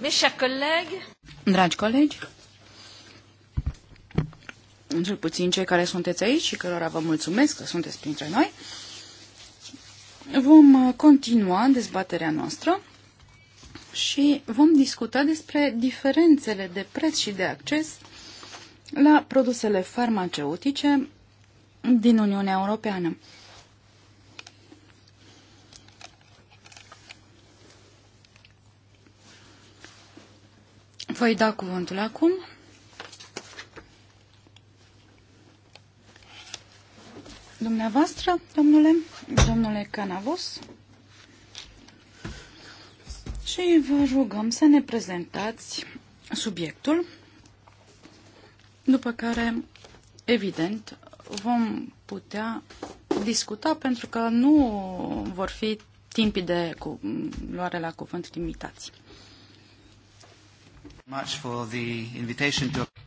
Mes chers collègues, Dragi colegi, cel puțin cei care sunteți aici și cărora vă mulțumesc că sunteți printre noi, vom uh, continua dezbaterea noastră și vom discuta despre diferențele de preț și de acces la produsele farmaceutice din Uniunea Europeană. Voi da cuvântul acum. Dumneavoastră, domnule, domnule Canavos, și vă rugăm să ne prezentați subiectul, după care, evident, vom putea discuta pentru că nu vor fi timpii de luare la cuvânt limitați.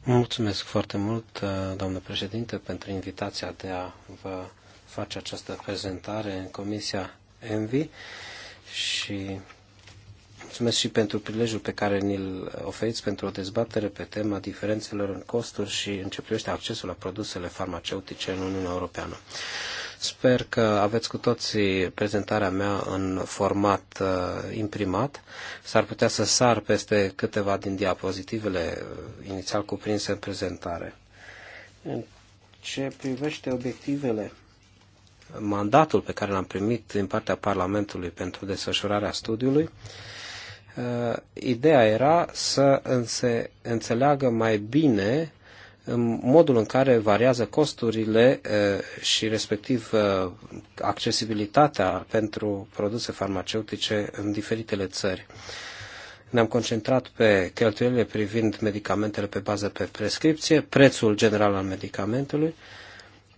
Mulțumesc foarte mult, uh, doamnă președinte, pentru invitația de a vă face această prezentare în Comisia Envi și mulțumesc și pentru prilejul pe care ni-l oferiți pentru o dezbatere pe tema diferențelor în costuri și în ce privește accesul la produsele farmaceutice în Uniunea Europeană. Sper că aveți cu toții prezentarea mea în format uh, imprimat. S-ar putea să sar peste câteva din diapozitivele uh, inițial cuprinse în prezentare. În ce privește obiectivele, mandatul pe care l-am primit din partea Parlamentului pentru desfășurarea studiului, uh, ideea era să înțe- înțeleagă mai bine modul în care variază costurile și respectiv accesibilitatea pentru produse farmaceutice în diferitele țări. Ne-am concentrat pe cheltuielile privind medicamentele pe bază pe prescripție, prețul general al medicamentului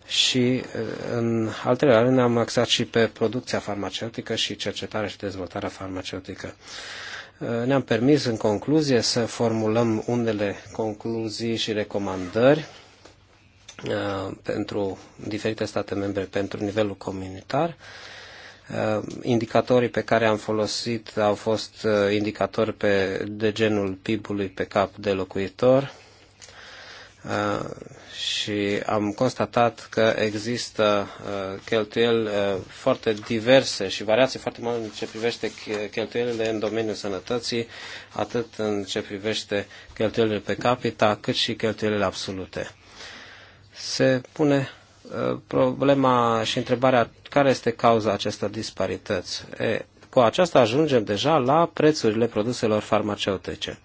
și, în al treilea rând, ne-am axat și pe producția farmaceutică și cercetarea și dezvoltarea farmaceutică ne-am permis în concluzie să formulăm unele concluzii și recomandări uh, pentru diferite state membre pentru nivelul comunitar. Uh, indicatorii pe care am folosit au fost uh, indicatori pe, de genul PIB-ului pe cap de locuitor, Uh, și am constatat că există uh, cheltuieli uh, foarte diverse și variații foarte mari în ce privește cheltuielile în domeniul sănătății, atât în ce privește cheltuielile pe capita, cât și cheltuielile absolute. Se pune problema și întrebarea care este cauza acestor disparități. E, cu aceasta ajungem deja la prețurile produselor farmaceutice.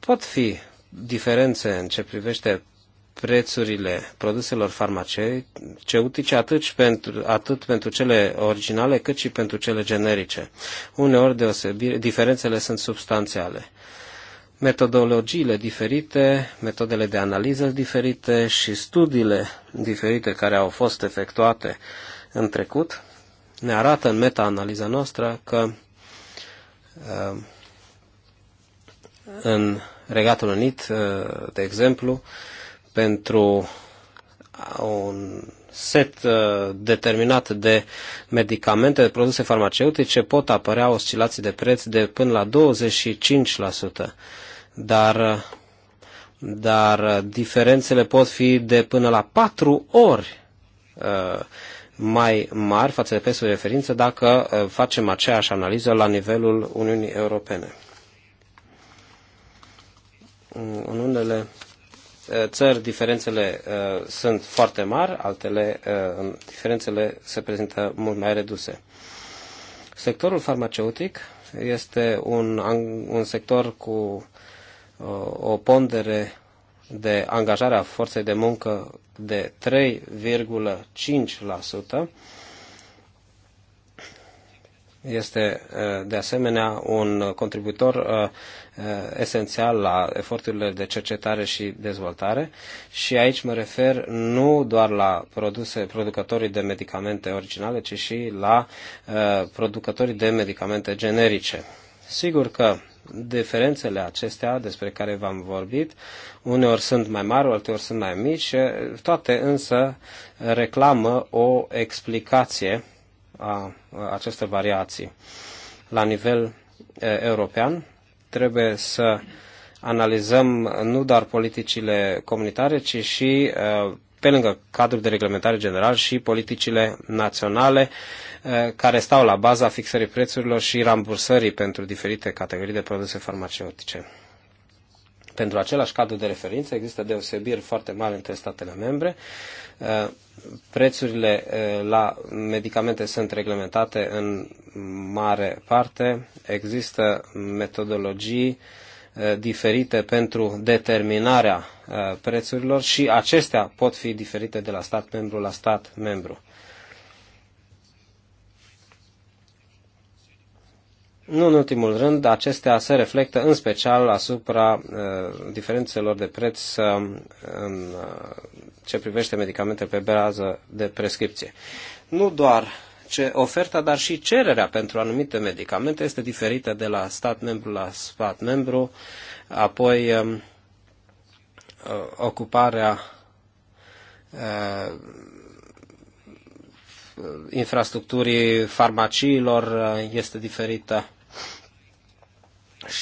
Pot fi diferențe în ce privește prețurile produselor farmaceutice, atât pentru, atât pentru cele originale, cât și pentru cele generice. Uneori deosebire, diferențele sunt substanțiale. Metodologiile diferite, metodele de analiză diferite și studiile diferite care au fost efectuate în trecut ne arată în meta-analiza noastră că uh, în Regatul Unit, uh, de exemplu, pentru un set uh, determinat de medicamente, de produse farmaceutice, pot apărea oscilații de preț de până la 25%. Dar, uh, dar diferențele pot fi de până la 4 ori mai mari față de prețul de referință dacă facem aceeași analiză la nivelul Uniunii Europene în unele țări diferențele sunt foarte mari, altele diferențele se prezintă mult mai reduse. Sectorul farmaceutic este un, un sector cu o pondere de angajare a forței de muncă de 3,5%, este uh, de asemenea un contribuitor uh, uh, esențial la eforturile de cercetare și dezvoltare și aici mă refer nu doar la produse, producătorii de medicamente originale, ci și la producătorii de medicamente generice. Sigur că diferențele acestea despre care v-am vorbit, uneori sunt mai mari, alteori sunt mai mici, toate însă reclamă o explicație a acestor variații. La nivel european trebuie să analizăm nu doar politicile comunitare, ci și pe lângă cadrul de reglementare general și politicile naționale care stau la baza fixării prețurilor și rambursării pentru diferite categorii de produse farmaceutice. Pentru același cadru de referință există deosebiri foarte mari între statele membre Prețurile eh, la medicamente sunt reglementate în mare parte. Există metodologii eh, diferite pentru determinarea eh, prețurilor și acestea pot fi diferite de la stat membru la stat membru. Nu în ultimul rând, acestea se reflectă în special asupra uh, diferențelor de preț uh, în uh, ce privește medicamente pe bază de prescripție. Nu doar ce oferta, dar și cererea pentru anumite medicamente este diferită de la stat membru la stat membru, apoi um, uh, ocuparea uh, infrastructurii farmaciilor uh, este diferită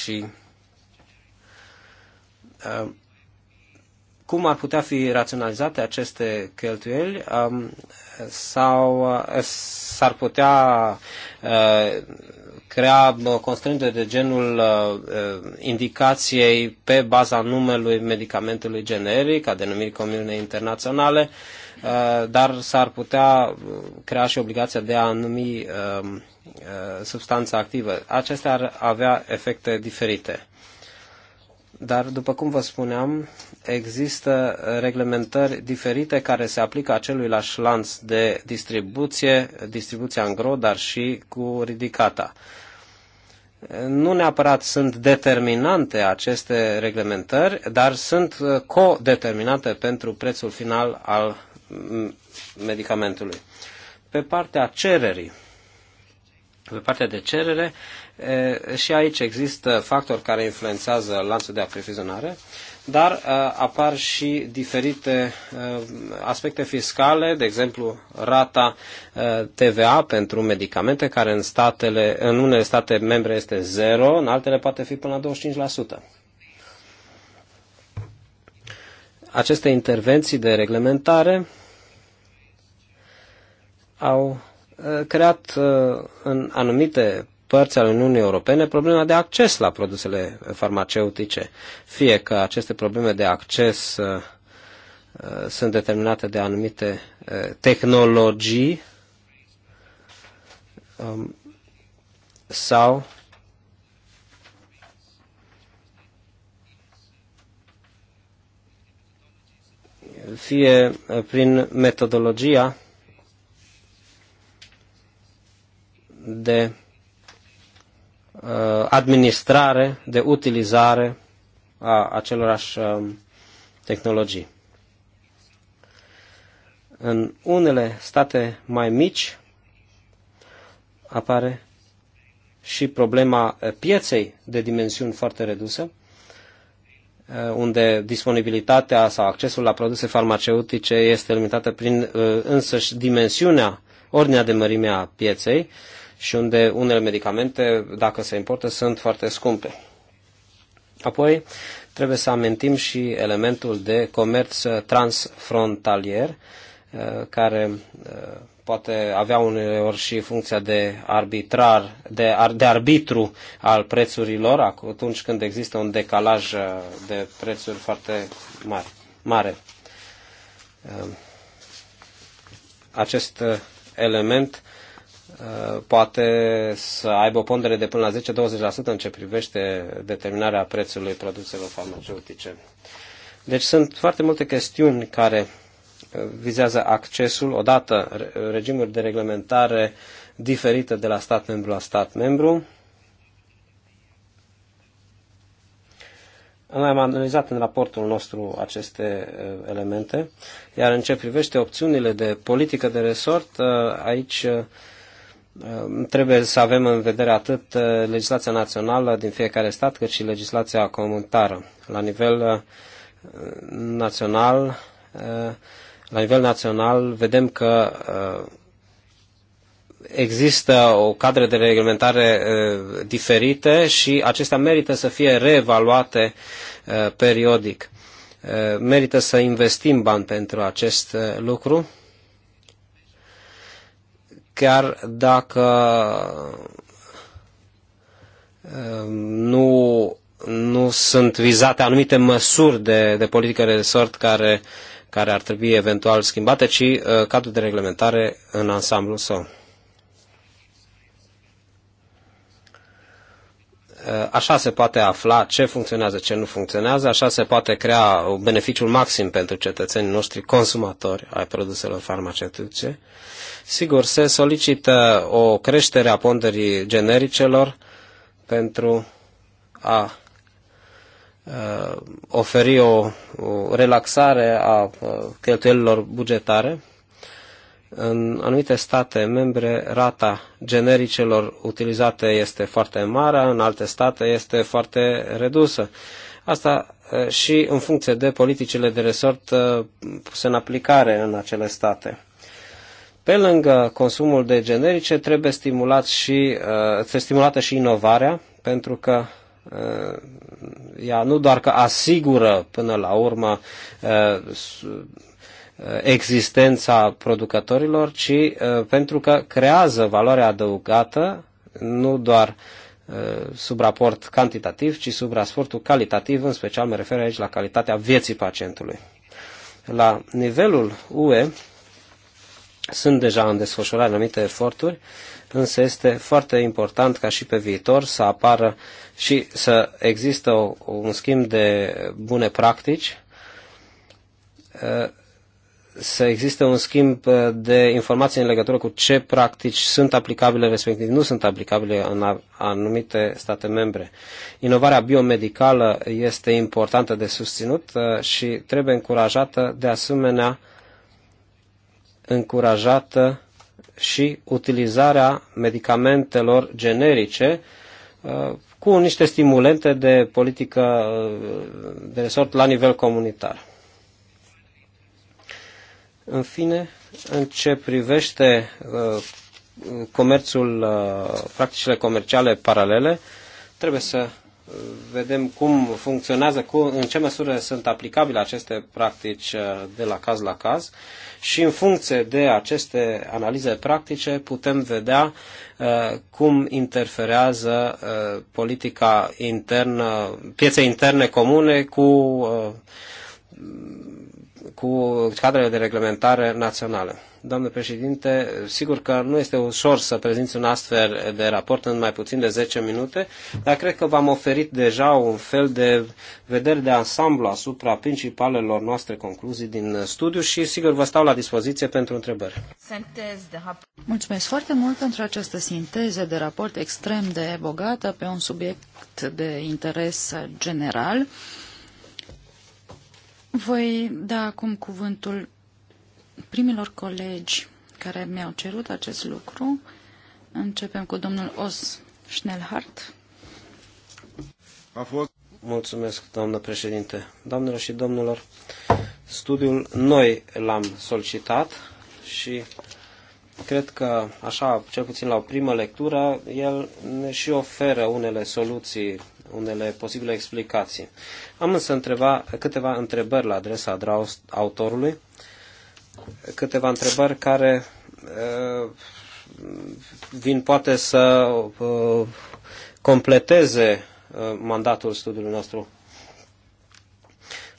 și cum ar putea fi raționalizate aceste cheltuieli sau eh, s-ar putea eh, crea constrângeri de genul eh, indicației pe baza numelui medicamentului generic, a denumirii Comunei Internaționale, dar s-ar putea crea și obligația de a numi substanța activă. Acestea ar avea efecte diferite. Dar, după cum vă spuneam, există reglementări diferite care se aplică lași lanț de distribuție, distribuția în gro, dar și cu ridicata. Nu neapărat sunt determinante aceste reglementări, dar sunt codeterminante pentru prețul final al medicamentului. Pe partea cererii, pe partea de cerere, și aici există factori care influențează lanțul de aprovizionare, dar apar și diferite aspecte fiscale, de exemplu rata TVA pentru medicamente, care în, statele, în unele state membre este zero, în altele poate fi până la 25% aceste intervenții de reglementare au Uh, creat uh, în anumite părți ale Uniunii Europene problema de acces la produsele farmaceutice. Fie că aceste probleme de acces uh, sunt determinate de anumite tehnologii um, sau fie prin metodologia de uh, administrare, de utilizare a acelorași um, tehnologii. În unele state mai mici apare și problema pieței de dimensiuni foarte reduse, uh, unde disponibilitatea sau accesul la produse farmaceutice este limitată prin uh, însăși dimensiunea, ordinea de mărime a pieței și unde unele medicamente, dacă se importă, sunt foarte scumpe. Apoi, trebuie să amintim și elementul de comerț transfrontalier, uh, care uh, poate avea uneori și funcția de arbitrar, de, de arbitru al prețurilor atunci când există un decalaj uh, de prețuri foarte mari, mare. Acest element Uh, poate să aibă o pondere de până la 10-20% în ce privește determinarea prețului produselor farmaceutice. Deci sunt foarte multe chestiuni care uh, vizează accesul, odată regimuri de reglementare diferite de la stat membru la stat membru. Noi am analizat în raportul nostru aceste uh, elemente, iar în ce privește opțiunile de politică de resort, aici Ehm, trebuie să avem în vedere atât eh, legislația națională din fiecare stat, cât și legislația comunitară. La nivel eh, național, eh, la nivel național vedem că există o cadre de reglementare diferite și acestea merită să fie reevaluate periodic. Merită să investim bani pentru acest lucru chiar dacă um, nu, nu sunt vizate anumite măsuri de, de politică de resort care, care ar trebui eventual schimbate, ci uh, cadrul de reglementare în ansamblu său. Uh, așa se poate afla ce funcționează, ce nu funcționează, așa se poate crea beneficiul maxim pentru cetățenii noștri consumatori ai produselor farmaceutice Sigur, se solicită o creștere a ponderii genericelor pentru a uh, oferi o, o relaxare a uh, cheltuielilor bugetare. În anumite state membre, rata genericelor utilizate este foarte mare, în alte state este foarte redusă. Asta uh, și în funcție de politicile de resort puse în aplicare în acele state. Pe lângă consumul de generice, trebuie, stimulat și, uh, trebuie stimulată și inovarea, pentru că uh, ea nu doar că asigură până la urmă uh, existența producătorilor, ci pentru că creează valoare adăugată, nu doar sub raport cantitativ, ci sub raportul calitativ, în special mă refer aici la calitatea vieții pacientului. La nivelul UE, sunt deja în desfășurare anumite eforturi, însă este foarte important ca și pe viitor să apară și să există un schimb de bune practici, uh, să existe un schimb uh, de informații în legătură cu ce practici sunt aplicabile, respectiv nu sunt aplicabile în anumite state membre. Inovarea biomedicală este importantă de susținut uh, și trebuie încurajată de asemenea încurajată și utilizarea medicamentelor generice uh, cu niște stimulente de politică uh, de resort la nivel comunitar. În fine, în ce privește uh, comerțul, practicile comerciale paralele, trebuie să vedem cum funcționează, cu, în ce măsură sunt aplicabile aceste practici uh, de la caz la caz și în funcție de aceste analize practice putem vedea uh, cum interferează uh, politica internă, piețe interne comune cu, cu cadrele de reglementare naționale doamnă președinte. Sigur că nu este ușor să prezinți un astfel de raport în mai puțin de 10 minute, dar cred că v-am oferit deja un fel de vedere de ansamblu asupra principalelor noastre concluzii din studiu și sigur vă stau la dispoziție pentru întrebări. Mulțumesc foarte mult pentru această sinteză de raport extrem de bogată pe un subiect de interes general. Voi da acum cuvântul primilor colegi care mi-au cerut acest lucru. Începem cu domnul Os Schnellhardt. A fost... Mulțumesc, doamnă președinte. Doamnelor și domnilor, studiul noi l-am solicitat și cred că, așa, cel puțin la o primă lectură, el ne și oferă unele soluții, unele posibile explicații. Am însă întreba, câteva întrebări la adresa autorului câteva întrebări care uh, vin poate să uh, completeze uh, mandatul studiului nostru.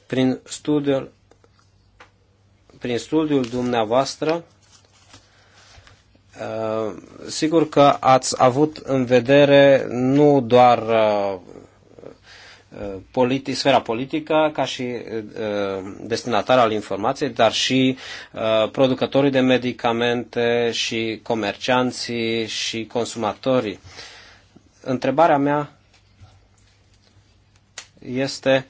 Prin studiul, prin studiul dumneavoastră, sigur că ați avut în vedere nu doar politi- sfera politică ca și uh, destinatar al informației, dar și uh, producătorii de medicamente și comercianții și consumatorii. Întrebarea mea este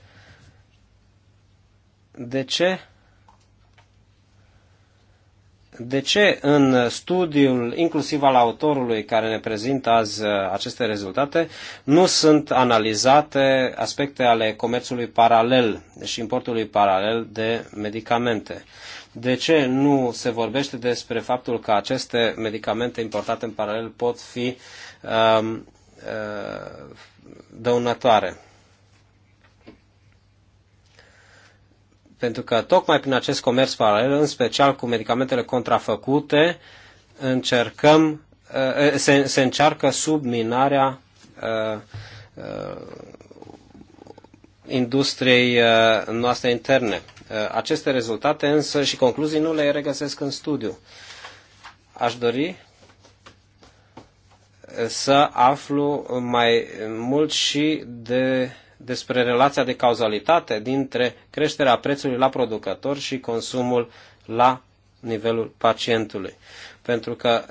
de ce de ce în studiul, inclusiv al autorului care ne prezintă azi uh, aceste rezultate, nu sunt analizate aspecte ale comerțului paralel și importului paralel de medicamente? De ce nu se vorbește despre faptul că aceste medicamente importate în paralel pot fi um, uh, dăunătoare? Pentru că tocmai prin acest comerț paralel, în special cu medicamentele contrafăcute, încercăm, uh, se, se încearcă subminarea uh, uh, industriei noastre interne. Aceste rezultate însă și concluzii nu le regăsesc în studiu. Aș dori să aflu mai mult și de despre relația de cauzalitate dintre creșterea prețului la producător și consumul la nivelul pacientului. Pentru că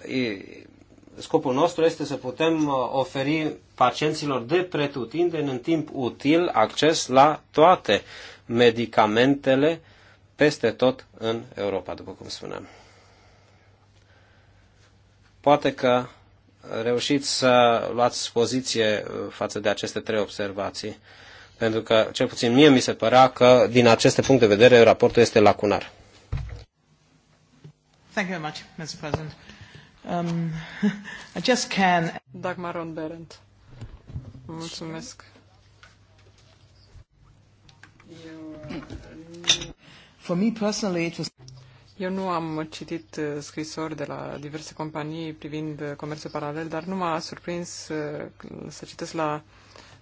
scopul nostru este să putem uh, oferi pacienților de pretutindeni în timp util acces la toate medicamentele peste tot în Europa, după cum spuneam. Poate că reușit să luați poziție uh, față de aceste trei observații, pentru că, cel puțin mie, mi se părea că, din aceste puncte de vedere, raportul este lacunar. Thank you very much, Mr. President. Um, I just can... Dagmar Ron Berendt. Mulțumesc. For me personally, it was... Eu nu am citit uh, scrisori de la diverse companii privind uh, comerțul paralel, dar nu m-a surprins uh, să citesc la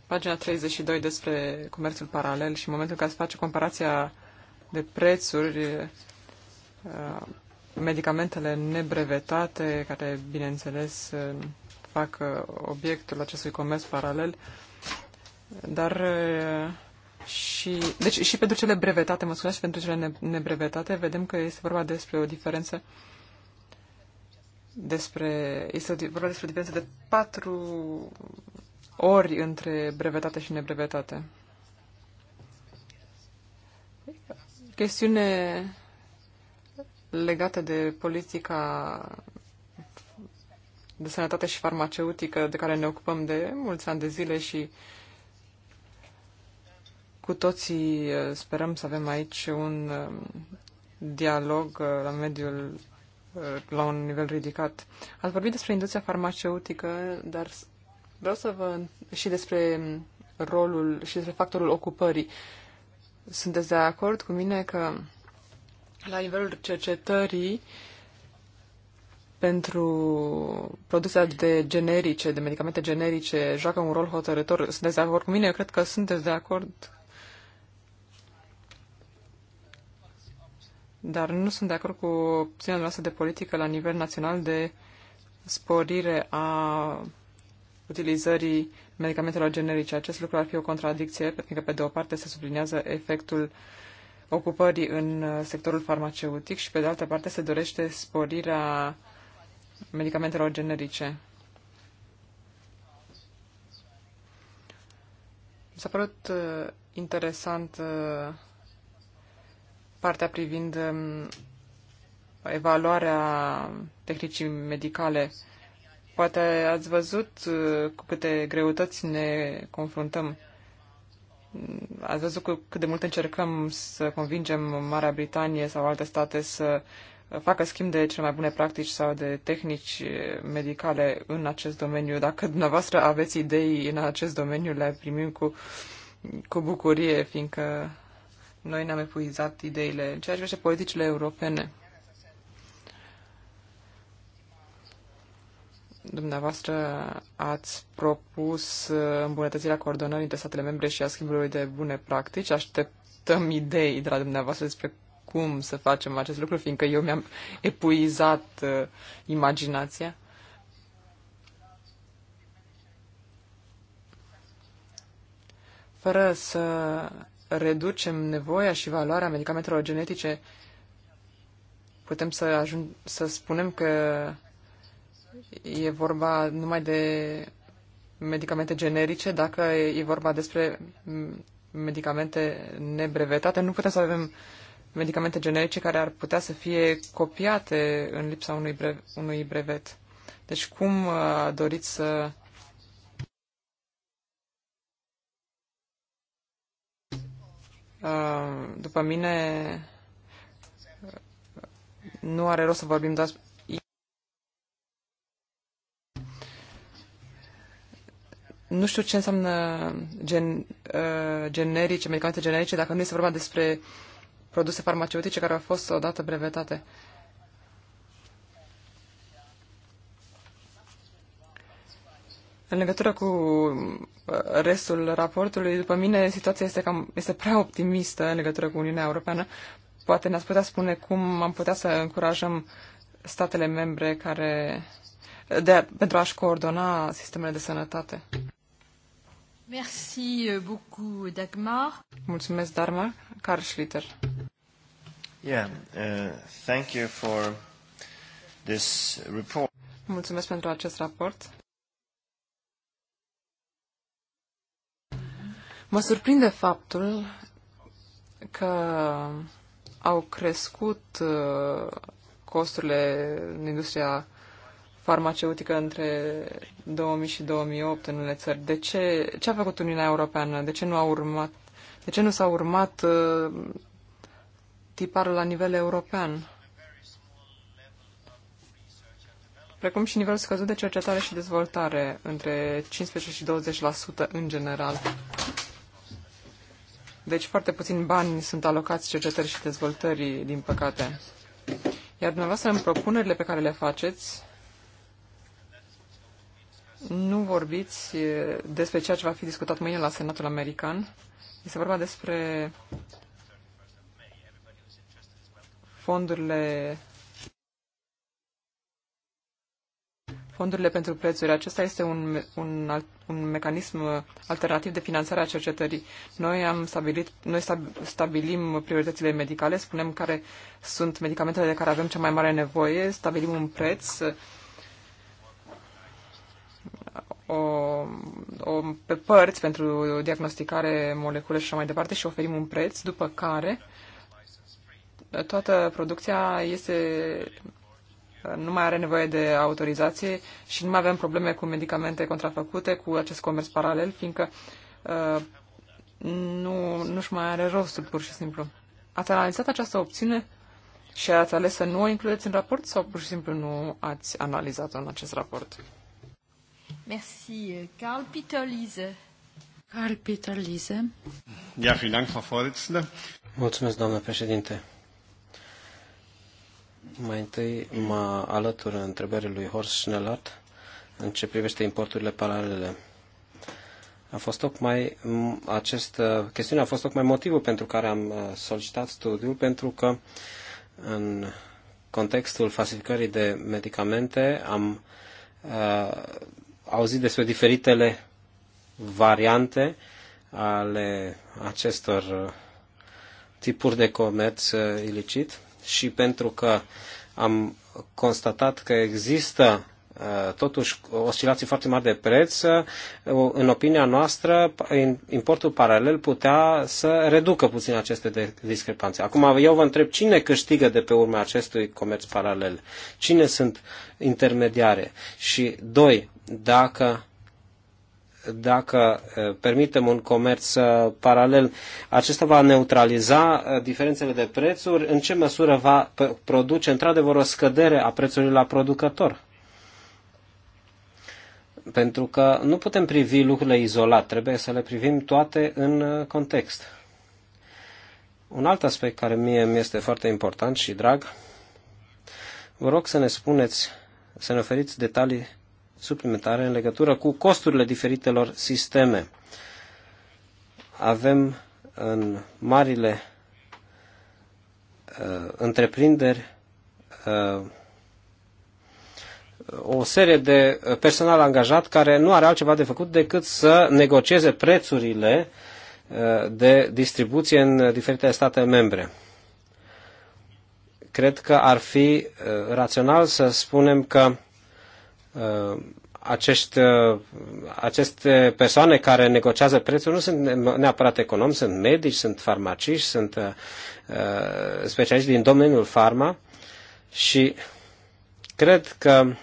pagina 32 despre comerțul paralel și în momentul în care se face comparația de prețuri, medicamentele nebrevetate, care, bineînțeles, fac obiectul acestui comerț paralel, dar și, deci, și pentru cele brevetate, mă scuzați, și pentru cele nebrevetate, vedem că este vorba despre o diferență despre, este vorba despre o diferență de patru ori între brevetate și nebrevetate. Chestiune legată de politica de sănătate și farmaceutică de care ne ocupăm de mulți ani de zile și uh, cu toții uh, sperăm să avem aici un um, dialog uh, la mediul uh, la un nivel ridicat. Ați vorbit despre industria farmaceutică, dar vreau să vă și despre um, rolul și despre factorul ocupării. Sunteți de acord cu mine că la nivelul cercetării pentru produsele de generice, de medicamente generice, joacă un rol hotărător. Sunteți de acord cu mine? Eu cred că sunteți de acord dar nu sunt de acord cu opțiunea noastră de politică la nivel național de sporire a utilizării medicamentelor generice. Acest lucru ar fi o contradicție, pentru că, pe de o parte, se sublinează efectul ocupării în sectorul farmaceutic și, pe de altă parte, se dorește sporirea medicamentelor generice. Mi s-a părut uh, interesant uh, partea privind um, evaluarea tehnicii medicale. Poate ați văzut uh, cu câte greutăți ne confruntăm. Ați văzut cu cât de mult încercăm să convingem Marea Britanie sau alte state să facă schimb de cele mai bune practici sau de tehnici medicale în acest domeniu. Dacă dumneavoastră aveți idei în acest domeniu, le primim cu, cu bucurie, fiindcă noi ne-am epuizat ideile în ceea ce privește politicile europene. Dumneavoastră ați propus uh, îmbunătățirea coordonării între statele membre și a schimbului de bune practici. Așteptăm idei de la dumneavoastră despre cum să facem acest lucru, fiindcă eu mi-am epuizat uh, imaginația. Fără să reducem nevoia și valoarea medicamentelor genetice, putem să, ajung, să spunem că e vorba numai de medicamente generice, dacă e vorba despre medicamente nebrevetate, nu putem să avem medicamente generice care ar putea să fie copiate în lipsa unui, brev, unui brevet. Deci cum uh, doriți să Uh, după mine, uh, nu are rost să vorbim doar nu știu ce înseamnă gen, uh, generice, medicamente generice, dacă nu este vorba despre produse farmaceutice care au fost odată brevetate. În legătură cu uh, restul raportului, după mine situația este, cam, este prea optimistă în legătură cu Uniunea Europeană. Poate ne-ați putea spune cum am putea să încurajăm statele membre care, de a, pentru a-și coordona sistemele de sănătate. Merci euh, beaucoup, Dagmar. Mulțumesc, Dagmar. Carl Schlitter. Yeah, uh, thank you for this report. Mulțumesc pentru acest raport. Mă surprinde faptul că au crescut uh, costurile în industria farmaceutică între 2000 și 2008 în unele țări. De ce, ce a făcut Uniunea Europeană? De ce nu a urmat, de ce nu s-a urmat uh, tiparul la nivel european? precum și nivelul scăzut de cercetare și dezvoltare, între 15 și 20% în general. Deci foarte puțini bani sunt alocați cercetării și dezvoltării, din păcate. Iar dumneavoastră, în propunerile pe care le faceți, nu vorbiți despre ceea ce va fi discutat mâine la Senatul American. Este vorba despre fondurile fondurile pentru prețuri. Acesta este un, un, alt, un mecanism alternativ de finanțare a cercetării. Noi, am stabilit, noi stabilim prioritățile medicale, spunem care sunt medicamentele de care avem cea mai mare nevoie, stabilim un preț, o, o, pe părți pentru diagnosticare, molecule și așa mai departe și oferim un preț, după care toată producția este nu mai are nevoie de autorizație și nu mai avem probleme cu medicamente contrafăcute, cu acest comerț paralel, fiindcă uh, nu, nu-și mai are rostul, pur și simplu. Ați analizat această opțiune și ați ales să nu o includeți în raport sau pur și simplu nu ați analizat-o în acest raport? Merci. Carl Peter Lise. Carl Peter Lise. Ja, vielen Dank, Frau Vorsitzende. Mulțumesc, doamnă președinte. Mai întâi mă alătur în întrebării lui Horst Schnellert în ce privește importurile paralele. A fost tocmai, acest, uh, chestiunea a fost tocmai motivul pentru care am uh, solicitat studiul, pentru că în contextul falsificării de medicamente am uh, auzit despre diferitele variante ale acestor uh, tipuri de comerț ilicit și pentru că am constatat că există uh, totuși oscilații foarte mari de preț, uh, în opinia noastră, importul paralel putea să reducă puțin aceste discrepanțe. Acum eu vă întreb cine câștigă de pe urma acestui comerț paralel? Cine sunt intermediare? Și doi, dacă dacă permitem un comerț paralel, acesta va neutraliza diferențele de prețuri? În ce măsură va produce într-adevăr o scădere a prețului la producător? Pentru că nu putem privi lucrurile izolat, trebuie să le privim toate în context. Un alt aspect care mie mi este foarte important și drag, vă rog să ne spuneți, să ne oferiți detalii suplimentare în legătură cu costurile diferitelor sisteme. Avem în marile uh, întreprinderi uh, o serie de personal angajat care nu are altceva de făcut decât să negocieze prețurile uh, de distribuție în diferite state membre. Cred că ar fi uh, rațional să spunem că Uh, acești, uh, aceste persoane care negociază prețul nu sunt neapărat economi, sunt medici, sunt farmaciști, sunt uh, specialiști din domeniul farma și cred că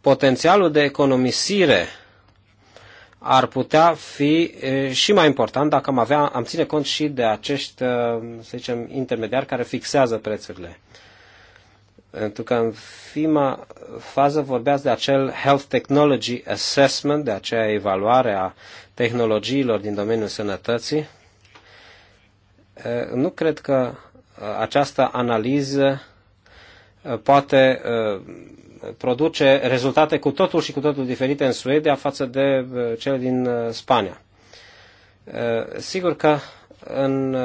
potențialul de economisire ar putea fi și mai important dacă am, avea, am ține cont și de acești, să zicem, intermediari care fixează prețurile. Pentru că în prima fază vorbeați de acel Health Technology Assessment, de aceea evaluare a tehnologiilor din domeniul sănătății. Nu cred că această analiză poate produce rezultate cu totul și cu totul diferite în Suedia față de cele din Spania. Sigur că în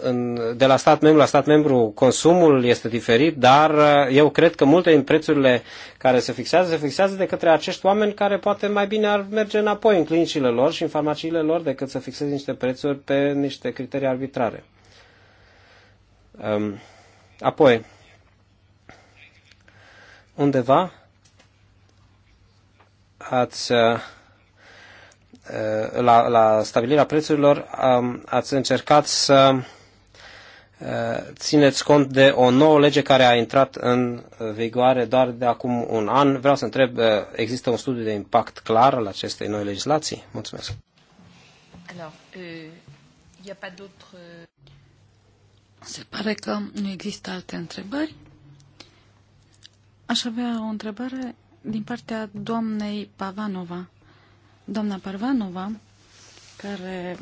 în, de la stat membru la stat membru consumul este diferit, dar uh, eu cred că multe din prețurile care se fixează, se fixează de către acești oameni care poate mai bine ar merge înapoi în clinicile lor și în farmaciile lor decât să fixeze niște prețuri pe niște criterii arbitrare. Um, apoi, undeva ați uh, uh, la, la stabilirea prețurilor um, ați încercat să Eh, țineți cont de o nouă lege care a intrat în vigoare doar de acum un an. Vreau să întreb, eh, există un studiu de impact clar al acestei noi legislații? Mulțumesc. Alors, euh, pas euh? Se pare că nu există alte întrebări. Aș avea o întrebare din partea doamnei Pavanova. Doamna Pavanova, care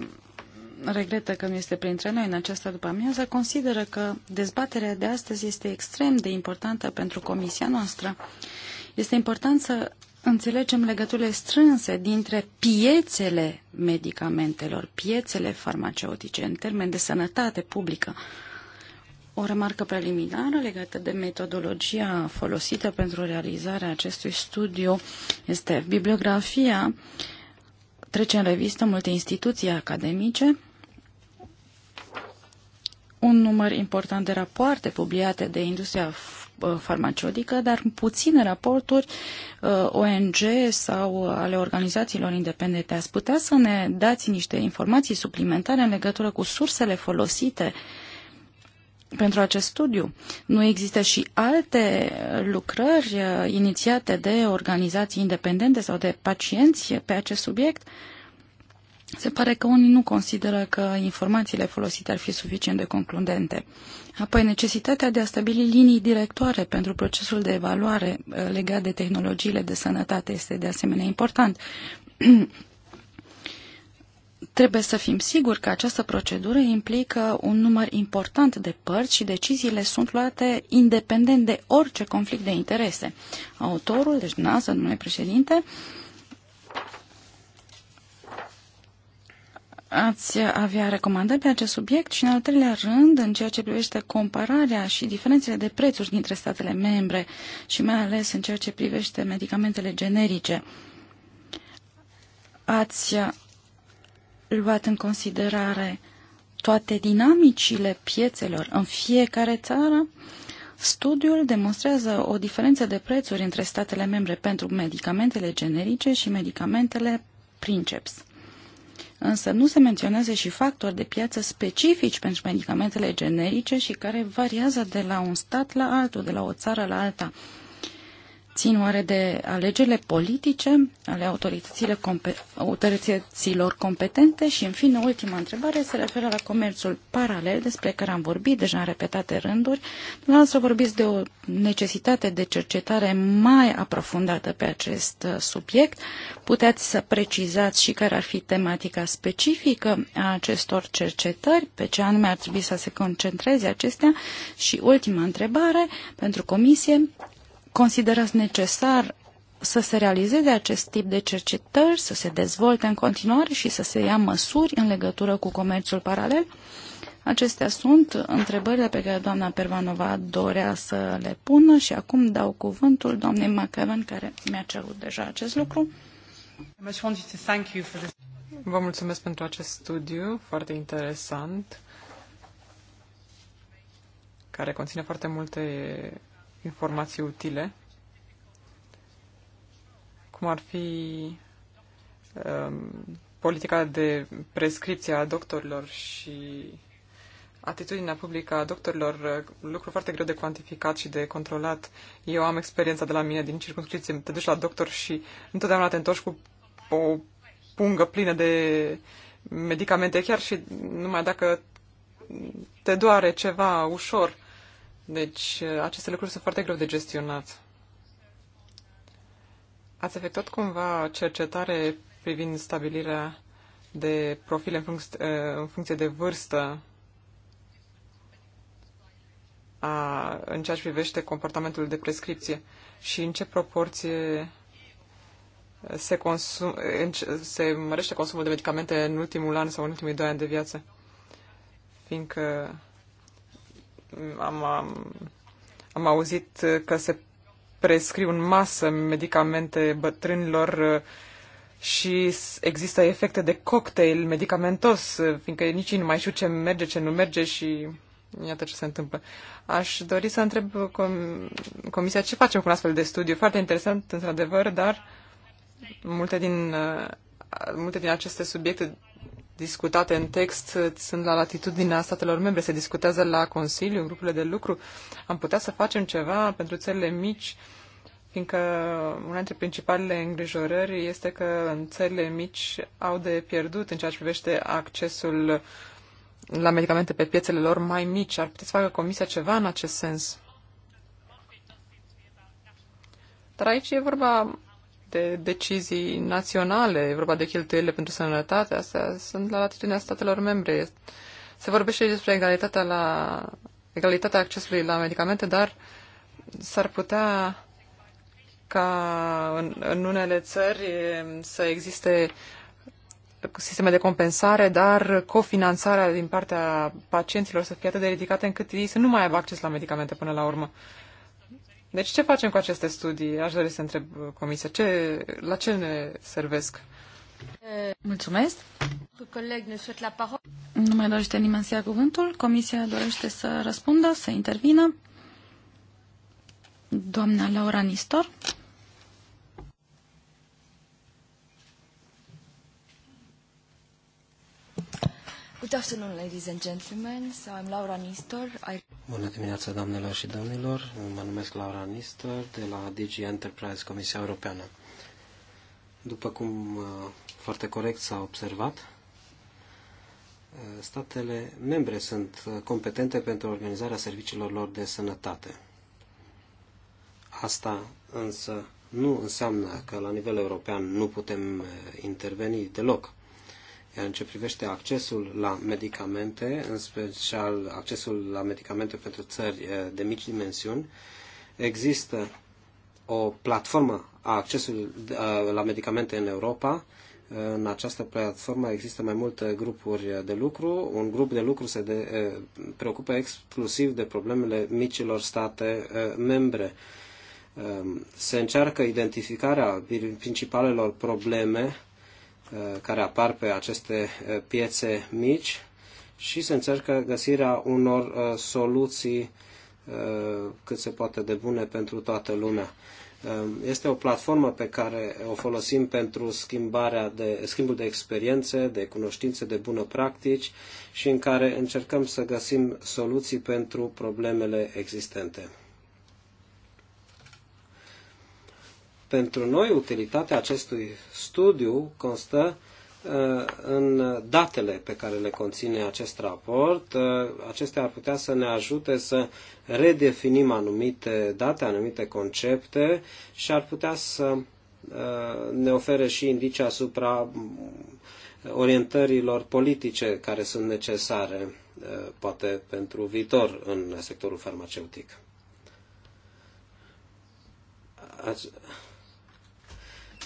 regretă că nu este printre noi în această după-amiază, consideră că dezbaterea de astăzi este extrem de importantă pentru comisia noastră. Este important să înțelegem legăturile strânse dintre piețele medicamentelor, piețele farmaceutice, în termen de sănătate publică. O remarcă preliminară legată de metodologia folosită pentru realizarea acestui studiu este bibliografia trece în revistă multe instituții academice un număr important de rapoarte publicate de industria uh, farmaceutică, dar puține raporturi uh, ONG sau uh, ale organizațiilor independente. Ați putea să ne dați niște informații suplimentare în legătură cu sursele folosite pentru acest studiu. Nu există și alte lucrări inițiate de organizații independente sau de pacienți pe acest subiect? Uh, se pare că unii nu consideră că informațiile folosite ar fi suficient de concludente. Apoi, necesitatea de a stabili linii directoare pentru procesul de evaluare uh, legat de tehnologiile de sănătate este de asemenea important. Trebuie să fim siguri că această procedură implică un număr important de părți și deciziile sunt luate independent de orice conflict de interese. Autorul, deci NASA, domnule președinte, uh, ați avea recomandări pe acest subiect și, în al treilea rând, în ceea ce privește compararea și diferențele de prețuri dintre statele membre și mai ales în ceea ce privește medicamentele generice, ați luat în considerare toate dinamicile piețelor în fiecare țară? Studiul demonstrează o diferență de prețuri între statele membre pentru medicamentele generice și medicamentele princeps însă nu se menționează și factori de piață specifici pentru medicamentele generice și care variază de la un stat la altul, de la o țară la alta țin oare de alegerile politice ale autorităților, compe autorităților competente? Și, în fine, ultima întrebare se referă la comerțul paralel, despre care am vorbit deja în repetate rânduri. Dumneavoastră vorbiți de o necesitate de cercetare mai aprofundată pe acest uh, subiect. Puteți să precizați și care ar fi tematica specifică a acestor cercetări, pe ce anume ar trebui să se concentreze acestea. Și ultima întrebare pentru comisie, considerați necesar să se realizeze acest tip de cercetări, să se dezvolte în continuare și să se ia măsuri în legătură cu comerțul paralel? Acestea sunt întrebările pe care doamna Pervanova dorea să le pună și acum dau cuvântul doamnei Macavan care mi-a cerut deja acest lucru. Vă mulțumesc pentru acest studiu foarte interesant, care conține foarte multe informații utile, cum ar fi um, politica de prescripție a doctorilor și atitudinea publică a doctorilor, lucru foarte greu de cuantificat și de controlat. Eu am experiența de la mine din circunscripție, te duci la doctor și întotdeauna te întorci cu o pungă plină de medicamente, chiar și numai dacă te doare ceva ușor, deci, uh, aceste lucruri sunt foarte greu de gestionat. Ați efectuat cumva cercetare privind stabilirea de profile în, func- uh, în funcție de vârstă a, în ceea ce privește comportamentul de prescripție și în ce proporție se, consum, se mărește consumul de medicamente în ultimul an sau în ultimii doi ani de viață, fiindcă am, am, am auzit că se prescriu în masă medicamente bătrânilor uh, și există efecte de cocktail medicamentos, uh, fiindcă nici nu mai știu ce merge, ce nu merge și iată ce se întâmplă. Aș dori să întreb com- Comisia ce facem cu un astfel de studiu. Foarte interesant, într-adevăr, dar multe din, uh, multe din aceste subiecte discutate în text sunt la latitudinea statelor membre, se discutează la Consiliu, în grupurile de lucru. Am putea să facem ceva pentru țările mici, fiindcă una dintre principalele îngrijorări este că în țările mici au de pierdut în ceea ce privește accesul la medicamente pe piețele lor mai mici. Ar putea să facă Comisia ceva în acest sens? Dar aici e vorba de decizii naționale, e vorba de cheltuielile pentru sănătate, astea sunt la latitudinea statelor membre. Se vorbește despre egalitatea, la, egalitatea accesului la medicamente, dar s-ar putea ca în, în unele țări să existe sisteme de compensare, dar cofinanțarea din partea pacienților să fie atât de ridicată încât ei să nu mai aibă acces la medicamente până la urmă. Deci ce facem cu aceste studii? Aș dori să întreb uh, comisia. Ce, la ce ne servesc? Mulțumesc. Nu mai dorește nimeni să ia cuvântul. Comisia dorește să răspundă, să intervină. Doamna Laura Nistor. Good afternoon, ladies and gentlemen. So I'm Laura Nistor. I... Bună dimineața, doamnelor și domnilor. Mă numesc Laura Nistor de la DG Enterprise, Comisia Europeană. După cum uh, foarte corect s-a observat, uh, statele membre sunt uh, competente pentru organizarea serviciilor lor de sănătate. Asta însă nu înseamnă că la nivel european nu putem interveni deloc iar în ce privește accesul la medicamente, în special accesul la medicamente pentru țări eh, de mici dimensiuni, există o platformă a accesului eh, la medicamente în Europa. Eh, în această platformă există mai multe grupuri de lucru. Un grup de lucru se de, preocupă exclusiv de problemele micilor state membre. Se încearcă identificarea principalelor probleme Uh, care apar pe aceste uh, piețe mici și se încercă găsirea unor uh, soluții cât se poate de bune pentru toată lumea. Este o platformă pe care o folosim pentru schimbarea de, schimbul de experiențe, de cunoștințe, de bună practici și în care încercăm să găsim soluții pentru problemele existente. Pentru noi, utilitatea acestui studiu constă uh, în datele pe care le conține acest raport. Uh, acestea ar putea să ne ajute să redefinim anumite date, anumite concepte și ar putea să uh, ne ofere și indicii asupra mm, orientărilor politice care sunt necesare, poate pentru viitor, în sectorul farmaceutic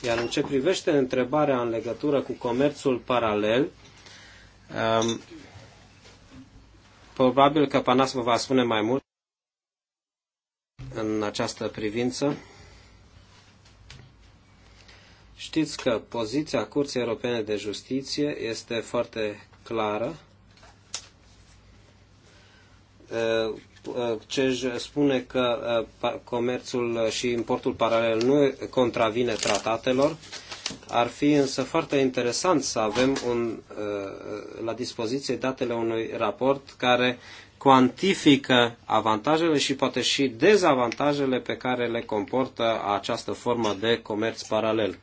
iar în ce privește întrebarea în legătură cu comerțul paralel, um, probabil că Panas vă va spune mai mult în această privință. Știți că poziția Curții Europene de Justiție este foarte clară Uh, uh, ce spune că uh, comerțul și importul paralel nu contravine tratatelor. Ar fi însă foarte interesant să avem un, la dispoziție datele unui raport care cuantifică avantajele și poate și dezavantajele pe care le comportă această formă de comerț paralel.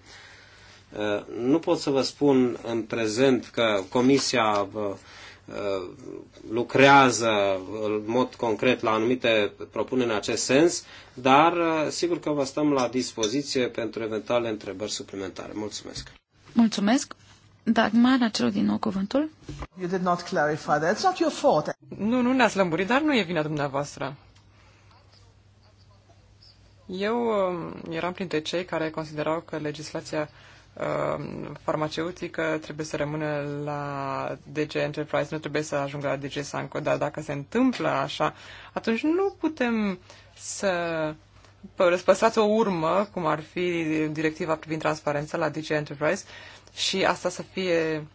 Nu pot să vă spun în prezent că Comisia Uh, lucrează în mod concret la anumite propuneri în acest sens, dar uh, sigur că vă stăm la dispoziție pentru eventuale întrebări suplimentare. Mulțumesc! Mulțumesc! Dagmar a cerut din nou cuvântul. You did not clarify that. It's not your fault. Nu, nu ne-ați lămurit, dar nu e vina dumneavoastră. Eu um, eram printre cei care considerau că legislația Um, farmaceutică trebuie să rămână la DG Enterprise, nu trebuie să ajungă la DG Sanco, dar dacă se întâmplă așa, atunci nu putem să răspăsați o urmă, cum ar fi directiva privind transparența la DG Enterprise și asta să fie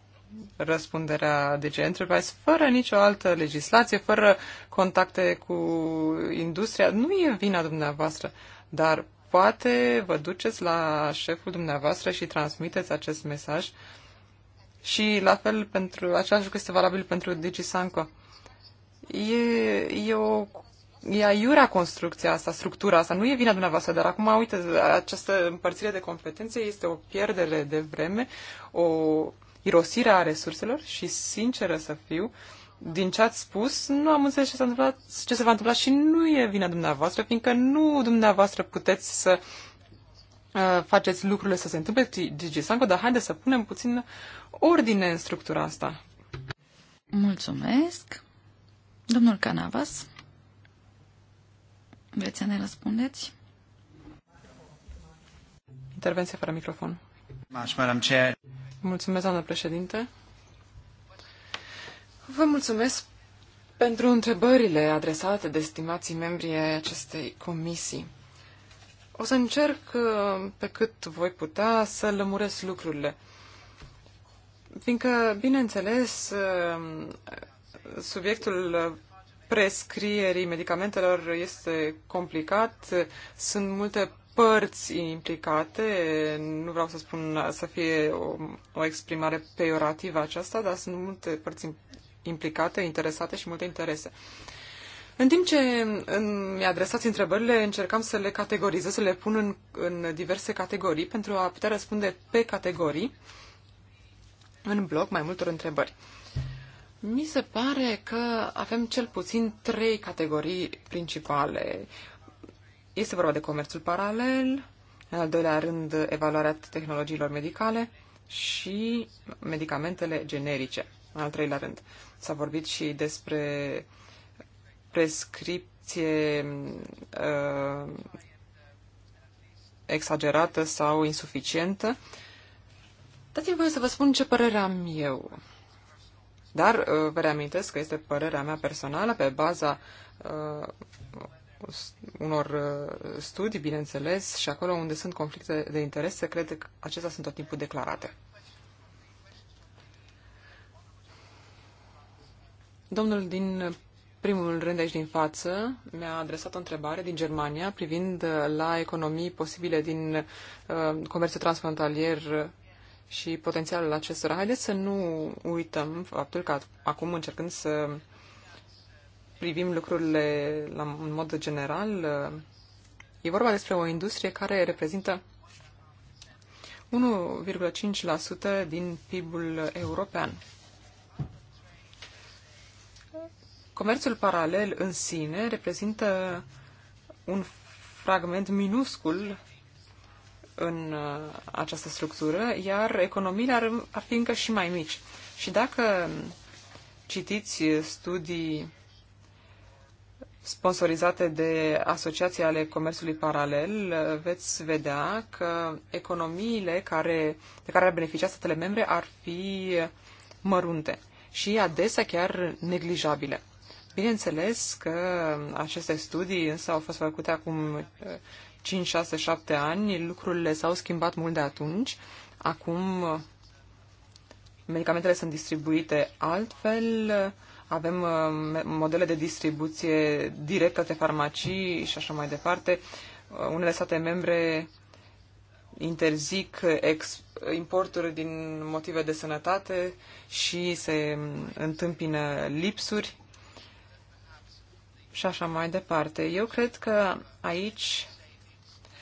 răspunderea DG Enterprise fără nicio altă legislație, fără contacte cu industria. Nu e vina dumneavoastră, dar poate vă duceți la șeful dumneavoastră și transmiteți acest mesaj și la fel pentru același lucru este valabil pentru DigiSanco. E, e o e aiurea construcția asta, structura asta, nu e vina dumneavoastră, dar acum, uite, această împărțire de competențe este o pierdere de vreme, o irosire a resurselor și, sinceră să fiu, uh, din ce ați spus, nu am înțeles ce, s-a întâmplat, ce se va întâmpla și nu e vina dumneavoastră, fiindcă nu dumneavoastră puteți să uh, faceți lucrurile să se întâmple, Gigi Sanco, dar haideți să punem puțin ordine în structura asta. Mulțumesc. Domnul Canavas, vreți să ne răspundeți? Intervenție fără microfon. Mulțumesc, doamnă președinte. Vă mulțumesc pentru întrebările adresate de stimații membrii acestei comisii. O să încerc uh, pe cât voi putea să lămuresc lucrurile. Fiindcă, bineînțeles, uh, subiectul prescrierii medicamentelor este complicat, sunt multe părți implicate, nu vreau să spun să fie o, o exprimare peiorativă aceasta, dar sunt multe părți implicate, interesate și multe interese. În timp ce mi-adresați întrebările, încercam să le categorizez, să le pun în, în diverse categorii pentru a putea răspunde pe categorii în bloc mai multor întrebări. Mi se pare că avem cel puțin trei categorii principale. Este vorba de comerțul paralel, în al doilea rând evaluarea tehnologiilor medicale și medicamentele generice, în al treilea rând. S-a vorbit și despre prescripție uh, exagerată sau insuficientă. Dați-mi voie să vă spun ce părere am eu. Dar uh, vă reamintesc că este părerea mea personală pe baza uh, unor uh, studii, bineînțeles, și acolo unde sunt conflicte de interese, cred că acestea sunt tot timpul declarate. Domnul din primul rând aici din față mi-a adresat o întrebare din Germania privind uh, la economii posibile din uh, comerțul transfrontalier și potențialul acestora. Haideți să nu uităm faptul că acum încercând să privim lucrurile la, în mod general, uh, e vorba despre o industrie care reprezintă 1,5% din PIB-ul european. Comerțul paralel în sine reprezintă un fragment minuscul în uh, această structură, iar economiile ar, ar fi încă și mai mici. Și dacă citiți studii sponsorizate de asociații ale comerțului paralel, uh, veți vedea că economiile care, de care ar beneficia statele membre ar fi mărunte și adesea chiar neglijabile. Bineînțeles că aceste studii însă au fost făcute acum 5, 6, 7 ani, lucrurile s-au schimbat mult de atunci. Acum eh, medicamentele sunt distribuite altfel, avem eh, modele de distribuție directă de farmacii și așa mai departe. Eh, unele state membre interzic importuri din motive de sănătate și se mm, întâmpină lipsuri și așa mai departe. Eu cred că aici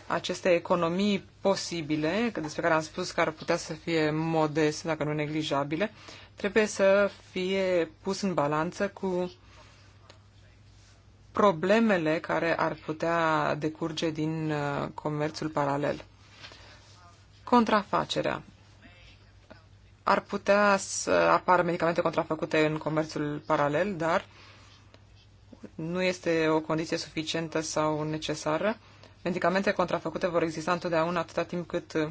aceste economii posibile, despre care am spus că ar putea să fie modeste, dacă nu neglijabile, trebuie să fie pus în balanță cu problemele care ar putea decurge din uh, comerțul paralel. Contrafacerea. Ar putea să apară medicamente contrafăcute în comerțul paralel, dar nu este o condiție suficientă sau necesară. Medicamente contrafăcute vor exista întotdeauna atâta timp cât uh,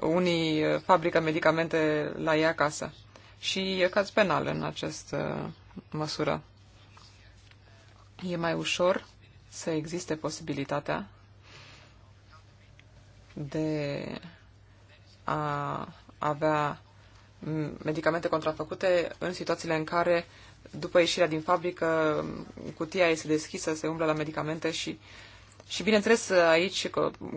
unii uh, fabrică medicamente la ei acasă. Și e caz penal în această uh, măsură. E mai ușor să existe posibilitatea de a avea mm, medicamente contrafăcute în situațiile în care după ieșirea din fabrică, cutia este deschisă, se umblă la medicamente și, și bineînțeles, aici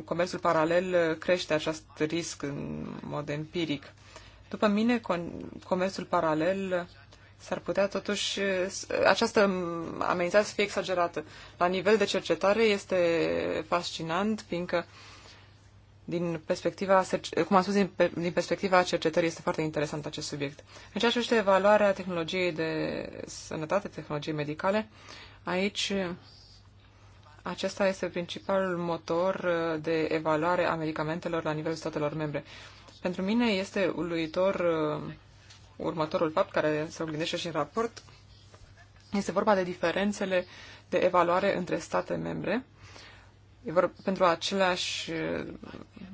comerțul paralel crește acest risc în mod empiric. După mine, comerțul paralel s-ar putea totuși, această amenințare să fie exagerată. La nivel de cercetare este fascinant, fiindcă uh, din perspectiva, cum am spus, din, din perspectiva cercetării este foarte interesant acest subiect. În ceea ce privește evaluarea tehnologiei de sănătate, tehnologiei medicale, aici acesta este principalul motor uh, de evaluare a medicamentelor la nivelul statelor membre. Pentru mine este uluitor uh, următorul fapt care se oglindește și în raport. Este vorba de diferențele de evaluare între state membre E vor, pentru aceleași uh,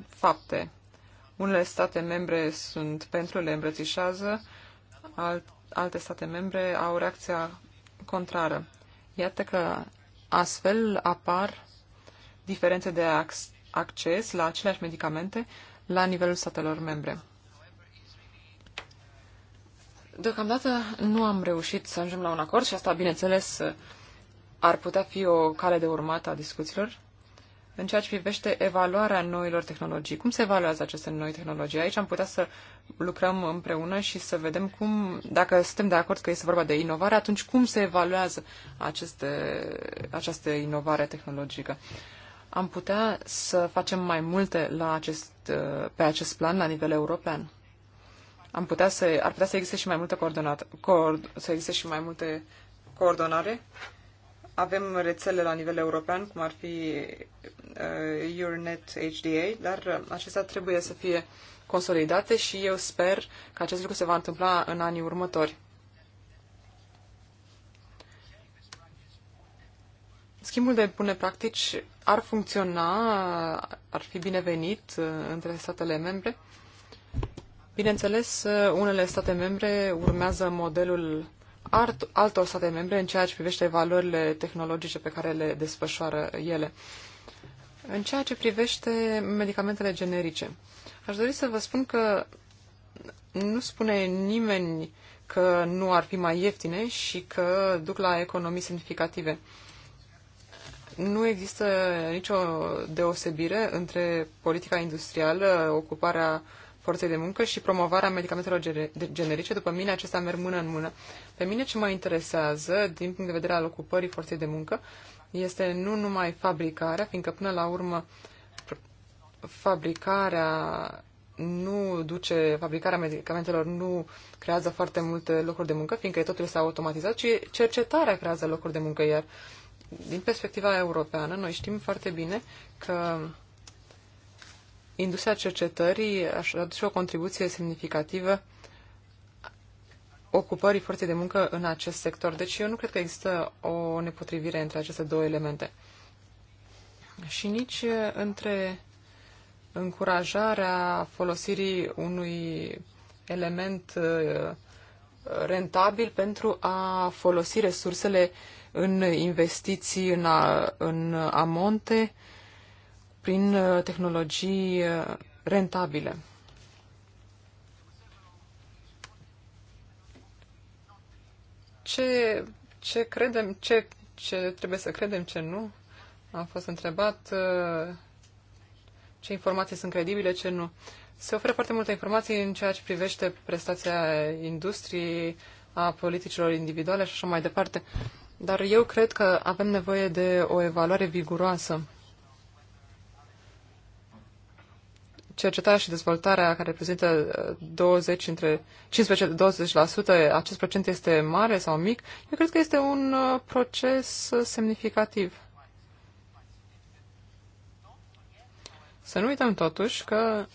fapte. Unele state membre sunt pentru, le îmbrățișează, alt, alte state membre au reacția contrară. Iată că astfel apar diferențe de acces la aceleași medicamente la nivelul statelor membre. Deocamdată nu am reușit să ajungem la un acord și asta, bineînțeles, ar putea fi o cale de urmat a discuțiilor în ceea ce privește evaluarea noilor tehnologii. Cum se evaluează aceste noi tehnologii? Aici am putea să lucrăm împreună și să vedem cum, dacă suntem de acord că este vorba de inovare, atunci cum se evaluează aceste, această inovare tehnologică. Am putea să facem mai multe la acest, pe acest plan la nivel european. Am putea să, ar putea să existe și mai multe coordonate, coord, să existe și mai multe coordonare avem rețele la nivel european, cum ar fi uh, Euronet HDA, dar uh, acestea trebuie să fie consolidate și eu sper că acest lucru se va întâmpla în anii următori. Schimbul de bune practici ar funcționa, ar fi binevenit uh, între statele membre. Bineînțeles, uh, unele state membre urmează modelul altor state membre în ceea ce privește valorile tehnologice pe care le desfășoară ele. În ceea ce privește medicamentele generice, aș dori să vă spun că nu spune nimeni că nu ar fi mai ieftine și că duc la economii semnificative. Nu există nicio deosebire între politica industrială, ocuparea uh, forței de muncă și promovarea medicamentelor generice, după mine acestea merg mână în mână. Pe mine ce mă interesează, din punct de vedere al ocupării forței de muncă, este nu numai fabricarea, fiindcă până la urmă fabricarea nu duce, fabricarea medicamentelor nu creează foarte multe locuri de muncă, fiindcă totul este automatizat, ci cercetarea creează locuri de muncă, iar din perspectiva europeană, noi știm foarte bine că industria cercetării aș aduce o contribuție semnificativă ocupării forței de muncă în acest sector. Deci eu nu cred că există o nepotrivire între aceste două elemente. Și nici între încurajarea folosirii unui element rentabil pentru a folosi resursele în investiții în, a, în amonte, prin uh, tehnologii uh, rentabile. Ce, ce credem, ce, ce trebuie să credem, ce nu? Am fost întrebat uh, ce informații sunt credibile, ce nu. Se oferă foarte multe informații în ceea ce privește prestația industriei, a politicilor individuale și așa mai departe. Dar eu cred că avem nevoie de o evaluare viguroasă cercetarea și dezvoltarea care reprezintă 20 uh, între 15-20%, acest procent este mare sau mic, eu cred că este un uh, proces uh, semnificativ. Să nu uităm totuși că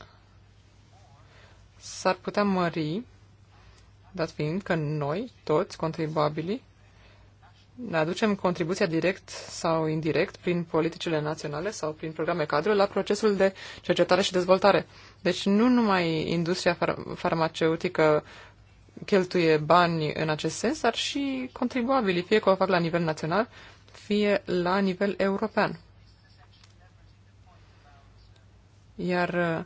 s-ar putea mări, dat fiind că noi, toți contribuabilii, ne aducem contribuția direct sau indirect prin politicile naționale sau prin programe cadru la procesul de cercetare și dezvoltare. Deci nu numai industria far- farmaceutică cheltuie bani în acest sens, dar și contribuabilii, fie că o fac la nivel național, fie la nivel european. Iar uh,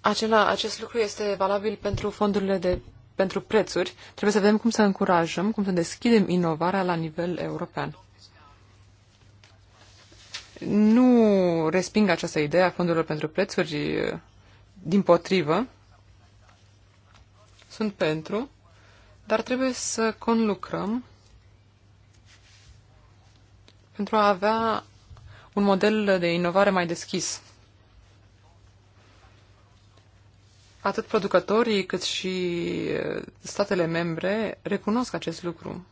acela, acest lucru este valabil pentru fondurile de pentru prețuri, trebuie să vedem cum să încurajăm, cum să deschidem inovarea la nivel european. Nu resping această idee a fondurilor pentru prețuri, din potrivă, sunt pentru, dar trebuie să conlucrăm pentru a avea un model de inovare mai deschis. atât producătorii cât și statele membre recunosc acest lucru.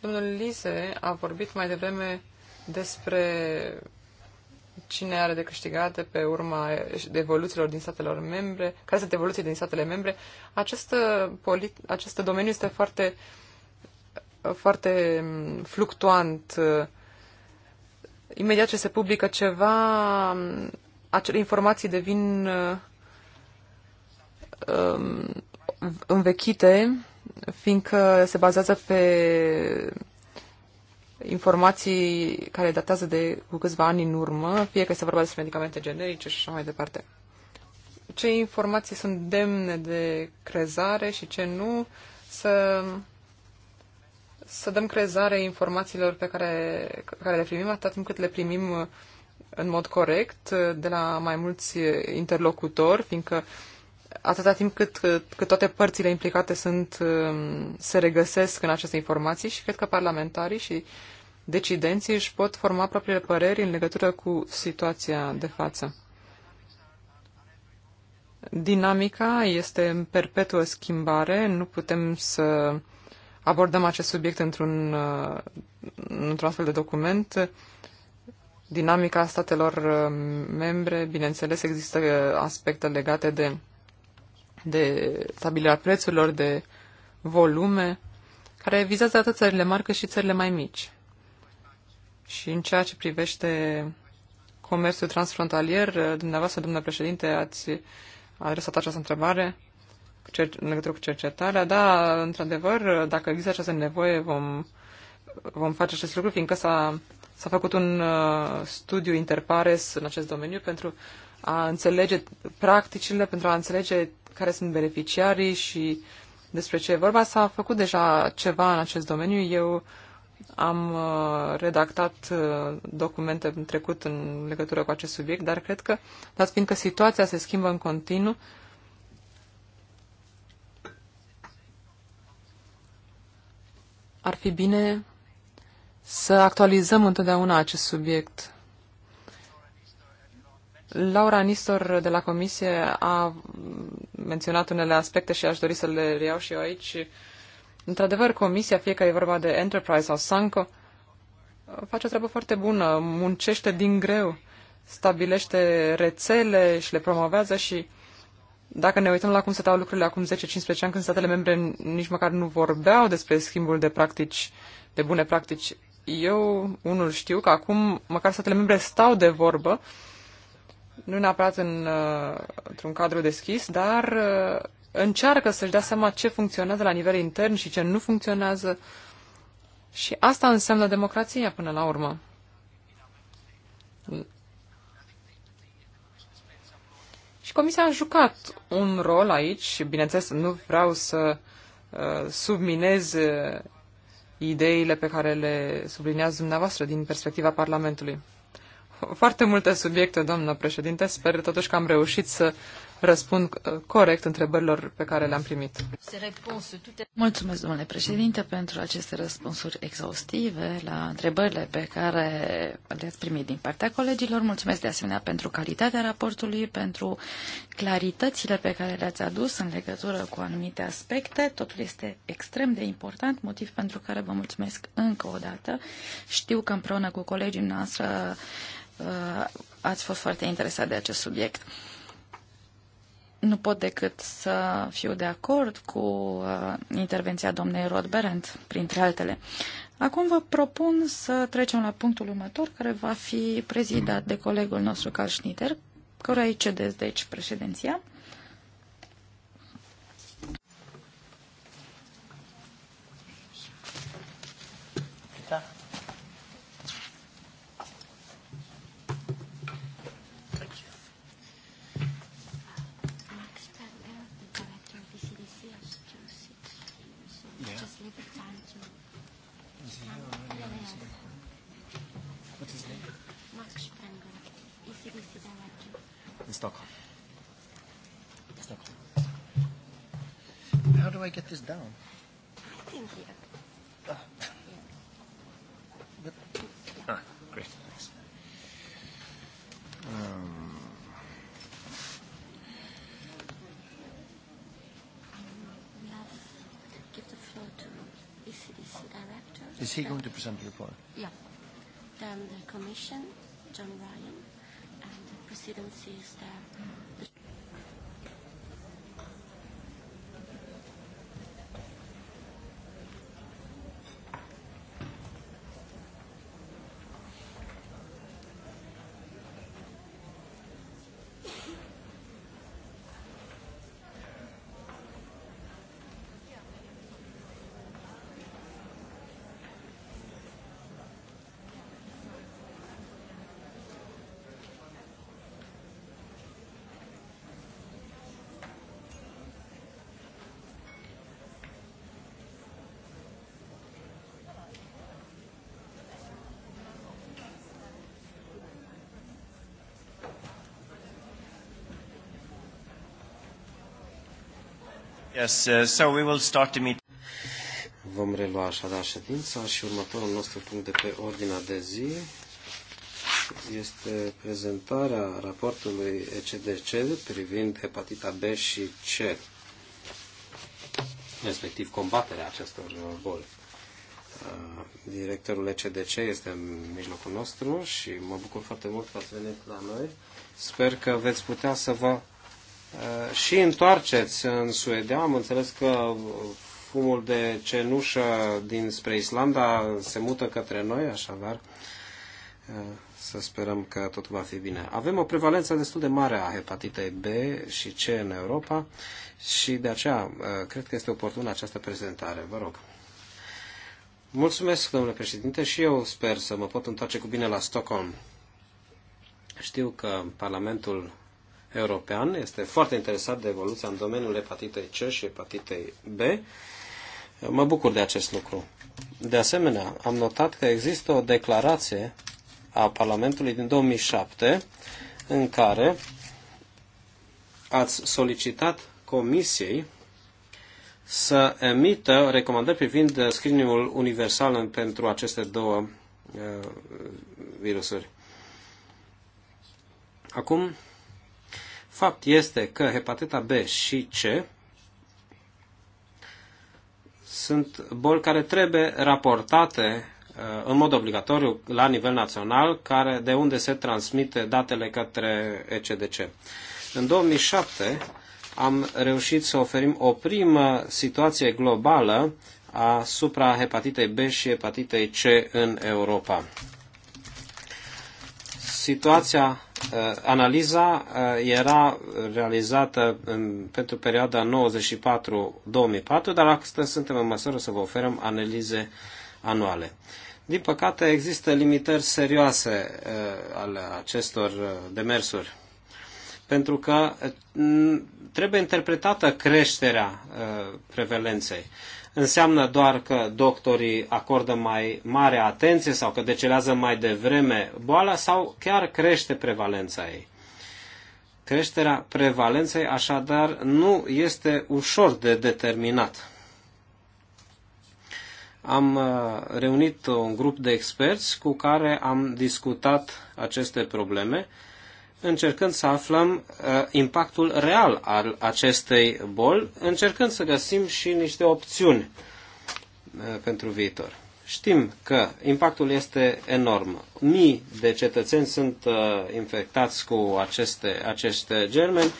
Domnul Lise a vorbit mai devreme despre cine are de câștigat pe urma evoluțiilor din statelor membre, care sunt evoluții din statele membre. Acest, polit, acest domeniu este foarte, foarte fluctuant. Uh, imediat ce se publică ceva, um, acele informații devin uh, um, învechite, fiindcă se bazează pe informații care datează de cu câțiva ani în urmă, fie că se vorba despre medicamente generice și așa mai departe. Ce informații sunt demne de crezare și ce nu, să să dăm crezare informațiilor pe care, care le primim atât timp cât le primim uh, în mod corect uh, de la mai mulți uh, interlocutori, fiindcă atâta timp cât, cât, cât toate părțile implicate sunt, se regăsesc în aceste informații și cred că parlamentarii și decidenții își pot forma propriile păreri în legătură cu situația de față. Dinamica este în perpetuă schimbare, nu putem să abordăm acest subiect într-un uh, într astfel de document. Dinamica statelor uh, membre, bineînțeles, există uh, aspecte legate de, de stabilirea prețurilor, de volume, care vizează atât țările mari cât și țările mai mici. Și în ceea ce privește comerțul transfrontalier, dumneavoastră, domnule președinte, ați adresat această întrebare în legătură cu cercetarea, da, într-adevăr, dacă există această nevoie, vom, vom face acest lucru, fiindcă s-a, s-a făcut un uh, studiu interpares în acest domeniu pentru a înțelege practicile, pentru a înțelege care sunt beneficiarii și despre ce e vorba. S-a făcut deja ceva în acest domeniu. Eu am uh, redactat uh, documente în trecut în legătură cu acest subiect, dar cred că, dat fiindcă situația se schimbă în continuu, uh, ar fi bine să actualizăm întotdeauna acest subiect. Laura Nistor de la Comisie a menționat unele aspecte și aș dori să le reiau și eu aici. Într-adevăr, Comisia, fie că e vorba de Enterprise sau Sanco, face o treabă foarte bună, muncește din greu, stabilește rețele și le promovează și uh, dacă ne uităm la cum se stau lucrurile acum 10-15 ani, când statele membre nici măcar nu vorbeau despre schimbul de practici, de bune practici, eu unul știu că acum măcar statele membre stau de vorbă, nu neapărat în, uh, într-un cadru deschis, dar uh, încearcă să-și dea seama ce funcționează la nivel intern și ce nu funcționează. Și asta înseamnă democrația până la urmă. Comisia a jucat un rol aici și, bineînțeles, nu vreau să uh, subminez uh, ideile pe care le subliniați dumneavoastră din perspectiva Parlamentului. Foarte multe subiecte, doamnă președinte. Sper totuși că am reușit să răspund uh, corect întrebărilor pe care le-am primit. Mulțumesc, domnule președinte, pentru aceste răspunsuri exhaustive la întrebările pe care le-ați primit din partea colegilor. Mulțumesc de asemenea pentru calitatea raportului, pentru claritățile pe care le-ați adus în legătură cu anumite aspecte. Totul este extrem de important, motiv pentru care vă mulțumesc încă o dată. Știu că împreună cu colegii noastre uh, ați fost foarte interesat de acest subiect. Nu pot decât să fiu de acord cu uh, intervenția Rod Berend, printre altele. Acum vă propun să trecem la punctul următor, care va fi prezidat de colegul nostru Carl Schnitter, care îi cedez, deci, președinția. get this down? I think here. Yeah. Ah. Yeah. But, yeah. Ah, great. Thanks. Um, Is he going to present the report? Yeah. Then the Commission, John Ryan, and the Presidency is there. The Yes, uh, so we will start the meeting. Vom relua așadar ședința și următorul nostru punct de pe ordinea de zi este prezentarea raportului ECDC privind hepatita B și C, respectiv combaterea acestor boli. Uh, directorul ECDC este în mijlocul nostru și mă bucur foarte mult că ați venit la noi. Sper că veți putea să vă Uh, și întoarceți în Suedia. Am înțeles că fumul de cenușă dinspre Islanda se mută către noi, așadar uh, să sperăm că totul va fi bine. Avem o prevalență destul de mare a hepatitei B și C în Europa și de aceea uh, cred că este oportună această prezentare. Vă rog. Mulțumesc, domnule președinte, și eu sper să mă pot întoarce cu bine la Stockholm. Știu că Parlamentul european este foarte interesat de evoluția în domeniul hepatitei C și hepatitei B. Mă bucur de acest lucru. De asemenea, am notat că există o declarație a Parlamentului din 2007 în care ați solicitat Comisiei să emită recomandări privind screeningul universal pentru aceste două uh, virusuri. Acum Fapt este că hepatita B și C sunt boli care trebuie raportate uh, în mod obligatoriu la nivel național, care, de unde se transmite datele către ECDC. În 2007 am reușit să oferim o primă situație globală asupra hepatitei B și hepatitei C în Europa. Situația Uh, analiza uh, era realizată în, pentru perioada 94-2004, dar astăzi suntem în măsură să vă oferăm analize anuale. Din păcate, există limitări serioase uh, ale acestor demersuri, pentru că trebuie interpretată creșterea prevalenței înseamnă doar că doctorii acordă mai mare atenție sau că decelează mai devreme boala sau chiar crește prevalența ei. Creșterea prevalenței așadar nu este ușor de determinat. Am uh, reunit un grup de experți cu care am discutat aceste probleme încercând să aflăm uh, impactul real al acestei boli, încercând să găsim și niște opțiuni uh, pentru viitor. Știm că impactul este enorm. Mii de cetățeni sunt uh, infectați cu aceste, aceste germeni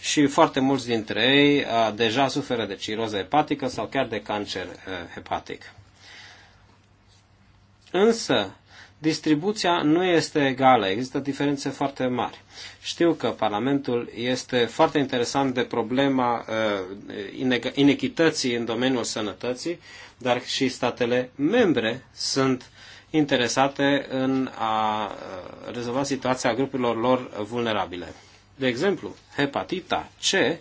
și foarte mulți dintre ei uh, deja suferă de ciroză hepatică sau chiar de cancer uh, hepatic. Însă, distribuția nu este egală, există diferențe foarte mari. Știu că Parlamentul este foarte interesant de problema uh, inechității în domeniul sănătății, dar și statele membre sunt interesate în a uh, rezolva situația grupurilor lor vulnerabile. De exemplu, hepatita C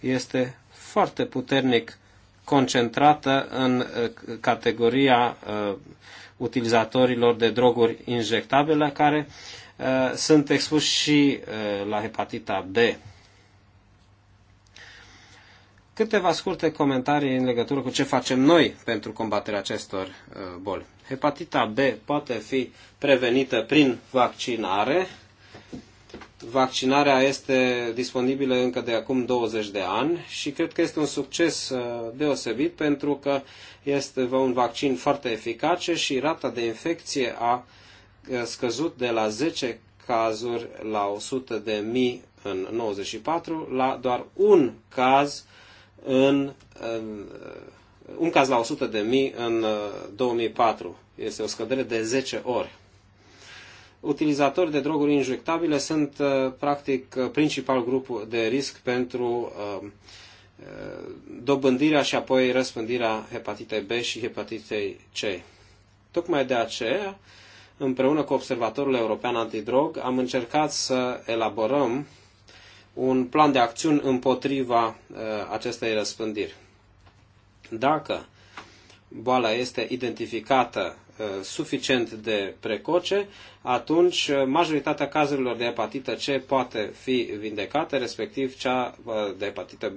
este foarte puternic concentrată în uh, categoria utilizatorilor de droguri injectabile care uh, sunt expuși și uh, la hepatita B. Câteva scurte comentarii în legătură cu ce facem noi pentru combaterea acestor uh, boli. Hepatita B poate fi prevenită prin vaccinare, Vaccinarea este disponibilă încă de acum 20 de ani și cred că este un succes uh, deosebit pentru că este un vaccin foarte eficace și rata de infecție a uh, scăzut de la 10 cazuri la 100 de mii în 94 la doar un caz în, în un caz la 100 de mii în 2004. Uh, este o scădere de 10 ori utilizatorii de droguri injectabile sunt uh, practic uh, principal grup de risc pentru uh, dobândirea și apoi răspândirea hepatitei B și hepatitei C. Tocmai de aceea, împreună cu Observatorul European Antidrog, am încercat să elaborăm un plan de acțiuni împotriva acestei răspândiri. Dacă boala este identificată Uh, suficient de precoce, atunci uh, majoritatea cazurilor de hepatită C poate fi vindecată, respectiv cea uh, de hepatită B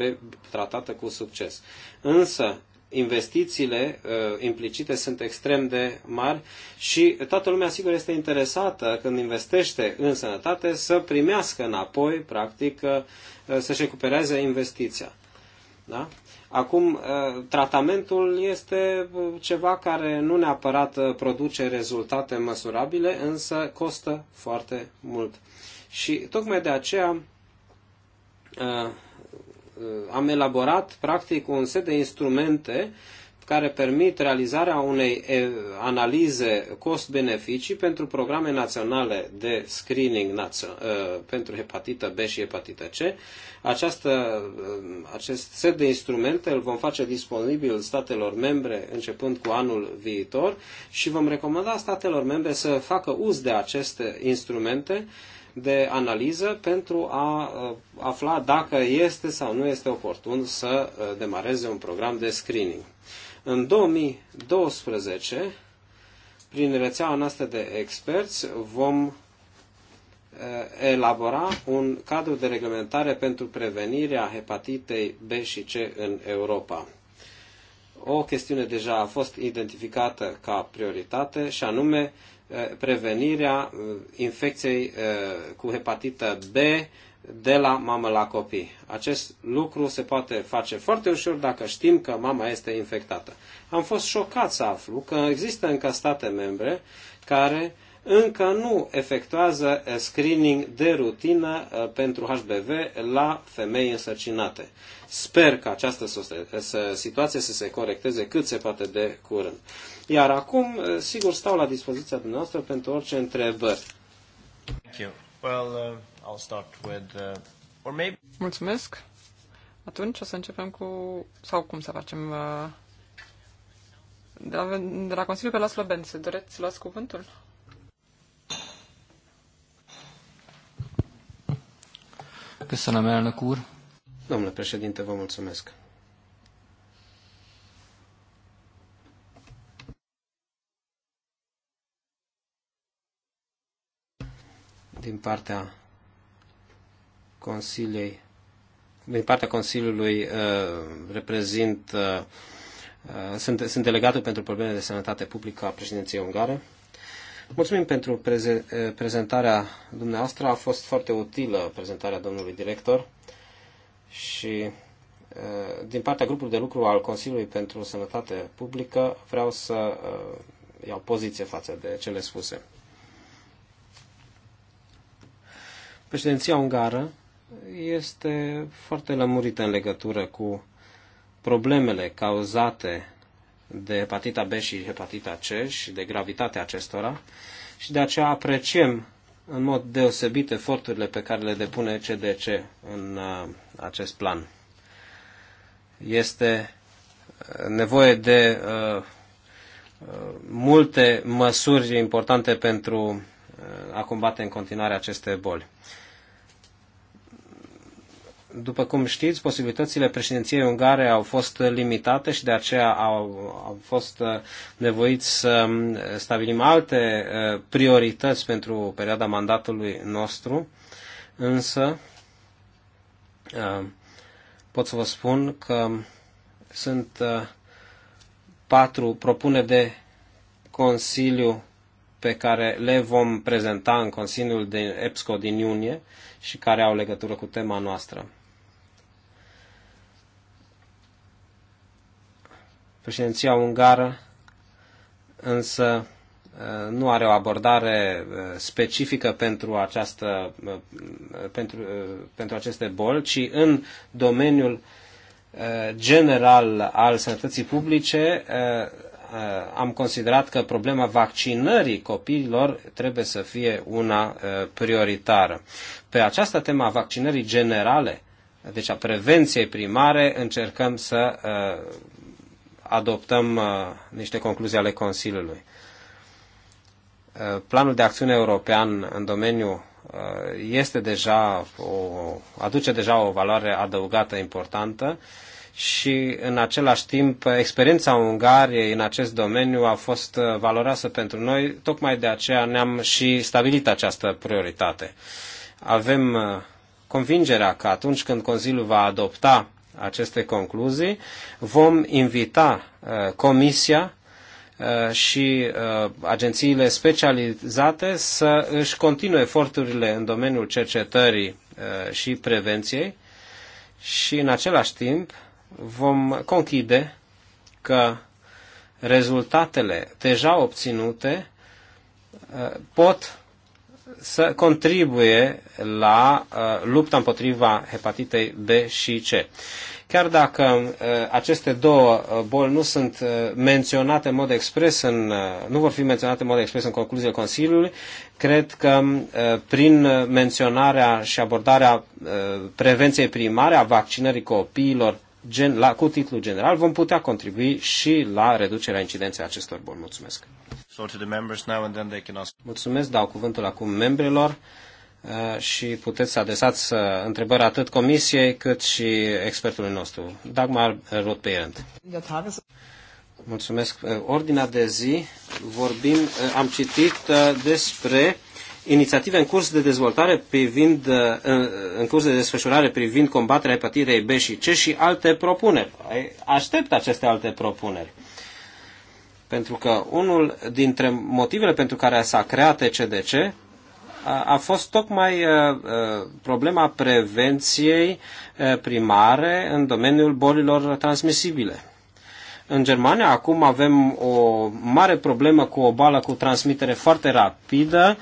tratată cu succes. Însă, investițiile uh, implicite sunt extrem de mari și toată lumea sigur este interesată când investește în sănătate să primească înapoi, practic, uh, să-și recupereze investiția. Da? Acum, uh, tratamentul este uh, ceva care nu neapărat uh, produce rezultate măsurabile, însă costă foarte mult. Și tocmai de aceea am elaborat, practic, un set de instrumente care permit realizarea unei analize cost-beneficii pentru programe naționale de screening pentru hepatită B și hepatită C. Această, acest set de instrumente îl vom face disponibil statelor membre începând cu anul viitor și vom recomanda statelor membre să facă uz de aceste instrumente de analiză pentru a afla dacă este sau nu este oportun să demareze un program de screening. În 2012, prin rețeaua noastră de experți, vom uh, elabora un cadru de reglementare pentru prevenirea hepatitei B și C în Europa. O chestiune deja a fost identificată ca prioritate și anume uh, prevenirea uh, infecției cu hepatită B de la mamă la copii. Acest lucru se poate face foarte ușor dacă știm că mama este infectată. Am fost șocat să aflu că există încă state membre care încă nu efectuează eh, screening de rutină eh, pentru HBV la femei însărcinate. Sper că această eh, situație să se corecteze cât se poate de curând. Iar acum, sigur, stau la dispoziția dumneavoastră pentru orice întrebări. Thank you. Well, uh... I'll start with, uh, or maybe... Mulțumesc. Atunci o să începem cu... Sau cum să facem? Uh, de la, de la Consiliul pe la Sloben, se doreți să luați cuvântul? Köszönöm, elnök úr. Domnule președinte, vă mulțumesc. Din partea Consiliei, din partea Consiliului uh, reprezint, uh, uh, sunt, sunt delegatul pentru probleme de sănătate publică a președinției ungare. Mulțumim pentru preze, prezentarea dumneavoastră, a fost foarte utilă prezentarea domnului director și din partea grupului de lucru al Consiliului pentru Sănătate Publică vreau să iau poziție față de cele spuse. Președinția ungară este foarte lămurită în legătură cu problemele cauzate de hepatita B și hepatita C și de gravitatea acestora și de aceea apreciem în mod deosebit eforturile pe care le depune CDC în uh, acest plan. Este uh, nevoie de uh, uh, multe măsuri importante pentru a combate în continuare aceste boli. După cum știți, posibilitățile președinției ungare au fost limitate și de aceea au, au fost uh, nevoiți să um, stabilim alte uh, priorități pentru perioada mandatului nostru, însă uh, pot să vă spun că sunt patru propuneri de Consiliu pe care le vom prezenta în Consiliul de EPSCO din iunie și care au legătură cu tema noastră. Președinția ungară însă uh, nu are o abordare uh, specifică pentru, această, uh, pentru, pentru aceste boli, ci în domeniul general al sănătății publice am considerat că problema vaccinării copiilor trebuie să fie una prioritară. Pe această temă a vaccinării generale, deci a prevenției primare, încercăm să adoptăm uh, niște concluzii ale Consiliului. Uh, planul de acțiune european în domeniu uh, este deja o, aduce deja o valoare adăugată importantă și în același timp experiența Ungariei în acest domeniu a fost valoroasă pentru noi, tocmai de aceea ne-am și stabilit această prioritate. Avem convingerea că atunci când Consiliul va adopta aceste concluzii. Vom invita uh, Comisia uh, și uh, agențiile specializate să își continue eforturile în domeniul cercetării și prevenției și în același timp vom conchide că rezultatele deja obținute pot să contribuie la uh, lupta împotriva hepatitei B și C. Chiar dacă uh, aceste două uh, boli nu sunt menționate în mod expres în, nu vor fi menționate în mod expres în concluziile Consiliului, cred că prin menționarea și abordarea prevenției primare a vaccinării copiilor gen, la, cu titlu general vom putea contribui și la reducerea incidenței acestor boli. Mulțumesc! to the members now and then they can ask. Mulțumesc, dau cuvântul acum membrilor uh, și puteți să adresați uh, întrebări atât comisiei cât și expertului nostru, Dagmar uh, roth Mulțumesc. Ordinea de zi vorbim, am citit despre inițiative în curs de dezvoltare privind, în curs de desfășurare privind combaterea hepatitei B și C și alte propuneri. Aștept aceste alte propuneri. Pentru că unul dintre motivele pentru care s-a creat ECDC a fost tocmai uh, uh, problema prevenției uh, primare în domeniul bolilor transmisibile. În Germania acum avem o mare problemă cu o bală cu transmitere foarte rapidă.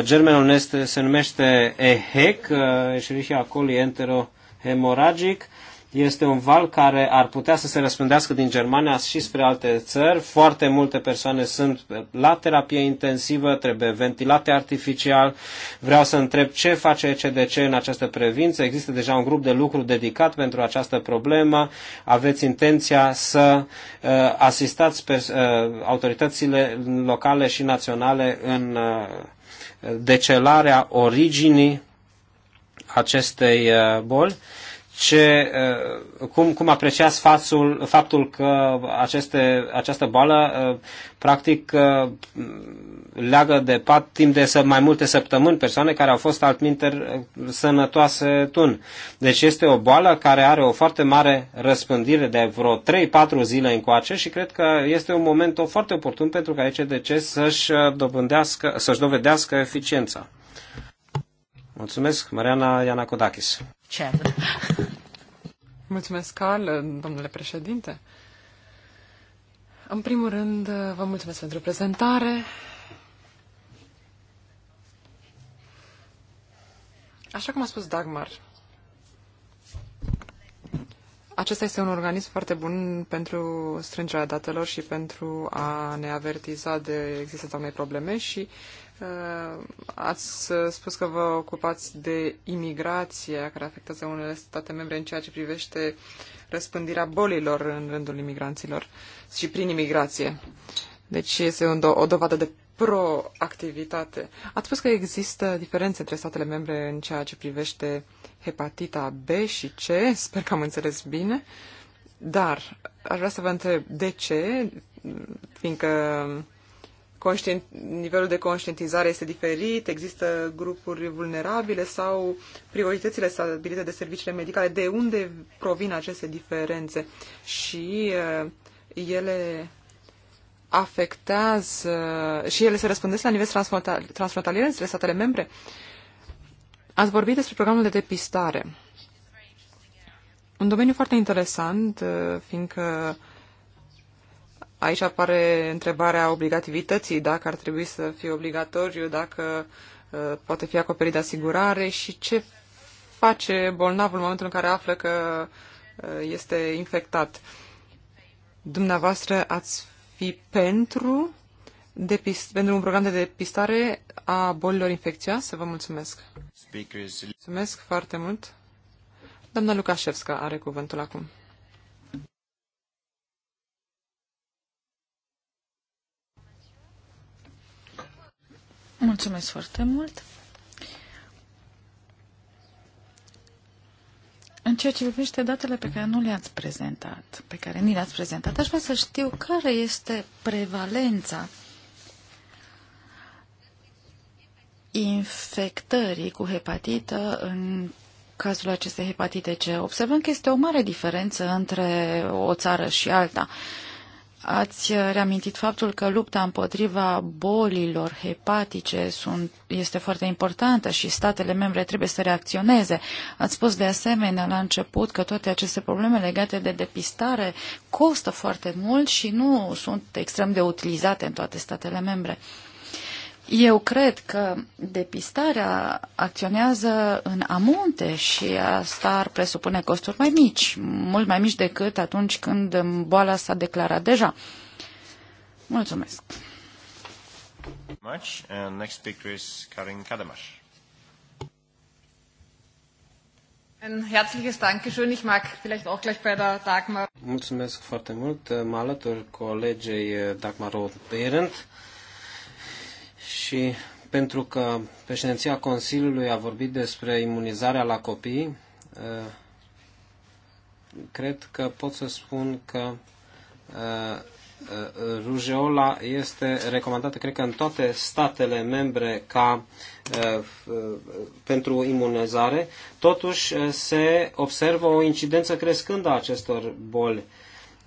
Germenul este, se numește EHEC, Escherichia coli enterohemoragic, este un val care ar putea să se răspândească din Germania și spre alte țări. Foarte multe persoane sunt la terapie intensivă, trebuie ventilate artificial. Vreau să întreb ce face ECDC în această prevință. Există deja un grup de lucru dedicat pentru această problemă. Aveți intenția să uh, asistați pers- uh, autoritățile locale și naționale în uh, decelarea originii acestei uh, boli ce, uh, cum, cum apreciați fațul, faptul că aceste, această boală uh, practic uh, leagă de pat timp de mai multe săptămâni persoane care au fost altminteri sănătoase tun. Deci este o boală care are o foarte mare răspândire de vreo 3-4 zile încoace și cred că este un moment foarte oportun pentru ca ce să-și, dovedească, să-și dovedească eficiența. Mulțumesc, Mariana Kodakis. Chairman. Mulțumesc, Carl, domnule președinte. În primul rând, vă mulțumesc pentru prezentare. Așa cum a spus Dagmar, acesta este un organism foarte bun pentru strângerea datelor și pentru a ne avertiza de existența unei probleme și Uh, ați spus că vă ocupați de imigrația care afectează unele state membre în ceea ce privește răspândirea bolilor în rândul imigranților și prin imigrație. Deci este un do- o dovadă de proactivitate. Ați spus că există diferențe între statele membre în ceea ce privește hepatita B și C, sper că am înțeles bine, dar aș vrea să vă întreb de ce, fiindcă conștient, nivelul de conștientizare este diferit, există grupuri vulnerabile sau prioritățile stabilite de serviciile medicale, de unde provin aceste diferențe și uh, ele afectează și ele se răspândesc la nivel transfrontalier între statele membre. Ați vorbit despre programul de depistare. Un domeniu foarte interesant, uh, fiindcă Aici apare întrebarea obligativității, dacă ar trebui să fie obligatoriu, dacă uh, poate fi acoperit de asigurare și ce face bolnavul în momentul în care află că uh, este infectat. Dumneavoastră ați fi pentru, depist, pentru un program de depistare a bolilor infecțioase? Vă mulțumesc. Mulțumesc foarte mult. Doamna Lukașevska are cuvântul acum. Mulțumesc foarte mult. În ceea ce privește datele pe care nu le-ați prezentat, pe care ni le-ați prezentat, aș vrea să știu care este prevalența infectării cu hepatită în cazul acestei hepatite C. Observăm că este o mare diferență între o țară și alta. Uh, Ați reamintit faptul că lupta împotriva bolilor hepatice sunt, este foarte importantă și statele membre trebuie să reacționeze. Ați spus de asemenea la început că toate aceste probleme legate de depistare costă foarte mult și nu sunt extrem de utilizate în toate statele membre. Uh, eu cred că depistarea acționează în amonte și asta ar presupune costuri mai mici, mult mai mici decât atunci când boala s-a declarat deja. Mulțumesc! Much. And next speaker is Karin Kademash. Ein herzliches Dankeschön. Ich mag vielleicht auch gleich bei der Dagmar. Mulțumesc foarte mult. Mă alătur colegei eh, Dagmar roth și pentru că președinția Consiliului a vorbit despre imunizarea la copii, eh, cred că pot să spun că eh, eh, rujeola este recomandată, cred că în toate statele membre ca pentru imunizare, totuși se observă o incidență crescândă a acestor boli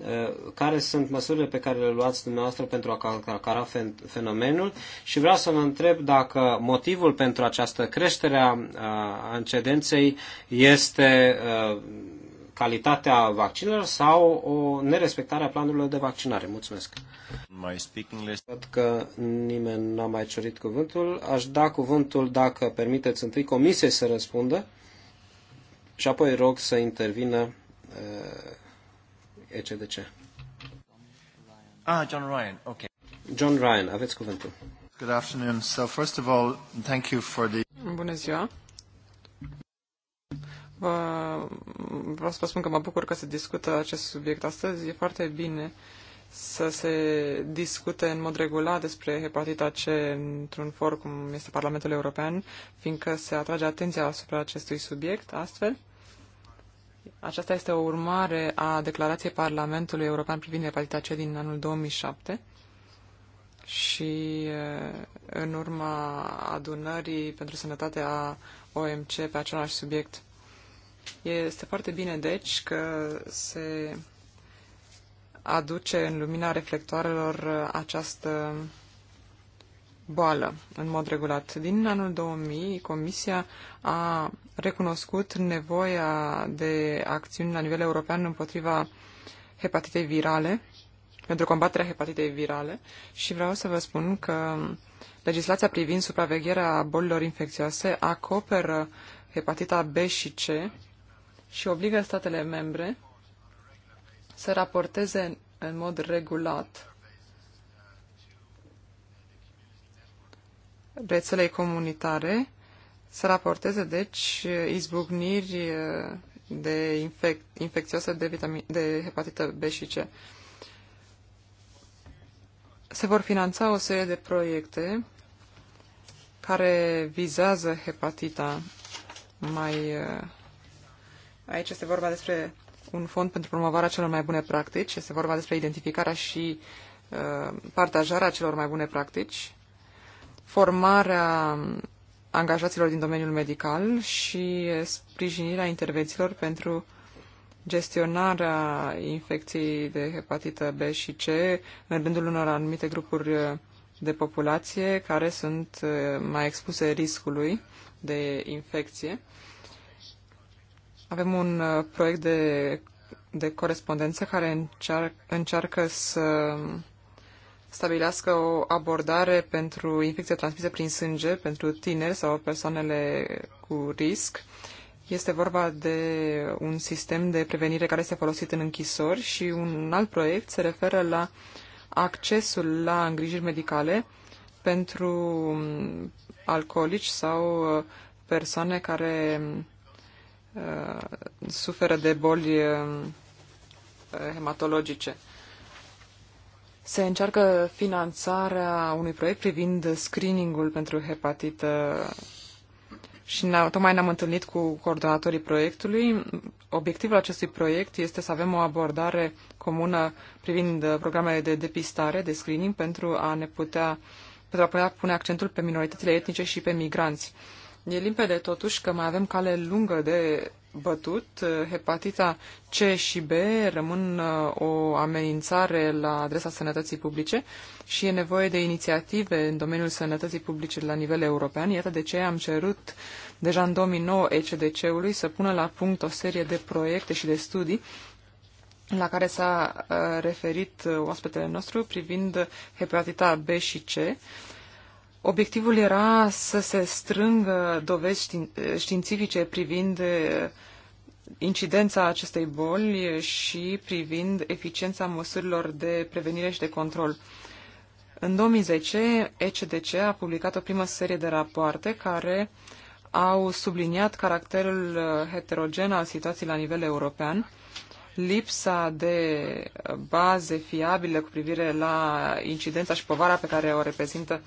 Uh, care sunt măsurile pe care le luați dumneavoastră pentru a calcara fenomenul și vreau să vă întreb dacă motivul pentru această creștere a incidenței este uh, calitatea vaccinelor sau o nerespectare a planurilor de vaccinare. Mulțumesc. My speaking list. Văd că nimeni n-a mai cerit cuvântul. Aș da cuvântul, dacă permiteți, întâi comisiei să răspundă și apoi rog să intervină uh, ECDC. Ah, John Ryan, ok. John Ryan, aveți cuvântul. Good afternoon. So first of all, thank you for the... Bună ziua. Vă, vreau să vă spun că mă bucur că se discută acest subiect astăzi. E foarte bine să se discute în mod regulat despre hepatita C într-un for cum este Parlamentul European, fiindcă se atrage atenția asupra acestui subiect astfel. Aceasta este o urmare a declarației Parlamentului European privind epatita C din anul 2007 și în urma adunării pentru sănătate a OMC pe același subiect. Este foarte bine, deci, că se aduce în lumina reflectoarelor această boală în mod regulat. Din anul 2000, Comisia a recunoscut nevoia de acțiuni la nivel european împotriva hepatitei virale, pentru combaterea hepatitei virale și vreau să vă spun că legislația privind supravegherea bolilor infecțioase acoperă hepatita B și C și obligă statele membre să raporteze în mod regulat rețelei comunitare să raporteze, deci, izbucniri eh, de infec infecțioase de, de hepatită B și C. Se vor finanța o serie de proiecte care vizează hepatita mai... Eh, aici este vorba despre un fond pentru promovarea celor mai bune practici, este vorba despre identificarea și uh, partajarea celor mai bune practici formarea angajaților din domeniul medical și sprijinirea intervențiilor pentru gestionarea infecției de hepatită B și C în rândul unor anumite grupuri de populație care sunt eh, mai expuse riscului de infecție. Avem un eh, proiect de, de corespondență care încearcă, încearcă să stabilească o abordare pentru infecție transmisă prin sânge pentru tineri sau persoanele cu risc. Este vorba de un sistem de prevenire care este folosit în închisori și un alt proiect se referă la accesul la îngrijiri medicale pentru alcoolici sau uh, persoane care uh, suferă de boli uh, hematologice se încearcă finanțarea unui proiect privind screeningul pentru hepatită și ne tocmai ne-am întâlnit cu coordonatorii proiectului. Obiectivul acestui proiect este să avem o abordare comună privind programele de depistare, de screening, pentru a ne putea, pentru a putea pune accentul pe minoritățile etnice și pe migranți. E limpede totuși că mai avem cale lungă de bătut. Hepatita C și B rămân uh, o amenințare la adresa sănătății publice și e nevoie de inițiative în domeniul sănătății publice la nivel european. Iată de ce am cerut deja în 2009 ECDC-ului să pună la punct o serie de proiecte și de studii la care s-a uh, referit uh, oaspetele nostru privind hepatita B și C Obiectivul era să se strângă dovezi științifice privind eh, incidența acestei boli și privind eficiența măsurilor de prevenire și de control. În 2010, ECDC a publicat o primă serie de rapoarte care au subliniat caracterul eh, heterogen al situației la nivel european, lipsa de eh, baze fiabile cu privire la incidența și povara pe care o reprezintă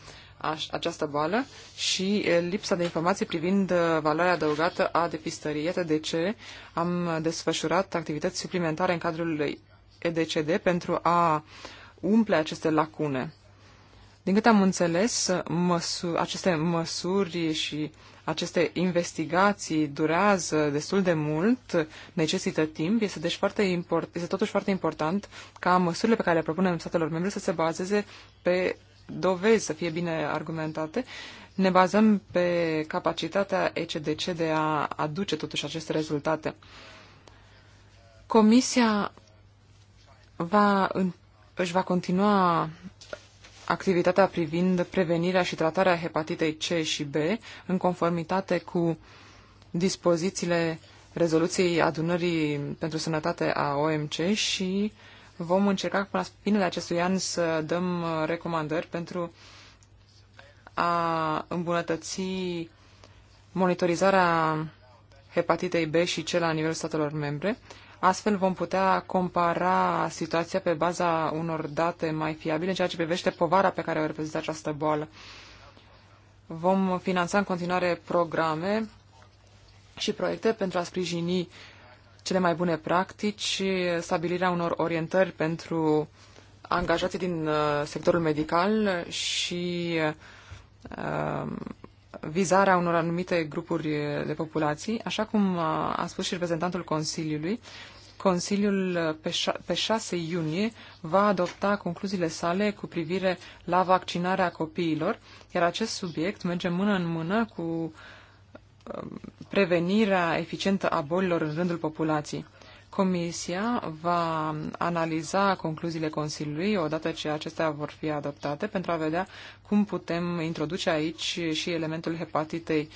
această boală și lipsa de informații privind uh, valoarea adăugată a depistării. Iată de ce am desfășurat activități suplimentare în cadrul EDCD pentru a umple aceste lacune. Din câte am înțeles, măsu- aceste măsuri și aceste investigații durează destul de mult, necesită timp, este, deci foarte import- este totuși foarte important ca măsurile pe care le propunem statelor membre să se bazeze pe dovezi să fie bine argumentate, ne bazăm pe capacitatea ECDC de a aduce totuși aceste rezultate. Comisia va, își va continua activitatea privind prevenirea și tratarea hepatitei C și B în conformitate cu dispozițiile rezoluției adunării pentru sănătate a OMC și uh, Vom încerca până la finele acestui an să dăm uh, recomandări pentru a îmbunătăți monitorizarea hepatitei B și C la nivelul statelor membre. Astfel vom putea compara situația pe baza unor date mai fiabile în ceea ce privește povara pe care o reprezintă această boală. Vom finanța în continuare programe și proiecte pentru a sprijini cele mai bune practici, stabilirea unor orientări pentru angajații din uh, sectorul medical și uh, vizarea unor anumite grupuri de populații. Așa cum uh, a spus și reprezentantul Consiliului, Consiliul pe, 6 iunie va adopta concluziile sale cu privire la vaccinarea copiilor, iar acest subiect merge mână în mână cu Um, prevenirea eficientă a bolilor în rândul populației. Comisia va analiza concluziile Consiliului odată ce acestea vor fi adoptate pentru a vedea cum putem introduce aici și elementul hepatitei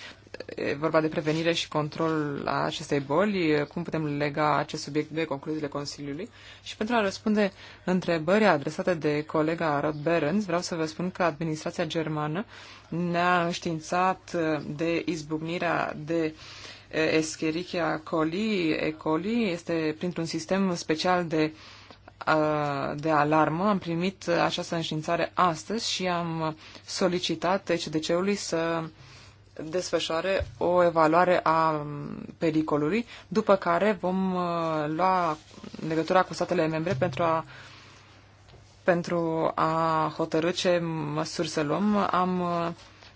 e vorba de prevenire și control a acestei boli, cum putem lega acest subiect de concluziile Consiliului. Și pentru a răspunde întrebării adresate de colega Rod Berens, vreau să vă spun că administrația germană ne-a înștiințat uh, de izbucnirea de uh, Escherichia coli, E. coli, este printr-un sistem special de uh, de alarmă. Am primit această înștiințare astăzi și am solicitat ECDC-ului să uh, desfășoare o evaluare a pericolului, după care vom uh, lua legătura cu statele membre pentru a pentru a hotărâ ce măsuri să luăm. Am uh,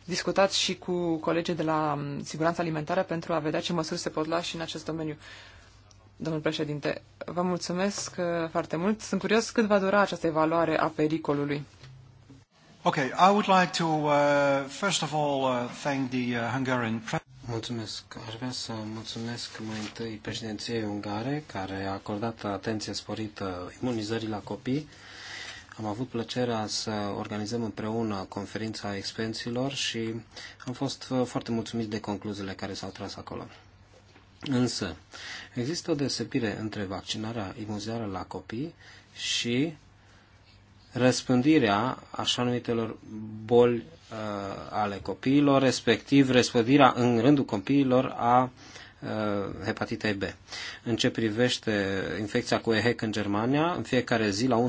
discutat și cu colegii de la um, Siguranța Alimentară pentru a vedea ce măsuri se pot lua și în acest domeniu. Domnul președinte, vă mulțumesc uh, foarte mult. Sunt curios cât va dura această evaluare a pericolului. Okay, I would like to uh, first of all uh, thank the uh, Hungarian Mulțumesc. Aș vrea să mulțumesc mai întâi președinției ungare, care a acordat atenție sporită imunizării la copii. Am avut plăcerea să organizăm împreună conferința expensilor și am fost uh, foarte mulțumit de concluziile care s-au tras acolo. Însă, există o deosebire între vaccinarea imunizarea la copii și răspândirea așa numitelor boli uh, ale copiilor, respectiv răspândirea în rândul copiilor a uh, hepatitei B. În ce privește infecția cu EHEC în Germania, în fiecare zi la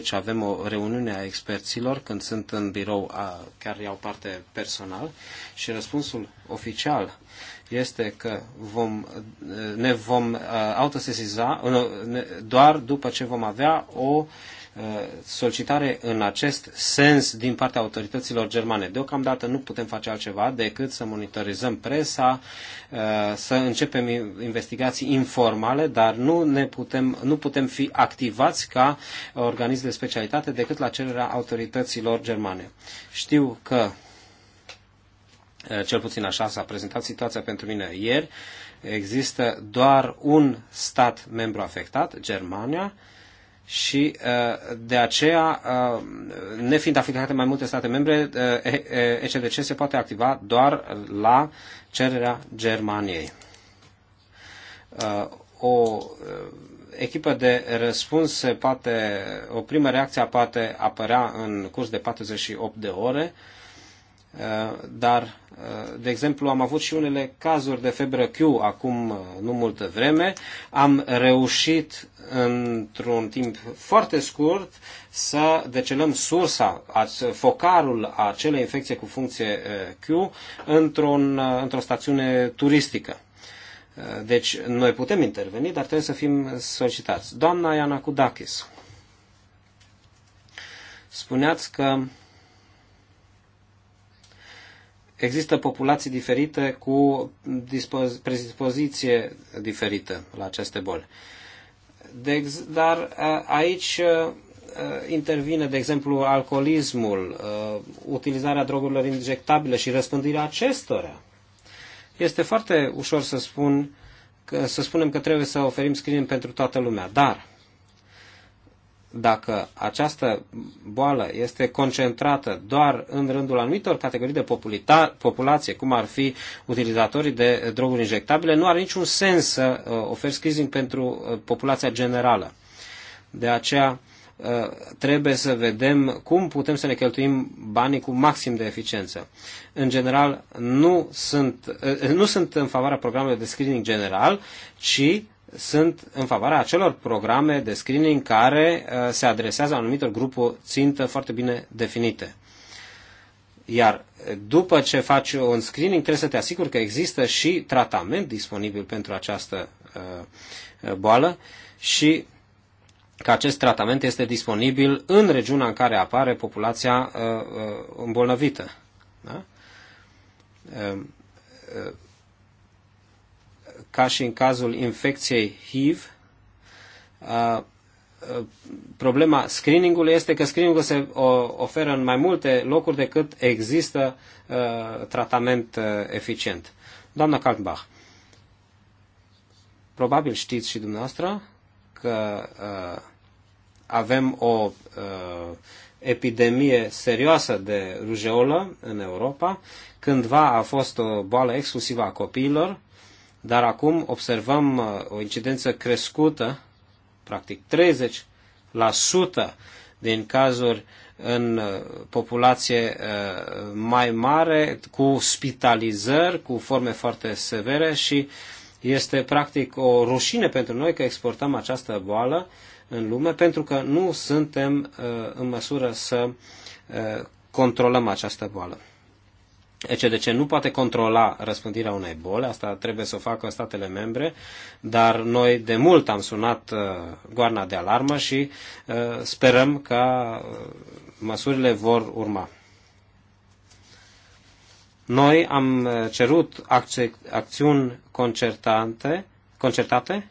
11.30 avem o reuniune a experților, când sunt în birou, a, chiar iau parte personal, și răspunsul oficial este că vom, ne vom uh, autosesiza uh, doar după ce vom avea o solicitare în acest sens din partea autorităților germane. Deocamdată nu putem face altceva decât să monitorizăm presa, uh, să începem investigații informale, dar nu, ne putem, nu putem fi activați ca organism de specialitate decât la cererea autorităților germane. Știu că uh, cel puțin așa s-a prezentat situația pentru mine ieri, există doar un stat membru afectat, Germania, și uh, de aceea, uh, nefiind afiliate mai multe state membre, uh, ECDC se poate activa doar la cererea Germaniei. O echipă de răspuns se poate, o primă reacție poate apărea în curs de 48 de ore, Eh, dar, eh, de exemplu, am avut și unele cazuri de febră Q acum eh, nu multă vreme. Am reușit într-un timp foarte scurt să decelăm sursa, focarul acelei infecții cu funcție Q într-un, într-o stațiune turistică. Deci noi putem interveni, dar trebuie să fim solicitați. Doamna Iana Kudakis, spuneați că există populații diferite cu predispoziție diferită la aceste boli. De, dar aici intervine, de exemplu, alcoolismul, utilizarea drogurilor injectabile și răspândirea acestora. Este foarte ușor să spun să spunem că trebuie să oferim screening pentru toată lumea, dar dacă această boală este concentrată doar în rândul anumitor categorii de populație, cum ar fi utilizatorii de droguri injectabile, nu are niciun sens să uh, oferi screening pentru uh, populația generală. De aceea uh, trebuie să vedem cum putem să ne cheltuim banii cu maxim de eficiență. În general, nu sunt, nu sunt în favoarea programelor de screening general, ci sunt în favoarea acelor programe de screening care uh, se adresează anumitor grupuri țintă foarte bine definite. Iar după ce faci un screening, trebuie să te asiguri că există și tratament disponibil pentru această uh, uh, boală și că acest tratament este disponibil în regiunea în care apare populația îmbolnăvită. Da? ca și în cazul infecției HIV, uh, uh, problema screeningului este că screeningul se oferă în mai multe locuri decât există uh, tratament eficient. Doamna Kaltbach, probabil știți și dumneavoastră că avem o epidemie serioasă de rujeolă în Europa. Cândva a fost o boală exclusivă a copiilor, dar acum observăm uh, o incidență crescută, practic 30% din cazuri în uh, populație uh, mai mare, cu spitalizări, cu forme foarte severe și este practic o rușine pentru noi că exportăm această boală în lume pentru că nu suntem în măsură să controlăm această boală. ECDC nu poate controla răspândirea unei boli, asta trebuie să o facă statele membre, dar noi de mult am sunat uh, goarna de alarmă și uh, sperăm că uh, măsurile vor urma. Noi am cerut acțiuni concertante, concertate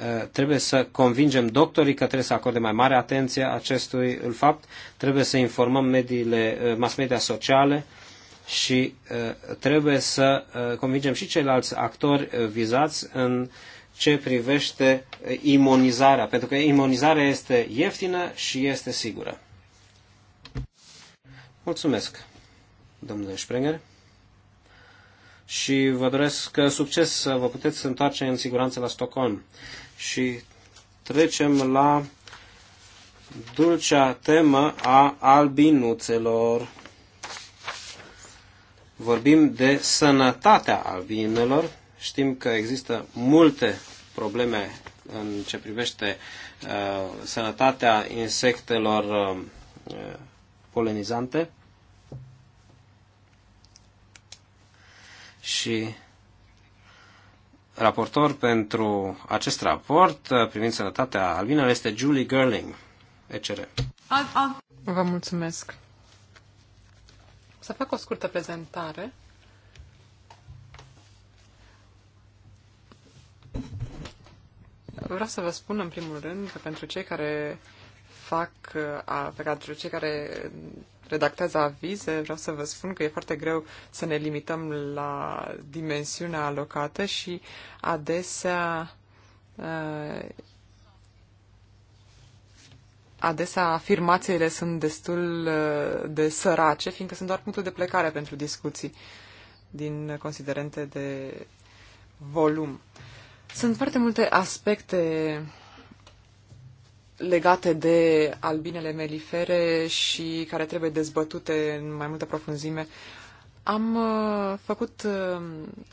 Eh, trebuie să convingem doctorii că trebuie să acorde mai mare atenție acestui fapt, trebuie să informăm mediile, eh, mass media sociale și eh, trebuie să convingem și ceilalți actori vizați în ce privește imunizarea, pentru că imunizarea este ieftină și este sigură. Mulțumesc, domnule Sprenger, și vă doresc succes să vă puteți întoarce în siguranță la Stockholm și trecem la dulcea temă a albinuțelor. Vorbim de sănătatea albinelor. Știm că există multe probleme în ce privește uh, sănătatea insectelor uh, uh polenizante. Și Raportor pentru acest raport uh, privind sănătatea albinelor este Julie Gerling, ECR. Vă mulțumesc. Să fac o scurtă prezentare. Vreau să vă spun în primul rând că pentru cei care fac, uh, pentru cei care redactează avize, vreau să vă spun că e foarte greu să ne limităm la dimensiunea alocată și adesea uh, adesea afirmațiile sunt destul uh, de sărace, fiindcă sunt doar punctul de plecare pentru discuții din considerente de volum. Sunt foarte multe aspecte legate de albinele melifere și care trebuie dezbătute în mai multă profunzime. Am uh, făcut uh,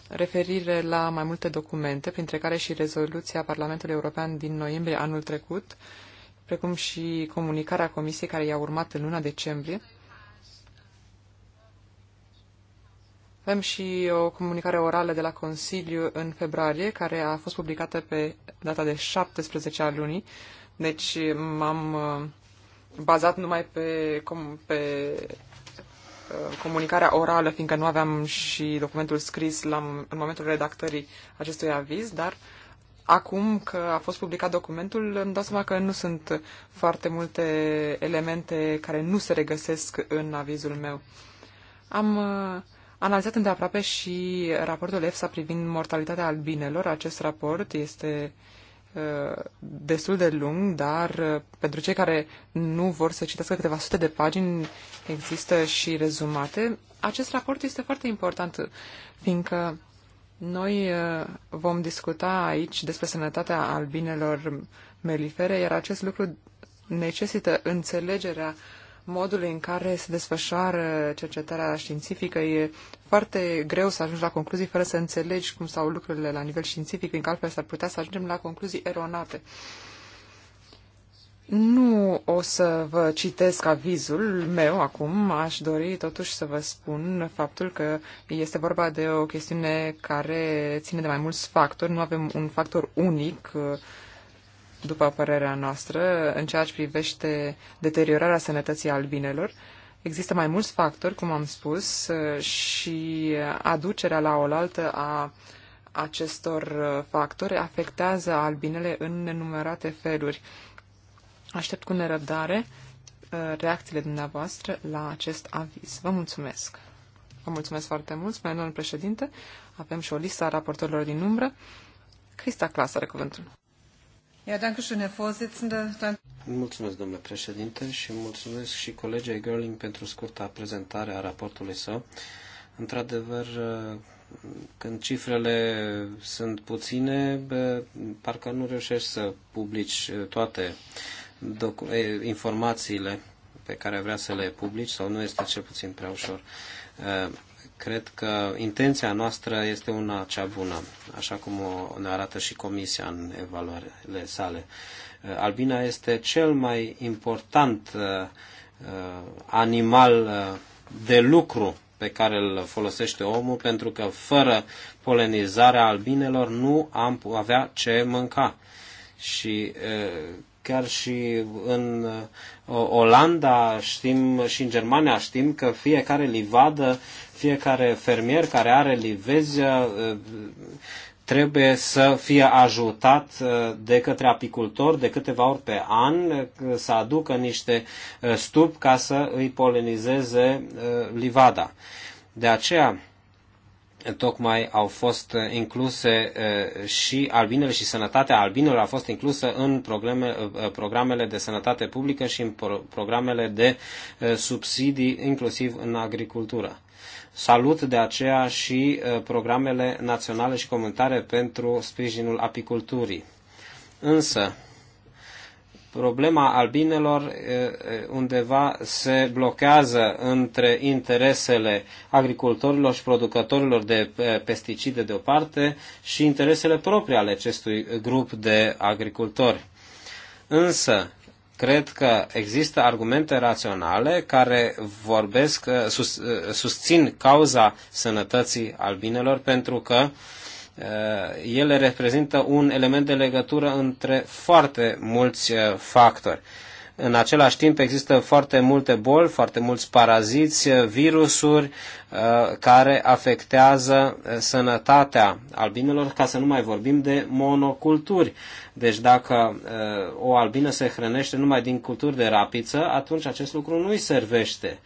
referire la mai multe documente, printre care și rezoluția Parlamentului European din noiembrie anul trecut, precum și comunicarea Comisiei care i-a urmat în luna decembrie. Avem și o comunicare orală de la Consiliu în februarie, care a fost publicată pe data de 17 a lunii, deci m-am uh, bazat numai pe, com, pe uh, comunicarea orală, fiindcă nu aveam și documentul scris la, în momentul redactării acestui aviz, dar acum că a fost publicat documentul, îmi dau seama că nu sunt foarte multe elemente care nu se regăsesc în avizul meu. Am uh, analizat îndeaproape și raportul EFSA privind mortalitatea albinelor. Acest raport este uh, Uh, destul de lung, dar uh, pentru cei care nu vor să citească câteva sute de pagini, există și rezumate. Acest raport este foarte important, fiindcă noi uh, vom discuta aici despre sănătatea albinelor melifere, iar acest lucru necesită înțelegerea uh, modului în care se desfășoară cercetarea științifică. E foarte greu să ajungi la concluzii fără să înțelegi cum stau lucrurile la nivel științific, în altfel s-ar putea să ajungem la concluzii eronate. Nu o să vă citesc avizul meu acum, aș dori totuși să vă spun faptul că este vorba de o chestiune care ține de mai mulți factori, nu avem un factor unic după părerea noastră, în ceea ce privește deteriorarea sănătății albinelor, există mai mulți factori, cum am spus, uh, și aducerea la oaltă a acestor uh, factori afectează albinele în nenumărate feluri. Aștept cu nerăbdare uh, reacțiile dumneavoastră la acest aviz. Vă mulțumesc! Vă mulțumesc foarte mult, spune domnul președinte. Avem și o listă a raportorilor din umbră. Crista Clasă are cuvântul. Mulțumesc, domnule președinte, și mulțumesc și colegei Gerling pentru scurta prezentare a raportului său. Într-adevăr, când cifrele sunt puține, parcă nu reușești să publici toate informațiile pe care vrea să le publici sau nu este cel puțin prea ușor. Ă, Cred că intenția noastră este una cea bună, așa cum o ne arată și Comisia în evaluările sale. Uh, albina este cel mai important uh, uh, animal de lucru pe care îl folosește omul, pentru că fără polenizarea albinelor nu am avea ce mânca. Și Chiar și în uh, Olanda știm și în Germania știm că fiecare livadă, fiecare fermier care are livezi uh, trebuie să fie ajutat uh, de către apicultor de câteva ori pe an să aducă niște stup ca să îi polenizeze livada. De aceea, tocmai au fost uh, incluse uh, și albinele și sănătatea albinelor a fost inclusă în programe, uh, programele de sănătate publică și în programele de subsidii, inclusiv în agricultură. Salut de aceea și programele naționale și comunitare pentru sprijinul apiculturii. Însă, problema albinelor undeva se blochează între interesele agricultorilor și producătorilor de pesticide de o parte și interesele proprii ale acestui grup de agricultori. Însă, cred că există argumente raționale care vorbesc, sus, susțin cauza sănătății albinelor pentru că uh, Eh, ele reprezintă un element de legătură între foarte mulți eh, factori. În același timp există foarte multe boli, foarte mulți paraziți, eh, virusuri care afectează sănătatea albinelor, ca să nu mai vorbim de monoculturi. Deci dacă o albină se hrănește numai din culturi de rapiță, atunci acest lucru nu îi servește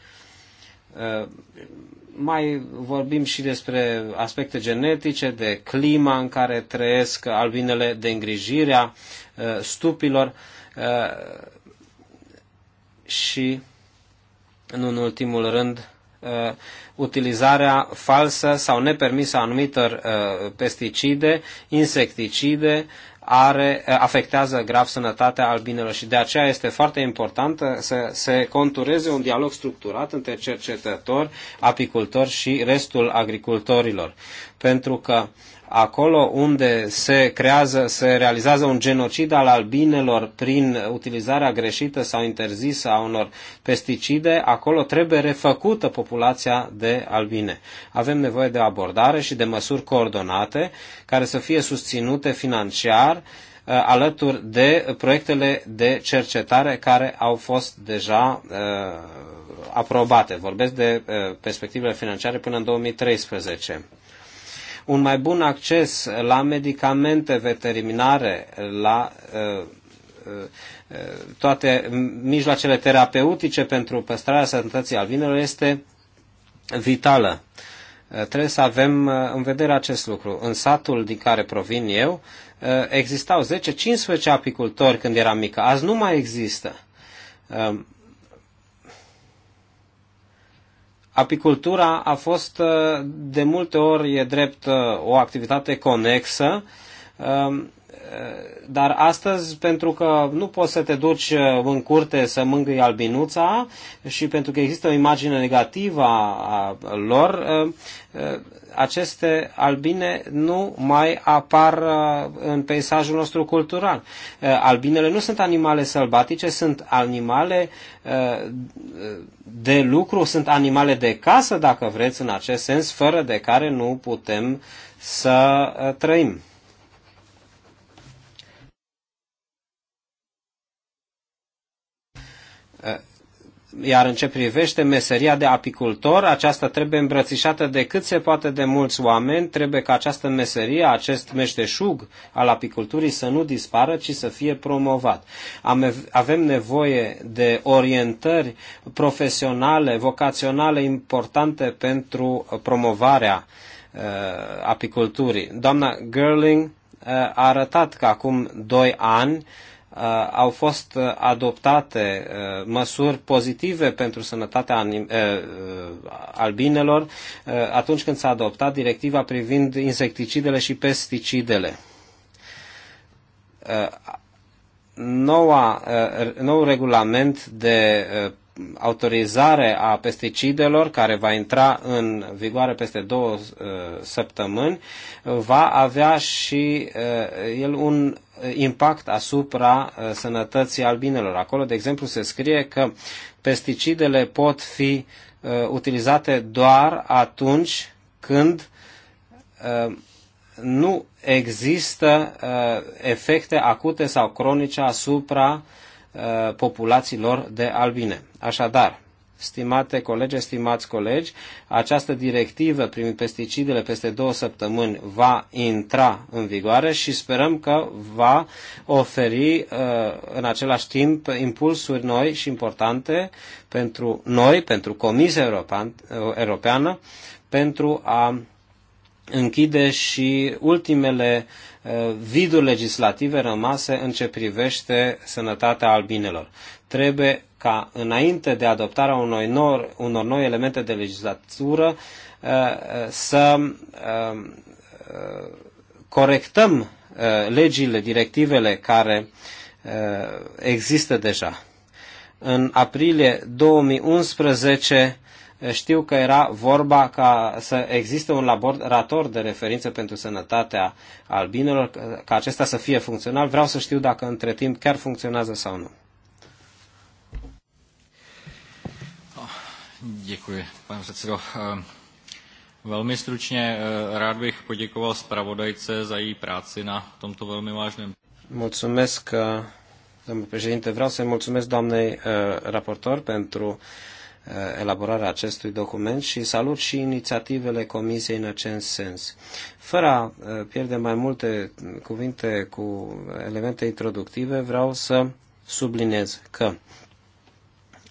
mai vorbim și despre aspecte genetice, de clima în care trăiesc albinele, de îngrijirea uh, stupilor uh, și, în ultimul rând, uh, utilizarea falsă sau nepermisă a anumitor pesticide, insecticide, are, afectează grav sănătatea albinelor și de aceea este foarte important uh, să se contureze un dialog structurat între cercetători, apicultori și restul agricultorilor. Pentru că acolo unde se creează, se realizează un genocid al albinelor prin utilizarea greșită sau interzisă a unor pesticide, acolo trebuie refăcută populația de albine. Avem nevoie de o abordare și de măsuri coordonate care să fie susținute financiar uh, alături de proiectele de cercetare care au fost deja uh, aprobate. Vorbesc de uh, perspectivele financiare până în 2013 un mai bun acces la medicamente veterinare, la uh, uh, toate mijloacele terapeutice pentru păstrarea sănătății albinelor este vitală. Uh, trebuie să avem în vedere acest lucru. În satul din care provin eu existau 10-15 apicultori când eram mică. Azi nu mai există. Apicultura a fost uh, de multe ori, e drept, uh, o activitate conexă, um, dar astăzi, pentru că nu poți să te duci uh, în curte să mângâi albinuța și pentru că există o imagine negativă a lor, uh, uh, aceste albine nu mai apar în peisajul nostru cultural. Albinele nu sunt animale sălbatice, sunt animale de lucru, sunt animale de casă, dacă vreți, în acest sens, fără de care nu putem să trăim. Iar în ce privește meseria de apicultor, aceasta trebuie îmbrățișată de cât se poate de mulți oameni, trebuie ca această meserie, acest meșteșug al apiculturii să nu dispară, ci să fie promovat. Avem nevoie de orientări profesionale, vocaționale importante pentru promovarea uh, apiculturii. Doamna Gerling uh, a arătat că acum doi ani Uh, au fost uh, adoptate uh, măsuri pozitive pentru sănătatea anim albinelor atunci când s-a adoptat directiva privind insecticidele și pesticidele. Noua, nou regulament de autorizare a pesticidelor, care va intra în vigoare peste două săptămâni, va avea și el un Uh, impact asupra uh, sănătății albinelor. Acolo, de exemplu, se scrie că pesticidele pot fi uh, utilizate doar atunci când nu există efecte acute sau cronice asupra populațiilor de albine. Așadar, stimate colegi, stimați colegi, această directivă privind pesticidele peste două săptămâni va intra în vigoare și sperăm că va oferi uh, în același timp impulsuri noi și importante pentru noi, pentru Comisia uh, Europeană, pentru a închide și ultimele uh, viduri legislative rămase în ce privește sănătatea albinelor. Trebuie ca înainte de adoptarea unor noi, unor noi elemente de legislatură uh, uh, să um, uh, corectăm legile, directivele care există deja. În aprilie 2011 știu că era vorba ca să existe un laborator de referință pentru sănătatea albinelor, ca acesta să fie funcțional. Vreau să știu dacă între timp chiar funcționează sau nu. Děkuji, pane předsedo. Ehm, velmi stručně eh, rád bych poděkoval zpravodajce za její práci na tomto velmi vážném. Mulțumesc, domnule eh, președinte. Vreau să-i mulțumesc doamnei eh, raportor pentru elaborarea acestui document și salut și inițiativele Comisiei în acest sens. Fără a pierde mai multe cuvinte cu elemente introductive, vreau să subliniez că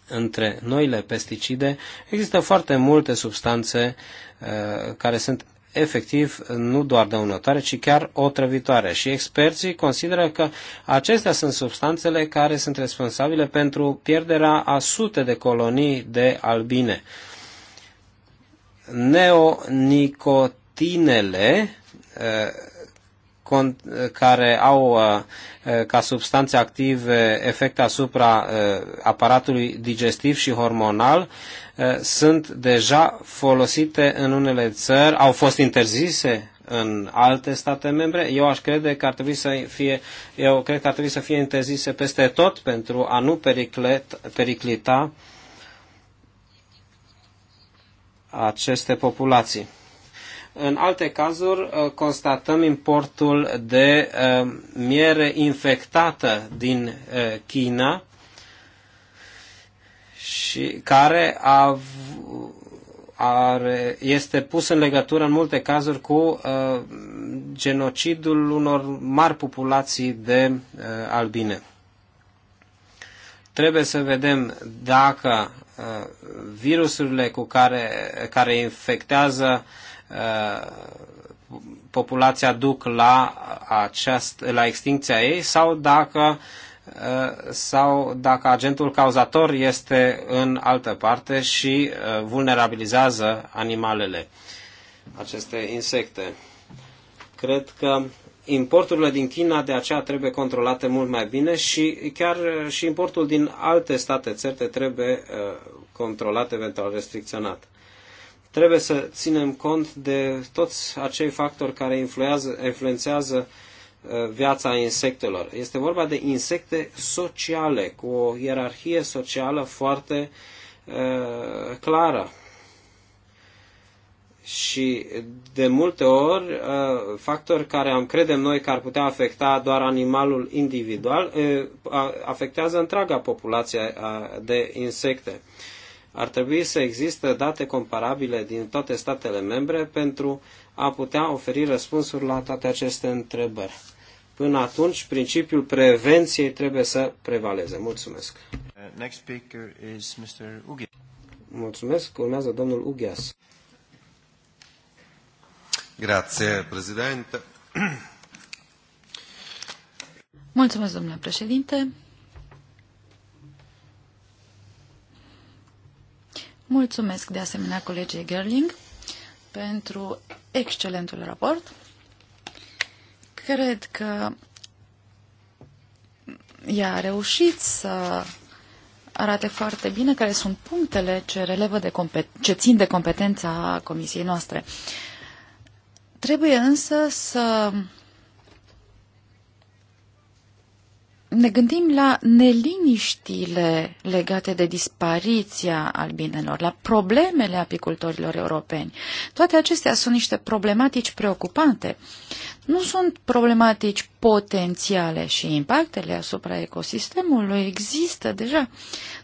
între noile pesticide, există foarte multe substanțe uh, care sunt efectiv nu doar dăunătoare, ci chiar otrăvitoare. Și experții consideră că acestea sunt substanțele care sunt responsabile pentru pierderea a sute de colonii de albine. Neonicotinele uh, care au uh, uh, ca substanțe active efect asupra uh, aparatului digestiv și hormonal sunt deja folosite în unele țări, au fost interzise în alte state membre. Eu aș crede că ar trebui să fie, eu cred că ar trebui să fie interzise peste tot pentru a nu periclet, periclita aceste populații. În alte cazuri uh, constatăm importul de uh, miere infectată din uh, China și care a, are, este pus în legătură în multe cazuri cu genocidul unor mari populații de albine. Trebuie să vedem dacă virusurile cu care, care infectează uh, Uh, populația duc la, aceast, la extinția ei sau dacă, uh, sau dacă agentul cauzator este în altă parte și uh, vulnerabilizează animalele, aceste insecte. Cred că importurile din China de aceea trebuie controlate mult mai bine și chiar și importul din alte state țerte trebuie controlat, eventual restricționat. Trebuie să ținem cont de toți acei factori care influențează uh, viața insectelor. Este vorba de insecte sociale, cu o ierarhie socială foarte uh, clară. Și de multe ori, uh, factori care am credem noi că ar putea afecta doar animalul individual, uh, afectează întreaga populație uh, de insecte. Uh, ar trebui să existe date comparabile din toate statele membre pentru a putea oferi răspunsuri la toate aceste întrebări. Până atunci, principiul prevenției trebuie să prevaleze. Mulțumesc. Uh, next speaker is Mr. Ugias. Mulțumesc. Urmează domnul Ugias. Grazie, președinte. Mulțumesc, domnule președinte. Mulțumesc de asemenea colegii Gerling pentru excelentul raport. Cred că ea a reușit să arate foarte bine care sunt punctele ce, relevă de ce țin de competența comisiei noastre. Trebuie însă să ne gândim la neliniștile legate de dispariția albinelor, la problemele apicultorilor europeni. Toate acestea sunt niște problematici preocupante. Nu sunt problematici potențiale și impactele asupra ecosistemului există deja.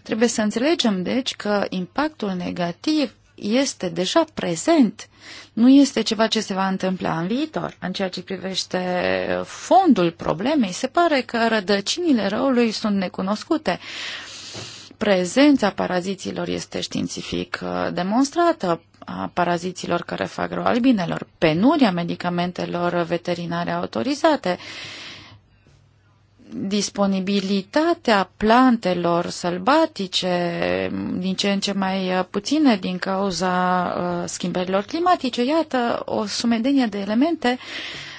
Trebuie să înțelegem, deci, că impactul negativ este deja prezent, nu este ceva ce se va întâmpla în viitor. În ceea ce privește fondul problemei, se pare că rădăcinile răului sunt necunoscute. Prezența paraziților este științific uh, demonstrată, a paraziților care fac rău albinelor, penuria medicamentelor veterinare autorizate, uh, disponibilitatea plantelor sălbatice din ce în ce mai uh, puține din cauza uh, schimbărilor climatice, iată o sumedenie de elemente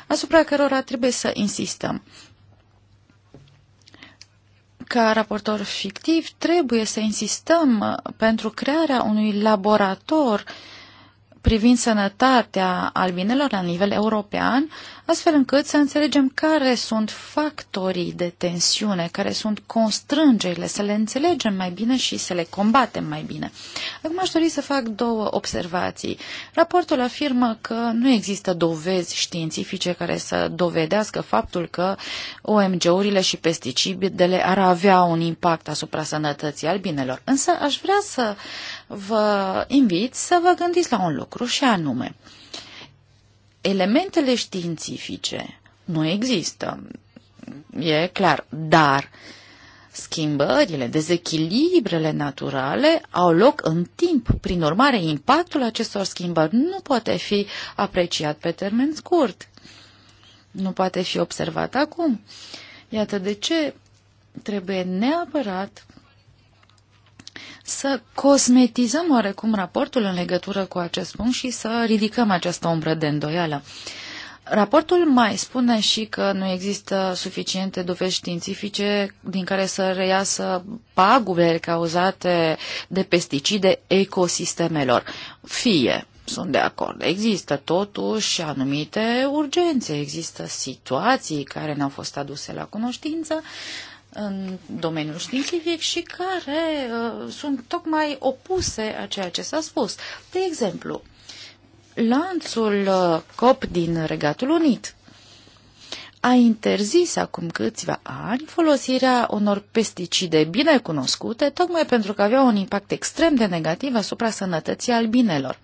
asupra cărora trebuie să insistăm. Ca raportor fictiv, trebuie să insistăm uh, pentru crearea unui laborator uh, privind sănătatea albinelor la nivel european, astfel încât să înțelegem care sunt factorii de tensiune, care sunt constrângerile, să le înțelegem mai bine și să le combatem mai bine. Acum aș dori să fac două observații. Raportul afirmă că nu există dovezi științifice care să dovedească faptul că OMG-urile și pesticidele ar avea un impact asupra sănătății albinelor. Însă aș vrea să uh, vă invit să vă gândiți la un lucru și anume, elementele științifice nu există, e clar, dar schimbările, dezechilibrele naturale au loc în timp. Prin urmare, impactul acestor schimbări nu poate fi apreciat pe termen scurt. Nu poate fi observat acum. Iată de ce trebuie neapărat să cosmetizăm oarecum raportul în legătură cu acest punct și să ridicăm această umbră de îndoială. Raportul mai spune și că nu există suficiente dovezi științifice din care să reiasă pagubele cauzate de pesticide ecosistemelor. Fie, sunt de acord, există totuși anumite urgențe, există situații care ne-au fost aduse la cunoștință în domeniul științific și care uh, sunt tocmai opuse a ceea ce s-a spus. De exemplu, lanțul uh, COP din Regatul Unit a interzis acum câțiva ani folosirea unor pesticide binecunoscute tocmai pentru că aveau un impact extrem de negativ asupra sănătății albinelor.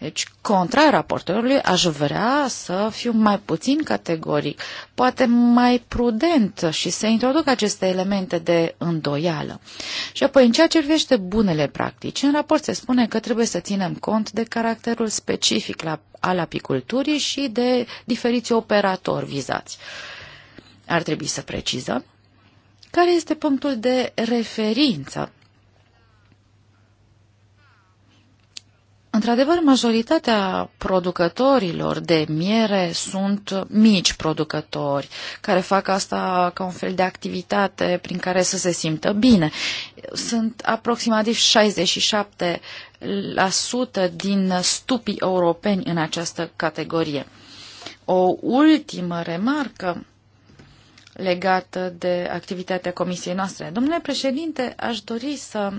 Deci, contrar raportorului, aș vrea să fiu mai puțin categoric, poate mai prudent și să introduc aceste elemente de îndoială. Și apoi, în ceea ce privește bunele practici, în raport se spune că trebuie să ținem cont de caracterul specific la, al apiculturii și de diferiți operatori vizați. Ar trebui să precizăm care este punctul de referință Într-adevăr, majoritatea producătorilor de miere sunt mici producători care fac asta ca un fel de activitate prin care să se simtă bine. Sunt aproximativ 67% din stupii europeni în această categorie. O ultimă remarcă legată de activitatea comisiei noastre. Domnule președinte, aș dori să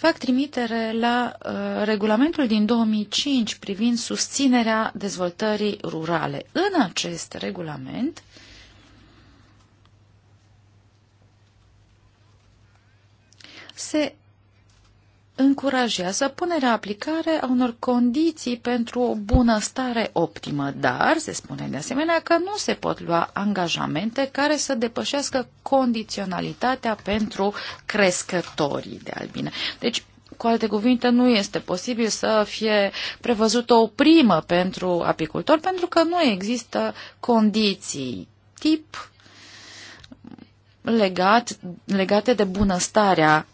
fac trimitere la uh, regulamentul din 2005 privind susținerea dezvoltării rurale. În acest regulament se încurajează punerea aplicare a unor condiții pentru o bunăstare optimă, dar se spune de asemenea că nu se pot lua angajamente care să depășească condiționalitatea pentru crescătorii de albine. Deci, cu alte cuvinte, nu este posibil să fie prevăzută o primă pentru apicultor, pentru că nu există condiții tip legat, legate de bunăstarea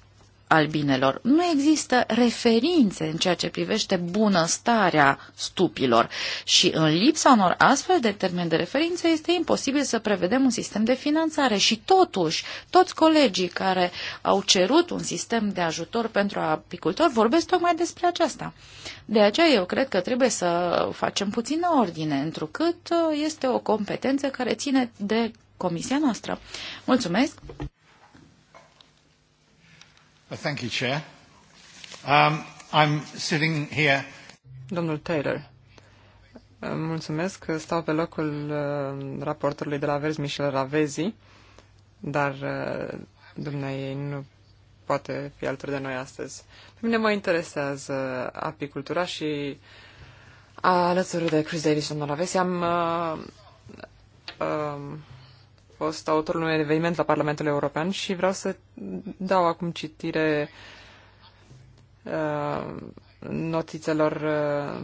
albinelor. Nu există referințe în ceea ce privește bunăstarea stupilor și în lipsa unor astfel de termeni de referință este imposibil să prevedem un sistem de finanțare și totuși toți colegii care au cerut un sistem de ajutor pentru apicultori vorbesc tocmai despre aceasta. De aceea eu cred că trebuie să facem puțină ordine, întrucât uh, este o competență care ține de comisia noastră. Mulțumesc! Thank you, Chair. Um, I'm sitting here. Domnul Taylor. Uh, mulțumesc. Stau pe locul uh, raportorului de la Verzi, Michel Ravezi, dar uh, dumneai nu poate fi altul de noi astăzi. Pe mine mă interesează apicultura și alături de Chris Davis, domnul Ravezi, am uh, uh, fost autorul unui eveniment la Parlamentul European și vreau să dau acum citire uh, notițelor uh,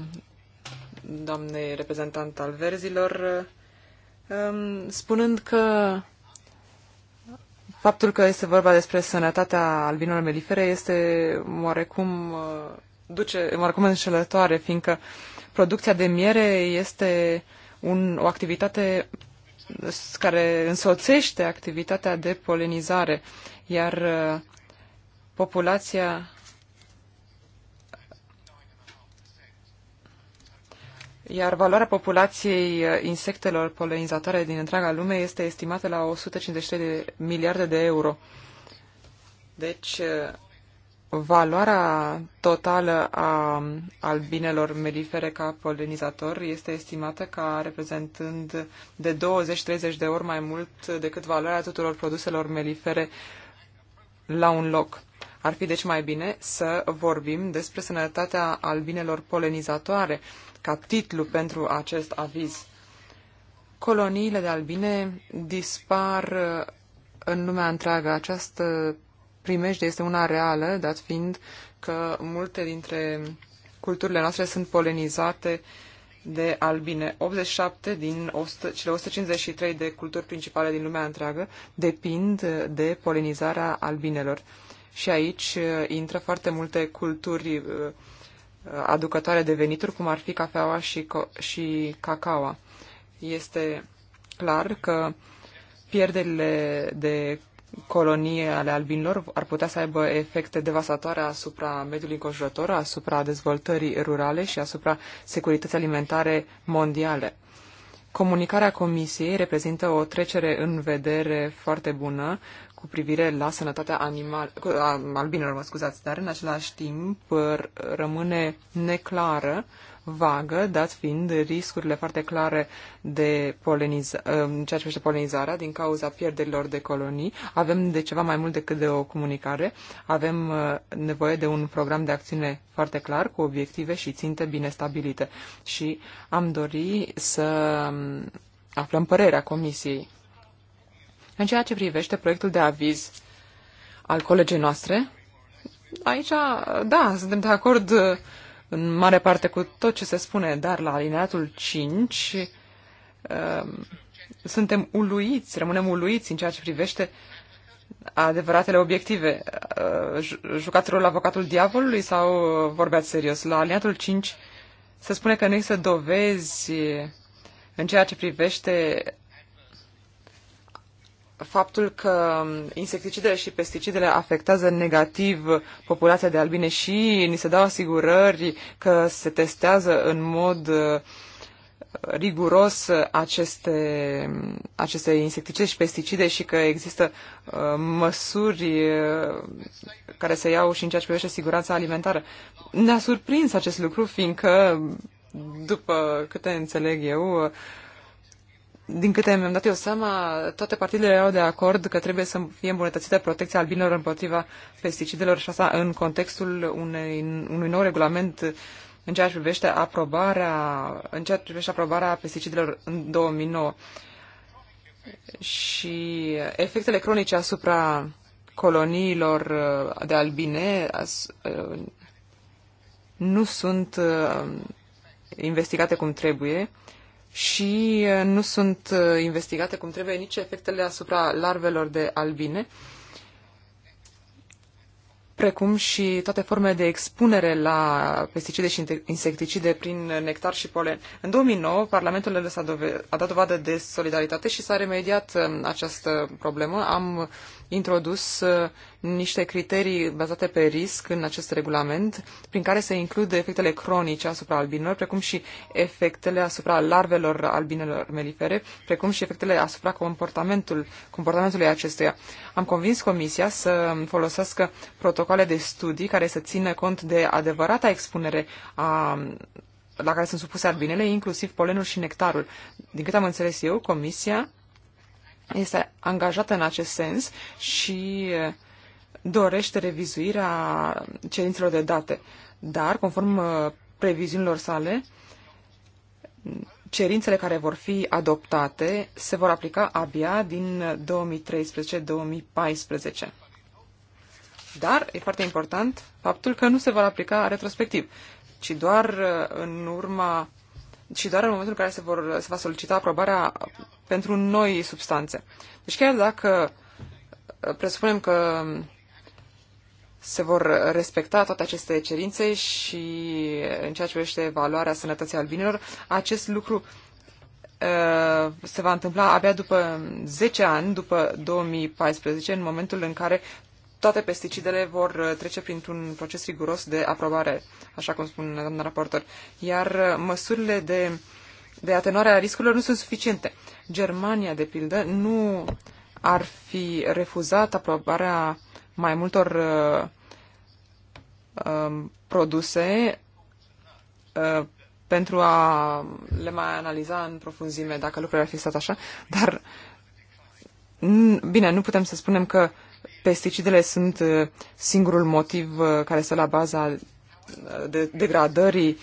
doamnei reprezentant al verzilor, uh, um, spunând că faptul că este vorba despre sănătatea albinelor melifere este oarecum, uh, duce, oarecum înșelătoare, fiindcă producția de miere este un, o activitate care însoțește activitatea de polenizare, iar uh, populația iar valoarea populației uh, insectelor polenizatoare din întreaga lume este estimată la 153 de miliarde de euro. Deci, uh, Valoarea totală a albinelor melifere ca polinizator este estimată ca reprezentând de 20-30 de ori mai mult decât valoarea tuturor produselor melifere la un loc. Ar fi deci mai bine să vorbim despre sănătatea albinelor polenizatoare ca titlu pentru acest aviz. Coloniile de albine dispar în lumea întreagă. Această primejdea este una reală, dat fiind că multe dintre culturile noastre sunt polenizate de albine. 87 din 100, cele 153 de culturi principale din lumea întreagă depind de polenizarea albinelor. Și aici uh, intră foarte multe culturi uh, aducătoare de venituri, cum ar fi cafeaua și, co- și cacaoa. Este clar că pierderile de colonii ale albinilor ar putea să aibă efecte devastatoare asupra mediului înconjurător, asupra dezvoltării rurale și asupra securității alimentare mondiale. Comunicarea Comisiei reprezintă o trecere în vedere foarte bună cu privire la sănătatea animal, albinelor, mă scuzați, dar în același timp rămâne neclară uh, vagă, dat fiind riscurile foarte clare de poleniza- ă, în ceea ce privește polenizarea din cauza pierderilor de colonii. Avem de ceva mai mult decât de o comunicare. Avem ă, nevoie de un program de acțiune foarte clar, cu obiective și ținte bine stabilite. Și am dori să hm, aflăm părerea Comisiei. În ceea ce privește proiectul de aviz al colegii noastre, aici, da, suntem de acord ă, în mare parte cu tot ce se spune, dar la alineatul 5 um, suntem uluiți, rămânem uluiți în ceea ce privește adevăratele obiective. Uh, jucați rolul avocatul diavolului sau vorbeați serios? La alineatul 5 se spune că nu există dovezi în ceea ce privește faptul că insecticidele și pesticidele afectează negativ populația de albine și ni se dau asigurări că se testează în mod uh, riguros aceste, aceste insecticide și pesticide și că există uh, măsuri uh, care se iau și în ceea ce privește siguranța alimentară. Ne-a surprins acest lucru, fiindcă, după câte înțeleg eu, din câte mi-am dat eu seama, toate partidele erau de acord că trebuie să fie îmbunătățită protecția albinelor împotriva pesticidelor și asta în contextul unei, unui nou regulament în ceea ce privește aprobarea, în ceea ce privește aprobarea pesticidelor în 2009. Și efectele cronice asupra coloniilor uh, de albine uh, nu sunt uh, investigate cum trebuie și uh, nu sunt uh, investigate cum trebuie nici efectele asupra larvelor de albine, precum și toate formele de expunere la pesticide și insecticide prin uh, nectar și polen. În 2009, Parlamentul a dat dovadă de solidaritate și s-a remediat această problemă. Am introdus uh, niște criterii bazate pe risc în acest regulament, prin care se includ efectele cronice asupra albinelor, precum și efectele asupra larvelor albinelor melifere, precum și efectele asupra comportamentul, comportamentului acestuia. Am convins Comisia să folosească protocoale de studii care să țină cont de adevărata expunere a la care sunt supuse albinele, inclusiv polenul și nectarul. Din câte am înțeles eu, Comisia este angajată în acest sens și dorește revizuirea cerințelor de date. Dar, conform uh, previziunilor sale, cerințele care vor fi adoptate se vor aplica abia din 2013-2014. Dar e foarte important faptul că nu se vor aplica retrospectiv, ci doar uh, în urma și doar în momentul în care se, vor, se va solicita aprobarea pentru noi substanțe. Deci chiar dacă uh, presupunem că se vor respecta toate aceste cerințe și în ceea ce privește valoarea sănătății albinilor, acest lucru uh, se va întâmpla abia după 10 ani, după 2014, în momentul în care toate pesticidele vor uh, trece printr-un proces riguros de aprobare, așa cum spune doamna raportor, iar uh, măsurile de, de atenuare a riscurilor nu sunt suficiente. Germania, de pildă, nu ar fi refuzat aprobarea mai multor uh, uh, produse uh, pentru a le mai analiza în profunzime dacă lucrurile ar fi stat așa, dar bine, nu putem să spunem că uh, pesticidele sunt uh, singurul motiv uh, care stă la baza uh, degradării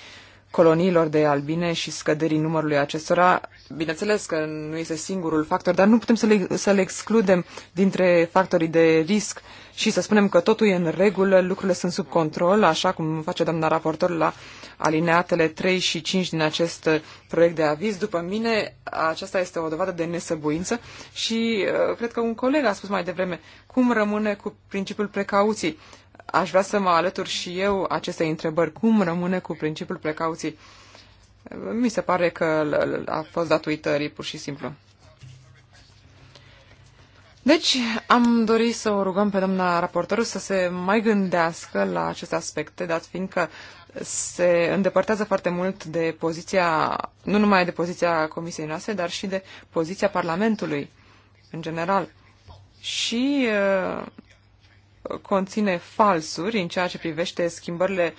coloniilor de albine și scăderii numărului acestora. Bineînțeles că nu este singurul factor, dar nu putem să le, să le excludem dintre factorii de risc și să spunem că totul e în regulă, lucrurile sunt sub control, așa cum face doamna raportor la alineatele 3 și 5 din acest proiect de aviz. După mine, aceasta este o dovadă de nesăbuință și uh, cred că un coleg a spus mai devreme cum rămâne cu principiul precauției aș vrea să mă alătur și eu acestei întrebări. Cum rămâne cu principiul precauții? Mi se pare că a fost dat uitării, pur și simplu. Deci, am dorit să o rugăm pe doamna raportorul să se mai gândească la aceste aspecte, dat fiindcă se îndepărtează foarte mult de poziția, nu numai de poziția Comisiei noastre, dar și de poziția Parlamentului, în general. Și uh, conține falsuri în ceea ce privește schimbările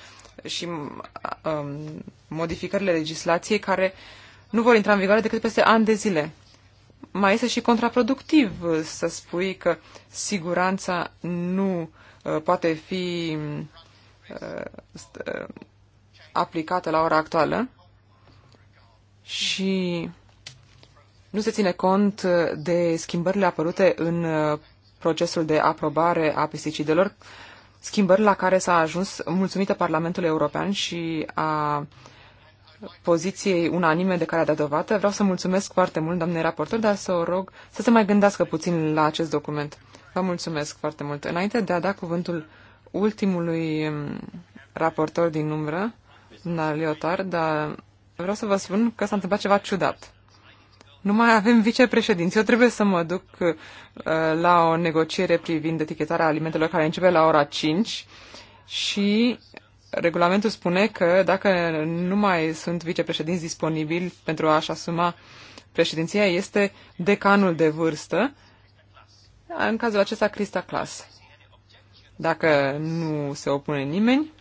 și um, modificările legislației care nu vor intra în vigoare decât peste ani de zile. Mai este și contraproductiv să spui că siguranța nu uh, poate fi uh, uh aplicată la ora actuală și nu se ține cont de schimbările apărute în uh, procesul de aprobare a pesticidelor, schimbări la care s-a ajuns mulțumită Parlamentului European și a poziției unanime de care a dat dovadă. Vreau să mulțumesc foarte mult, doamne raportor, dar să o rog să se mai gândească puțin la acest document. Vă mulțumesc foarte mult. Înainte de a da cuvântul ultimului mm, raportor din umbră, Liotar, dar vreau să vă spun că s-a întâmplat ceva ciudat. Nu mai avem vicepreședinți. Eu trebuie să mă duc uh, la o negociere privind etichetarea alimentelor care începe la ora 5 și regulamentul spune că dacă nu mai sunt vicepreședinți disponibili pentru a-și asuma președinția, este decanul de vârstă, în cazul acesta Crista Clas. Dacă nu se opune nimeni,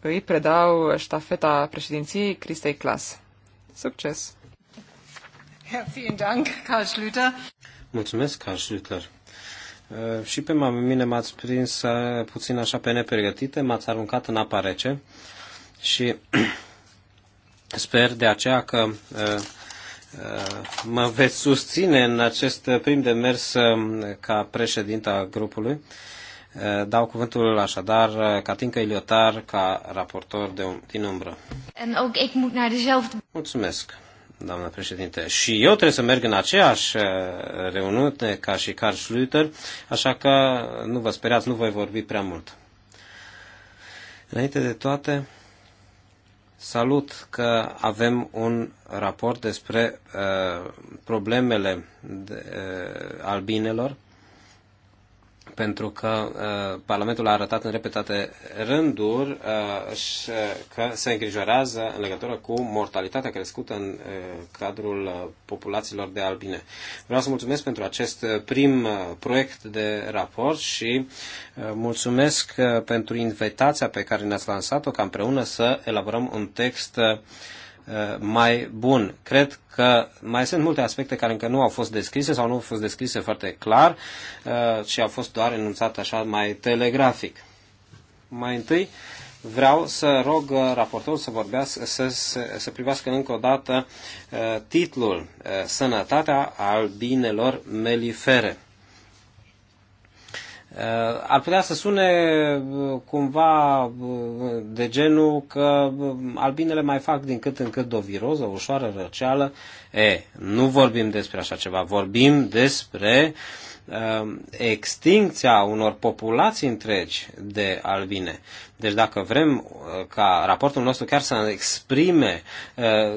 îi predau ștafeta președinției Cristei Clas. Succes! vielen Dank, Karl Schlüter. Mulțumesc, Karl Schlüter. Uh, și pe mine m-ați prins uh, puțin așa pe nepregătite, m-ați aruncat în apa rece și sper de aceea că uh, mă veți susține în acest prim demers um, ca președinta grupului. Dau cuvântul așadar ca tincă Iliotar ca raportor de, din umbră. Mulțumesc doamnă președinte. Și eu trebuie să merg în aceeași uh, reuniune ca și Carl Schlüter, așa că nu vă speriați, nu voi vorbi prea mult. Înainte de toate, salut că avem un raport despre uh, problemele de, uh, albinelor pentru că uh, Parlamentul a arătat în repetate rânduri uh, și, uh, că se îngrijorează în legătură cu mortalitatea crescută în uh, cadrul uh, populațiilor de albine. Vreau să mulțumesc pentru acest uh, prim uh, proiect de raport și uh, mulțumesc uh, pentru invitația pe care ne-ați lansat-o ca împreună să elaborăm un text uh, Uh, mai bun. Cred că mai sunt multe aspecte care încă nu au fost descrise sau nu au fost descrise foarte clar și uh, au fost doar enunțat așa mai telegrafic. Mai întâi, vreau să rog uh, raportorul să vorbească, să, să, să privească încă o dată titlul Sănătatea albinelor melifere. Uh, ar putea să sune uh, cumva uh, de genul că albinele mai fac din cât în cât o viroză, o ușoară răceală. E, nu vorbim despre așa ceva, vorbim despre extincția unor populații întregi de albine. Deci dacă vrem ca raportul nostru chiar să exprime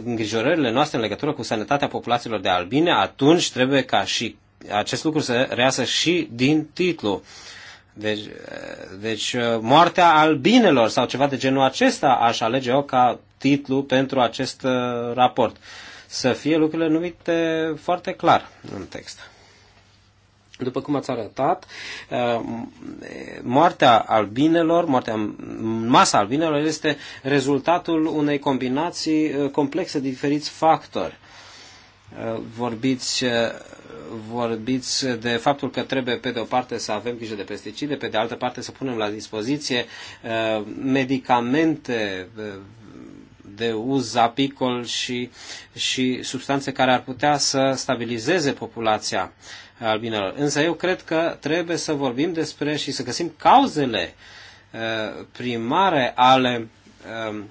îngrijorările noastre în legătură cu sănătatea populațiilor de albine, atunci trebuie ca și acest lucru să reasă și din titlu. Deci, deci uh, moartea albinelor sau ceva de genul acesta aș alege eu ca titlu pentru acest uh, raport. Să fie lucrurile numite foarte clar în text. După cum ați arătat, uh, moartea albinelor, moartea masa albinelor este rezultatul unei combinații complexe de diferiți factori vorbiți, vorbiți de faptul că trebuie, pe de o parte, să avem grijă de pesticide, pe de altă parte, să punem la dispoziție uh, medicamente uh, de uz apicol și, și substanțe care ar putea să stabilizeze populația albinelor. Însă eu cred că trebuie să vorbim despre și să găsim cauzele uh, primare ale um,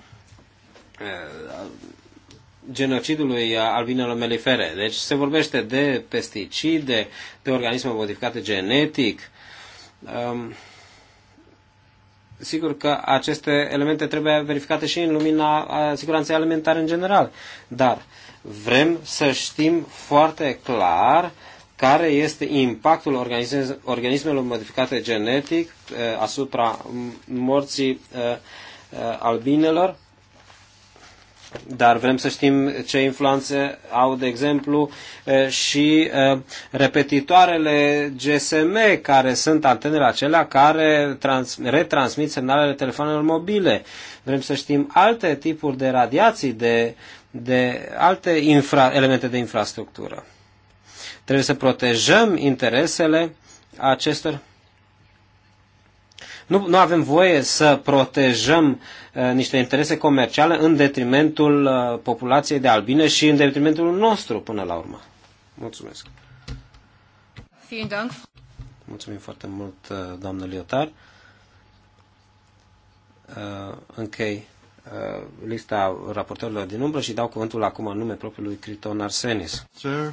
genocidului albinelor melifere. Deci se vorbește de pesticide, de organisme modificate genetic. Um, sigur că aceste elemente trebuie verificate și în lumina siguranței alimentare în general, dar vrem să știm foarte clar care este impactul organismelor modificate genetic uh, asupra morții uh, uh, albinelor dar vrem să știm ce influențe au, de exemplu, și repetitoarele GSM, care sunt antenele acelea care trans- retransmit semnalele telefonelor mobile. Vrem să știm alte tipuri de radiații, de, de alte infra- elemente de infrastructură. Trebuie să protejăm interesele acestor nu, nu avem voie să protejăm uh, niște interese comerciale în detrimentul uh, populației de albine și în detrimentul nostru până la urmă. Mulțumesc. Mulțumim foarte mult, uh, doamnă Liotar. Uh, închei uh, lista raportorilor din umbră și dau cuvântul acum în nume propriului Criton Arsenis. Sir,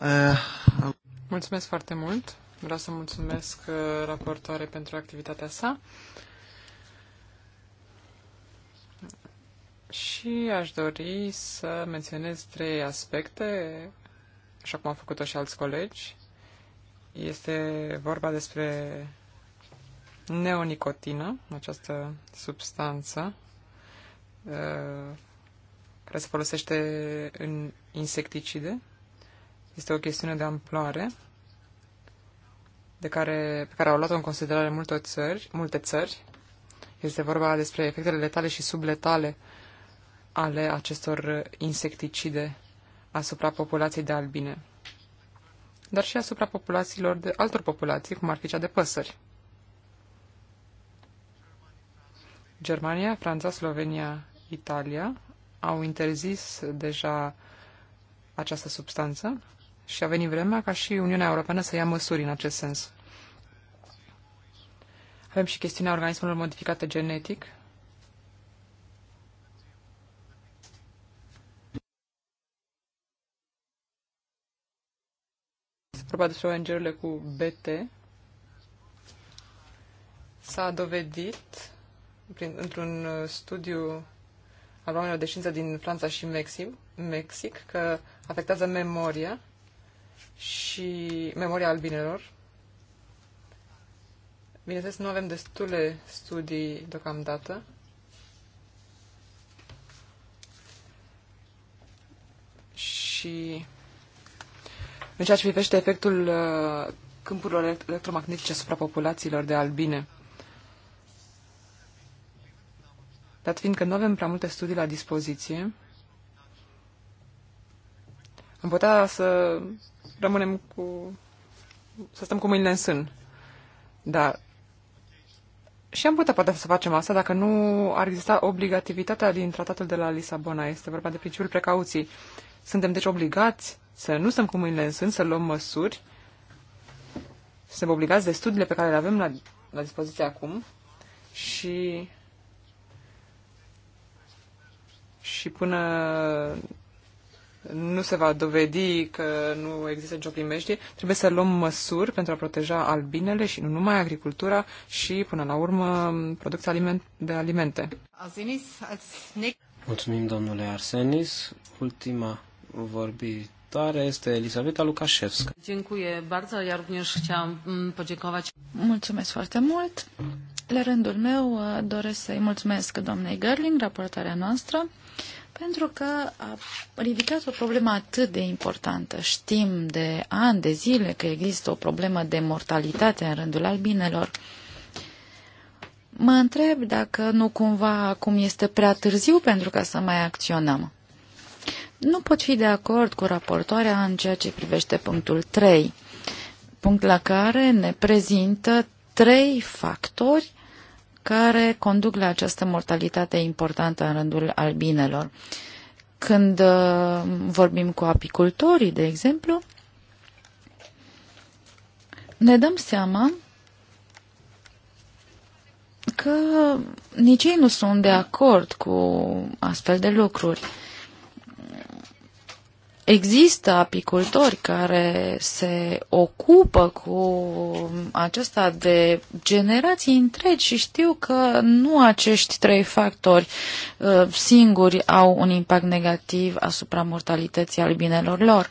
uh... Mulțumesc foarte mult. Vreau să mulțumesc uh, raportoare pentru activitatea sa. Și aș dori să menționez trei aspecte, așa cum au făcut-o și alți colegi. Este vorba despre neonicotină, această substanță uh, care se folosește în insecticide. Este o chestiune de amploare de care, pe care au luat-o în considerare multe țări, multe țări. Este vorba despre efectele letale și subletale ale acestor insecticide asupra populației de albine, dar și asupra populațiilor de altor populații, cum ar fi cea de păsări. Germania, Franța, Slovenia, Italia au interzis deja această substanță și a venit vremea ca și Uniunea Europeană să ia măsuri în acest sens. Avem și chestiunea organismelor modificate genetic. Vorba despre ONG-urile cu BT. S-a dovedit într-un studiu al oamenilor de știință din Franța și Mexic, Mexic că afectează memoria și memoria albinelor. Bineînțeles, nu avem destule studii deocamdată. Și în ceea ce privește efectul uh, câmpurilor electromagnetice asupra populațiilor de albine, dat fiindcă nu avem prea multe studii la dispoziție, am putea să rămânem cu... să stăm cu mâinile în sân. da. și am putea poate să facem asta dacă nu ar exista obligativitatea din tratatul de la Lisabona. Este vorba de principiul precauției. Suntem deci obligați să nu stăm cu mâinile în sân, să luăm măsuri. Suntem obligați de studiile pe care le avem la, la dispoziție acum și și până nu se va dovedi că nu există nicio primejdie, trebuie să luăm măsuri pentru a proteja albinele și nu numai agricultura și, până la urmă, producția de alimente. Mulțumim, domnule Arsenis. Ultima vorbitoare este Elisaveta Lukaszewska. Dziękuję bardzo. Ja również chciałam mm, podziękować. Mulțumesc foarte mult. La rândul meu uh, doresc să-i mulțumesc doamnei Gerling, raportarea noastră pentru că a ridicat o problemă atât de importantă. Știm de ani de zile că există o problemă de mortalitate în rândul albinelor. Mă întreb dacă nu cumva acum este prea târziu pentru ca să mai acționăm. Nu pot fi de acord cu raportoarea în ceea ce privește punctul 3, punct la care ne prezintă trei factori care conduc la această mortalitate importantă în rândul albinelor. Când uh, vorbim cu apicultorii, de exemplu, ne dăm seama că nici ei nu sunt de acord cu astfel de lucruri. Uh, Există apicultori care se ocupă cu acesta de generații întregi și știu că nu acești trei factori uh, singuri au un impact negativ asupra mortalității albinelor lor.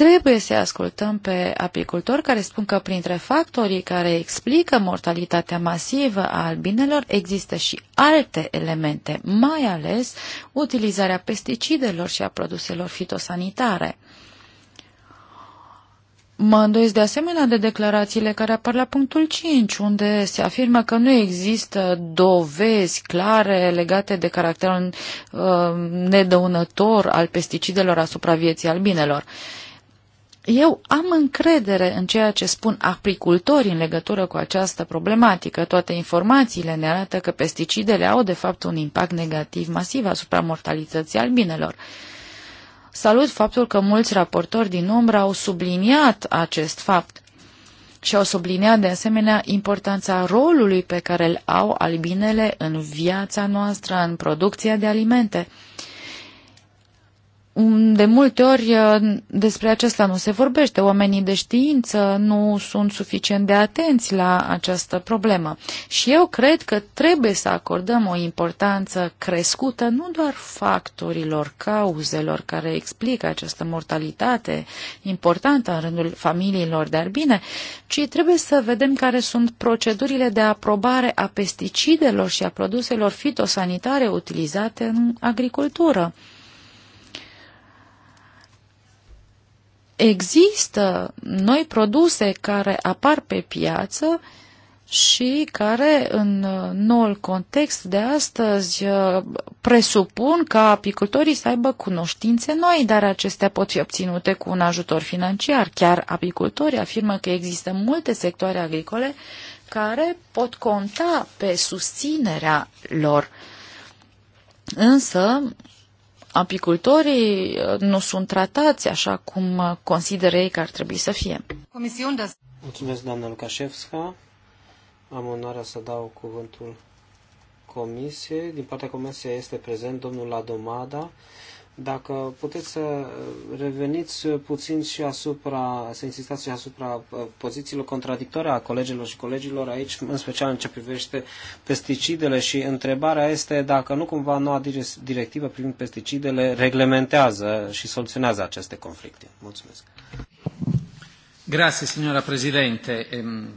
Trebuie să ascultăm pe apicultori care spun că printre factorii care explică mortalitatea masivă a albinelor există și alte elemente, mai ales utilizarea pesticidelor și a produselor fitosanitare. Mă îndoiesc de asemenea de declarațiile care apar la punctul 5, unde se afirmă că nu există dovezi clare legate de caracterul uh, nedăunător al pesticidelor asupra vieții albinelor. Uh, eu am încredere în ceea ce spun apricultorii în legătură cu această problematică. Toate informațiile ne arată că pesticidele au de fapt un impact negativ masiv asupra mortalității albinelor. Salut faptul că mulți raportori din umbră au subliniat acest fapt și au subliniat de asemenea importanța rolului pe care îl au albinele în viața noastră, în producția de alimente de multe ori uh, despre acesta nu se vorbește. Oamenii de știință nu sunt suficient de atenți la această problemă. Și eu cred că trebuie să acordăm o importanță crescută nu doar factorilor, cauzelor care explică această mortalitate importantă în rândul familiilor de arbine, ci trebuie să vedem care sunt procedurile de aprobare a pesticidelor și a produselor fitosanitare utilizate în agricultură. există noi produse care apar pe piață și care în uh, noul context de astăzi uh, presupun ca apicultorii să aibă cunoștințe noi, dar acestea pot fi obținute cu un ajutor financiar. Chiar apicultorii afirmă că există multe sectoare agricole care pot conta pe susținerea lor. Însă, apicultorii uh, nu sunt tratați așa cum uh, consideră ei că ar trebui să fie. Mulțumesc, doamna Lukașevska. Am onoarea să dau cuvântul comisiei. Din partea comisiei este prezent domnul Ladomada, dacă puteți să reveniți puțin și asupra, să insistați și asupra uh, pozițiilor contradictoare a colegilor și colegilor aici, în special în ce privește pesticidele și întrebarea este dacă nu cumva noua directivă privind pesticidele reglementează și soluționează aceste conflicte. Mulțumesc. Grazie, signora Presidente. Ehm,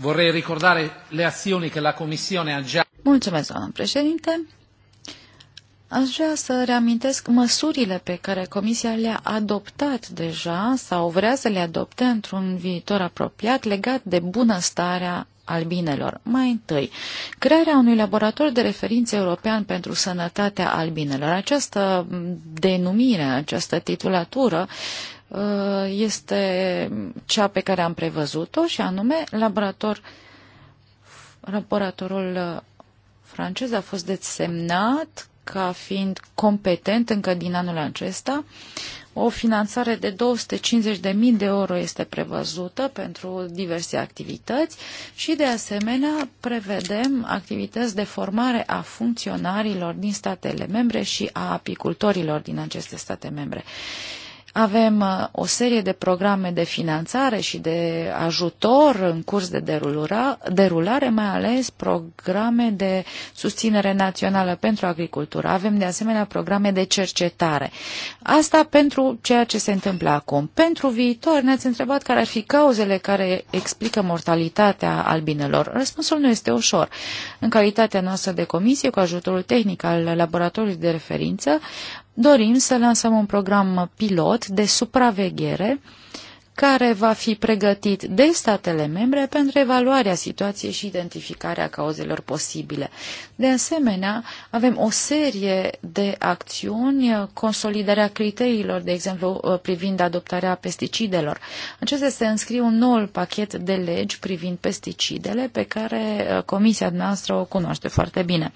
vorrei ricordare le azioni che la Commissione ha già... Mulțumesc, doamnă președinte. Aș vrea să reamintesc măsurile pe care Comisia le-a adoptat deja sau vrea să le adopte într-un viitor apropiat legat de bunăstarea albinelor. Mai întâi, crearea unui laborator de referință european pentru sănătatea albinelor. Această denumire, această titulatură uh, este cea pe care am prevăzut-o și anume laborator, laboratorul uh, francez a fost desemnat ca fiind competent încă din anul acesta. O finanțare de 250.000 de euro este prevăzută pentru diverse activități și, de asemenea, prevedem activități de formare a funcționarilor din statele membre și a apicultorilor din aceste state membre. Avem uh, o serie de programe de finanțare și de ajutor în curs de derulare, mai ales programe de susținere națională pentru agricultură. Avem de asemenea programe de cercetare. Asta pentru ceea ce se întâmplă acum. Pentru viitor ne-ați întrebat care ar fi cauzele care explică mortalitatea albinelor. Răspunsul nu este ușor. În calitatea noastră de comisie, cu ajutorul tehnic al laboratorului de referință, dorim să lansăm un program pilot de supraveghere care va fi pregătit de statele membre pentru evaluarea situației și identificarea cauzelor posibile. De asemenea, avem o serie de acțiuni, consolidarea criteriilor, de exemplu, uh, privind adoptarea pesticidelor. Acestea se înscriu un nou pachet de legi privind pesticidele pe care uh, comisia noastră o cunoaște foarte bine.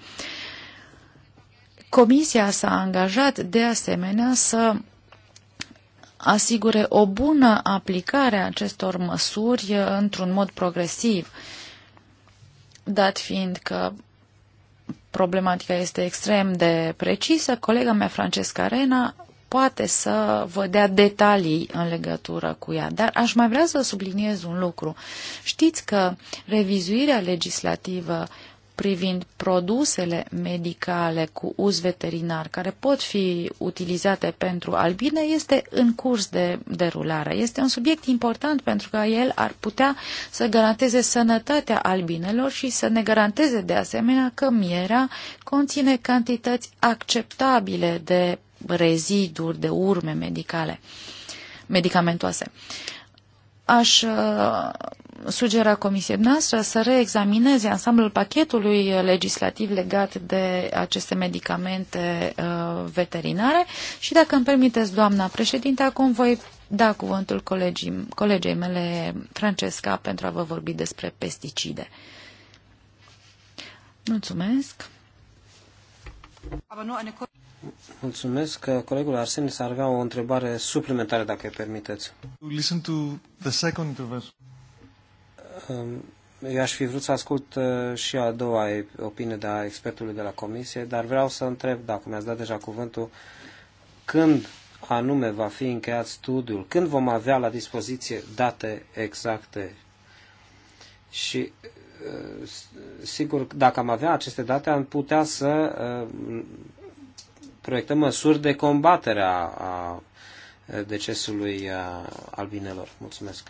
Comisia s-a angajat de asemenea să asigure o bună aplicare a acestor măsuri uh, într-un mod progresiv, dat fiind că problematica este extrem de precisă, colega mea Francesca Arena, poate să vă dea detalii în legătură cu ea, dar aș mai vrea să subliniez un lucru. Știți că revizuirea legislativă privind produsele medicale cu uz veterinar care pot fi utilizate pentru albine este în curs de derulare. Este un subiect important pentru că el ar putea să garanteze sănătatea albinelor și să ne garanteze de asemenea că mierea conține cantități acceptabile de reziduri, de urme medicale, medicamentoase. Aș uh, sugera Comisiei noastre să reexamineze ansamblul pachetului legislativ legat de aceste medicamente uh, veterinare și dacă îmi permiteți, doamna președinte, acum voi da cuvântul colegii, colegei mele, Francesca, pentru a vă vorbi despre pesticide. Mulțumesc. Mulțumesc. Colegul Arsenis ar avea o întrebare suplimentară, dacă îi permiteți. Listen to the second intervention. Eu ehm, aș fi vrut să ascult eh, și a doua opinie de a expertului de la comisie, dar vreau să întreb, dacă mi-ați dat deja cuvântul, când anume va fi încheiat studiul, când vom avea la dispoziție date exacte și eh, sigur, dacă am avea aceste date, am putea să eh, proiectăm măsuri de combatere a, a decesului albinelor. Mulțumesc.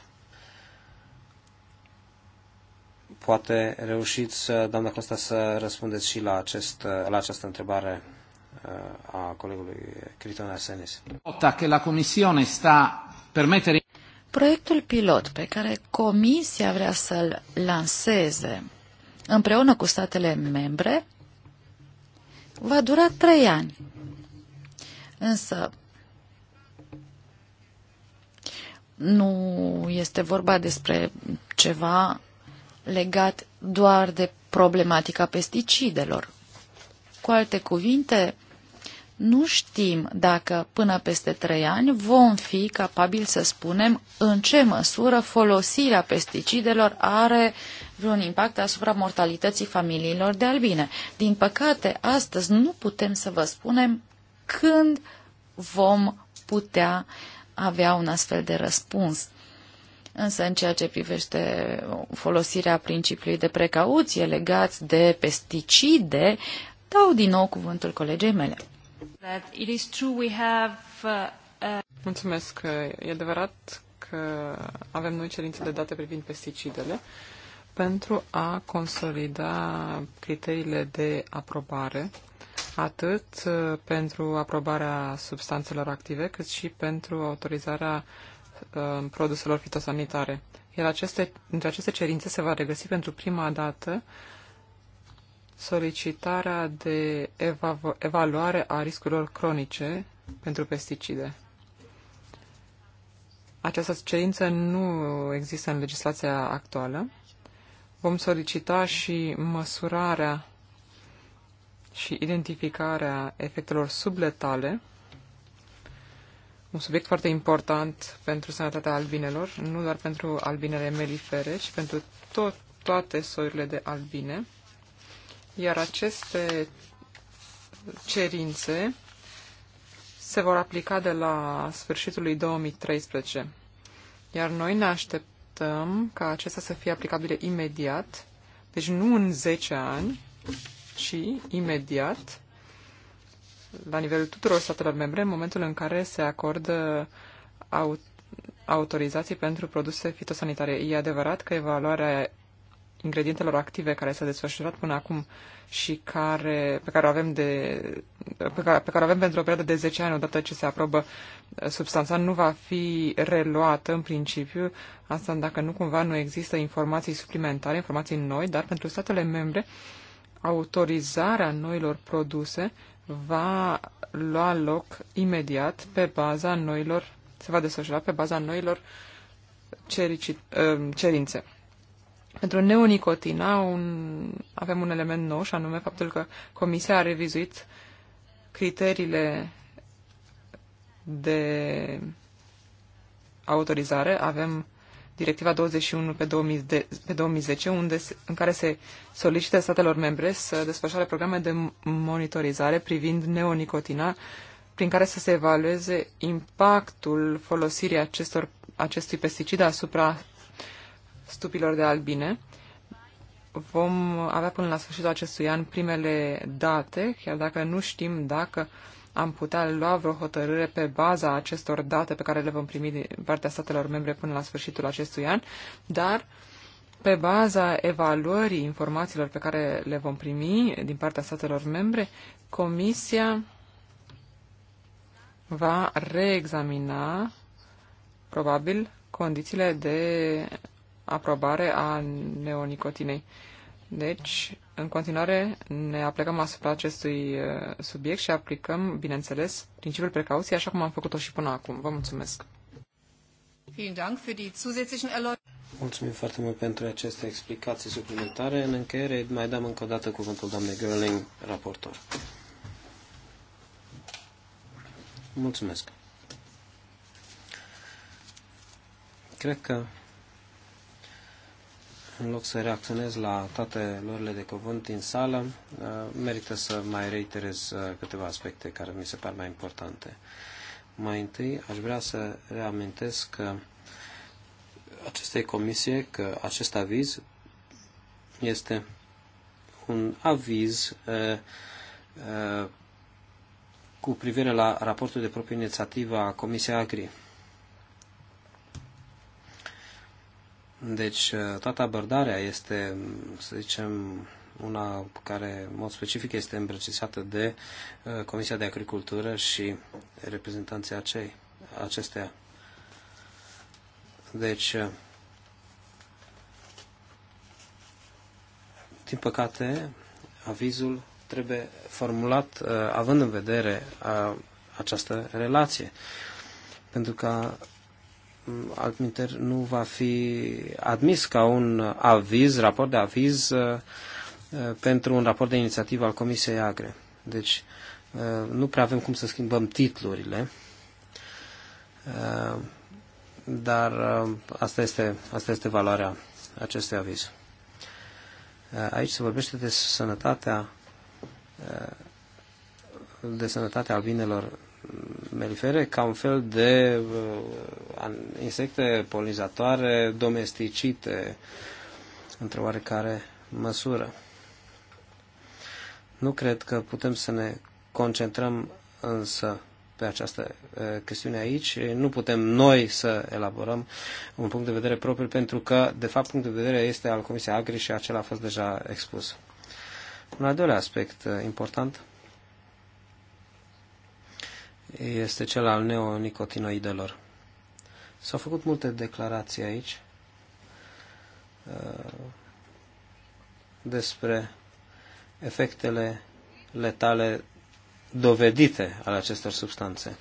Poate reușiți, doamna Costa, să răspundeți și la, acest, la această întrebare uh, a colegului Criton Arsenis. Dacă la Comisione sta permettere... Proiectul pilot pe care Comisia vrea să-l lanseze împreună cu statele membre va dura trei ani. Însă nu este vorba despre ceva legat doar de problematica pesticidelor. Cu alte cuvinte, nu știm dacă până peste trei ani vom fi capabili să spunem în ce măsură folosirea pesticidelor are vreun impact asupra mortalității familiilor de albine. Din păcate, astăzi nu putem să vă spunem când vom putea avea un astfel de răspuns. Însă în ceea ce privește folosirea principiului de precauție legat de pesticide, dau din nou cuvântul colegei mele. Uh, uh, Mulțumesc. E adevărat că avem noi cerințe de date privind pesticidele pentru a consolida criteriile de aprobare, atât uh, pentru aprobarea substanțelor active, cât și pentru autorizarea Uh, produselor fitosanitare. Iar aceste, între aceste cerințe se va regăsi pentru prima dată solicitarea de evaluare a riscurilor cronice pentru pesticide. Această cerință nu există în legislația actuală. Vom solicita și măsurarea și identificarea efectelor subletale un subiect foarte important pentru sănătatea albinelor, nu doar pentru albinele melifere, ci pentru tot, toate soiurile de albine. Iar aceste cerințe se vor aplica de la sfârșitul lui 2013. Iar noi ne așteptăm ca acestea să fie aplicabile imediat, deci nu în 10 ani, ci imediat, la nivelul tuturor statelor membre în momentul în care se acordă autorizații pentru produse fitosanitare. E adevărat că evaluarea ingredientelor active care s-a desfășurat până acum și care, pe, care avem de, pe, care, pe care avem pentru o perioadă de 10 ani, odată ce se aprobă uh, substanța, nu va fi reluată în principiu, asta dacă nu cumva nu există informații suplimentare, informații noi, dar pentru statele membre autorizarea noilor produse va lua loc imediat pe baza noilor, se va desfășura pe baza noilor cerici, uh, cerințe. Pentru neonicotina un, avem un element nou și anume faptul că Comisia a revizuit criteriile de autorizare. Avem Directiva 21 pe, 2010, unde, în care se solicită statelor membre să desfășoare programe de monitorizare privind neonicotina, prin care să se evalueze impactul folosirii acestor, acestui pesticid asupra stupilor de albine. Vom avea până la sfârșitul acestui an primele date, chiar dacă nu știm dacă uh, am putea lua vreo hotărâre pe baza acestor date pe care le vom primi din partea statelor membre până la sfârșitul acestui an, dar pe baza evaluării informațiilor pe care le vom primi din partea statelor membre, Comisia va reexamina probabil condițiile de aprobare a neonicotinei. Deci, în continuare, ne aplicăm asupra acestui uh, subiect și aplicăm, bineînțeles, principiul precauției, așa cum am făcut-o și până acum. Vă mulțumesc! Mulțumim foarte mult pentru aceste explicații suplimentare. În încheiere, mai dăm încă o dată cuvântul doamnei Gerling, raportor. Mulțumesc! Cred că în loc să reacționez la toate lorile de cuvânt din sală, uh, merită să mai reiterez uh, câteva aspecte care mi se par mai importante. Mai întâi, aș vrea să reamintesc că uh, acestei comisie că acest aviz este un aviz uh, uh, cu privire la raportul de proprie inițiativă a Comisiei Agri. Deci uh, toată abordarea este, să zicem, una care în mod specific este îmbrăcisată de uh, Comisia de Agricultură și reprezentanții acei, acestea. Deci, uh, din păcate, avizul trebuie formulat având în vedere această relație. Pentru că altminter nu va fi admis ca un aviz, raport de aviz uh, uh, pentru un raport de inițiativă al Comisiei Agre. Deci uh, nu prea avem cum să schimbăm titlurile, dar asta este, asta este valoarea acestui aviz. Aici se vorbește de sănătatea de sănătatea albinelor melifere ca un fel de uh, insecte polinizatoare domesticite într-o oarecare măsură. Nu cred că putem să ne concentrăm însă pe această uh, chestiune aici. Nu putem noi să elaborăm un punct de vedere propriu, pentru că, de fapt, punctul de vedere este al Comisiei Agri și acela a fost deja expus. Un al doilea aspect uh, important este cel al neonicotinoidelor. S-au făcut multe declarații aici uh, despre efectele letale dovedite ale acestor substanțe.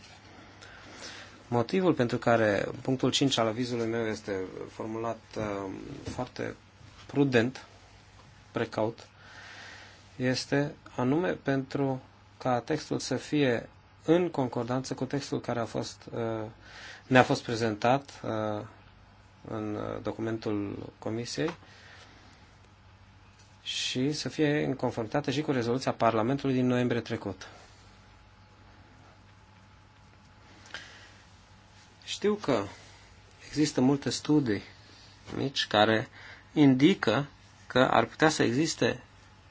Motivul pentru care punctul 5 al avizului meu este formulat uh, foarte prudent, precaut, este anume pentru ca textul să fie în concordanță cu textul care a fost, uh, ne-a fost prezentat uh, în documentul Comisiei și să fie în conformitate și cu rezoluția Parlamentului din noiembrie trecut. Știu că există multe studii mici care indică că ar putea să existe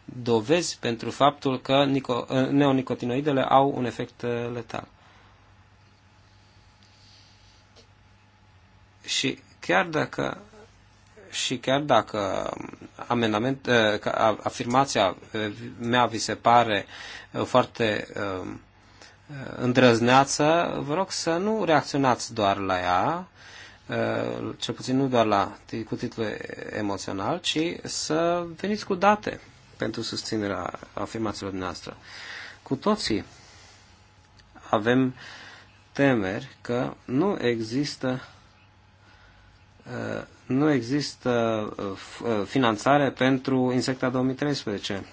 dovezi pentru faptul că ă, neonicotinoidele au un efect ă, letal. Și chiar dacă și chiar dacă amendament, ă, afirmația mea vi se pare foarte îndrăzneață, vă rog să nu reacționați doar la ea, cel puțin nu doar la, cu titlul emoțional, ci să veniți cu date pentru susținerea afirmațiilor noastre. Cu toții avem temeri că nu există uh, nu există uh, uh, finanțare pentru Insecta 2013.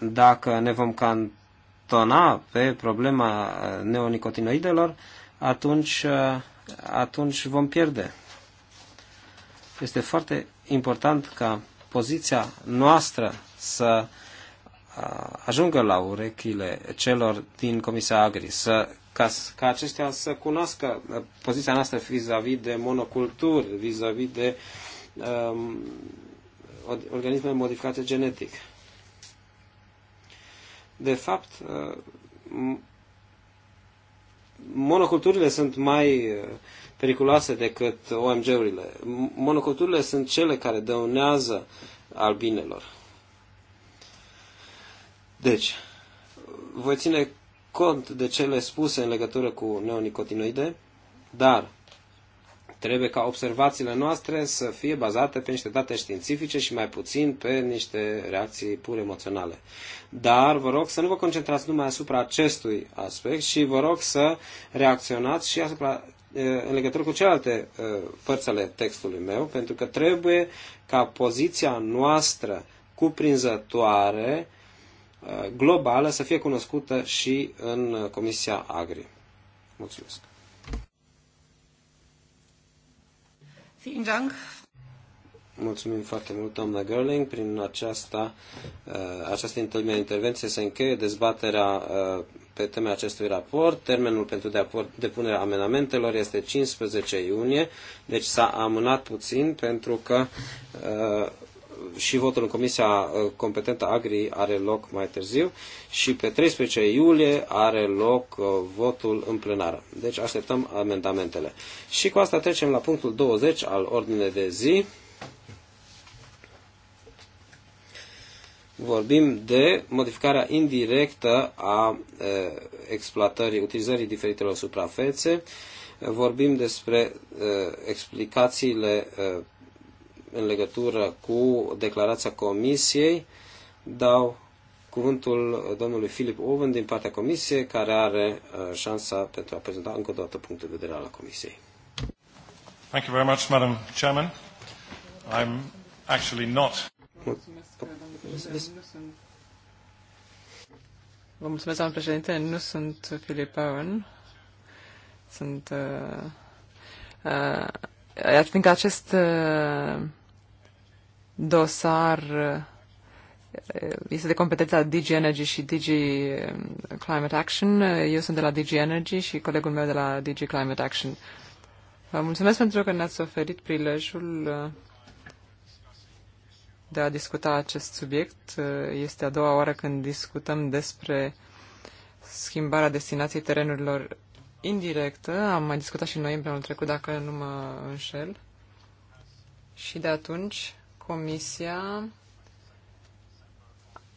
Dacă ne vom cantona pe problema neonicotinoidelor, atunci, atunci vom pierde. Este foarte important ca poziția noastră să uh, ajungă la urechile celor din Comisia Agri, să, ca, ca aceștia să cunoască uh, poziția noastră vis-a-vis -vis de monoculturi, vis-a-vis -vis de um, organisme modificate genetic. De fapt, uh, monoculturile sunt mai uh, periculoase decât OMG-urile. Monoculturile sunt cele care dăunează albinelor. Deci, voi ține cont de cele spuse în legătură cu neonicotinoide, dar Trebuie ca observațiile noastre să fie bazate pe niște date științifice și mai puțin pe niște reacții pur emoționale. Dar vă rog să nu vă concentrați numai asupra acestui aspect și vă rog să reacționați și asupra în legătură cu celelalte părți ale textului meu, pentru că trebuie ca poziția noastră cuprinzătoare, globală, să fie cunoscută și în Comisia Agri. Mulțumesc! Mulțumim foarte mult, doamna Gerling. Prin aceasta, uh, această intervenție se încheie dezbaterea uh, pe tema acestui raport. Termenul pentru depunerea amenamentelor este 15 iunie, deci s-a amânat puțin pentru că uh, și votul în Comisia uh, competentă Agri are loc mai târziu și pe 13 iulie are loc uh, votul în plenară. Deci așteptăm amendamentele. Și cu asta trecem la punctul 20 al ordinei de zi. vorbim de modificarea indirectă a e, uh, exploatării, utilizării diferitelor suprafețe, vorbim despre uh, explicațiile uh, în legătură cu declarația Comisiei, dau cuvântul domnului Filip Owen din partea Comisiei, care are uh, șansa pentru a prezenta încă o dată punctul de vedere al Comisiei. Thank you very much, Madam Chairman. I'm actually not. Vă mulțumesc, doamnă președinte. Nu sunt Philip Owen. Sunt... Uh, uh, I think acest uh, dosar este de competența DG Energy și DG um, Climate Action. Eu sunt de la DG Energy și colegul meu de la DG Climate Action. Vă mulțumesc pentru că ne-ați oferit prilejul uh, de a discuta acest subiect. Uh, este a doua oară când discutăm despre schimbarea destinației terenurilor indirectă. Am mai discutat și noi în anul trecut, dacă nu mă înșel. Și de atunci Comisia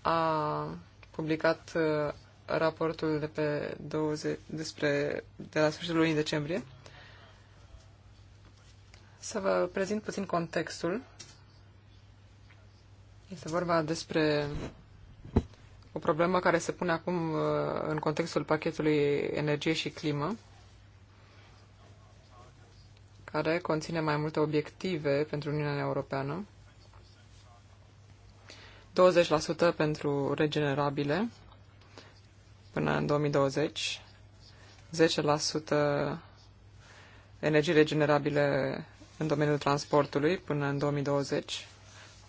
a publicat uh, raportul de pe 20, despre, de la sfârșitul lunii decembrie. Să vă prezint puțin contextul. Este vorba despre o problemă care se pune acum uh, în contextul pachetului energie și climă, care conține mai multe obiective pentru Uniunea Europeană. 20% pentru regenerabile până în 2020, 10% energii regenerabile în domeniul transportului până în 2020,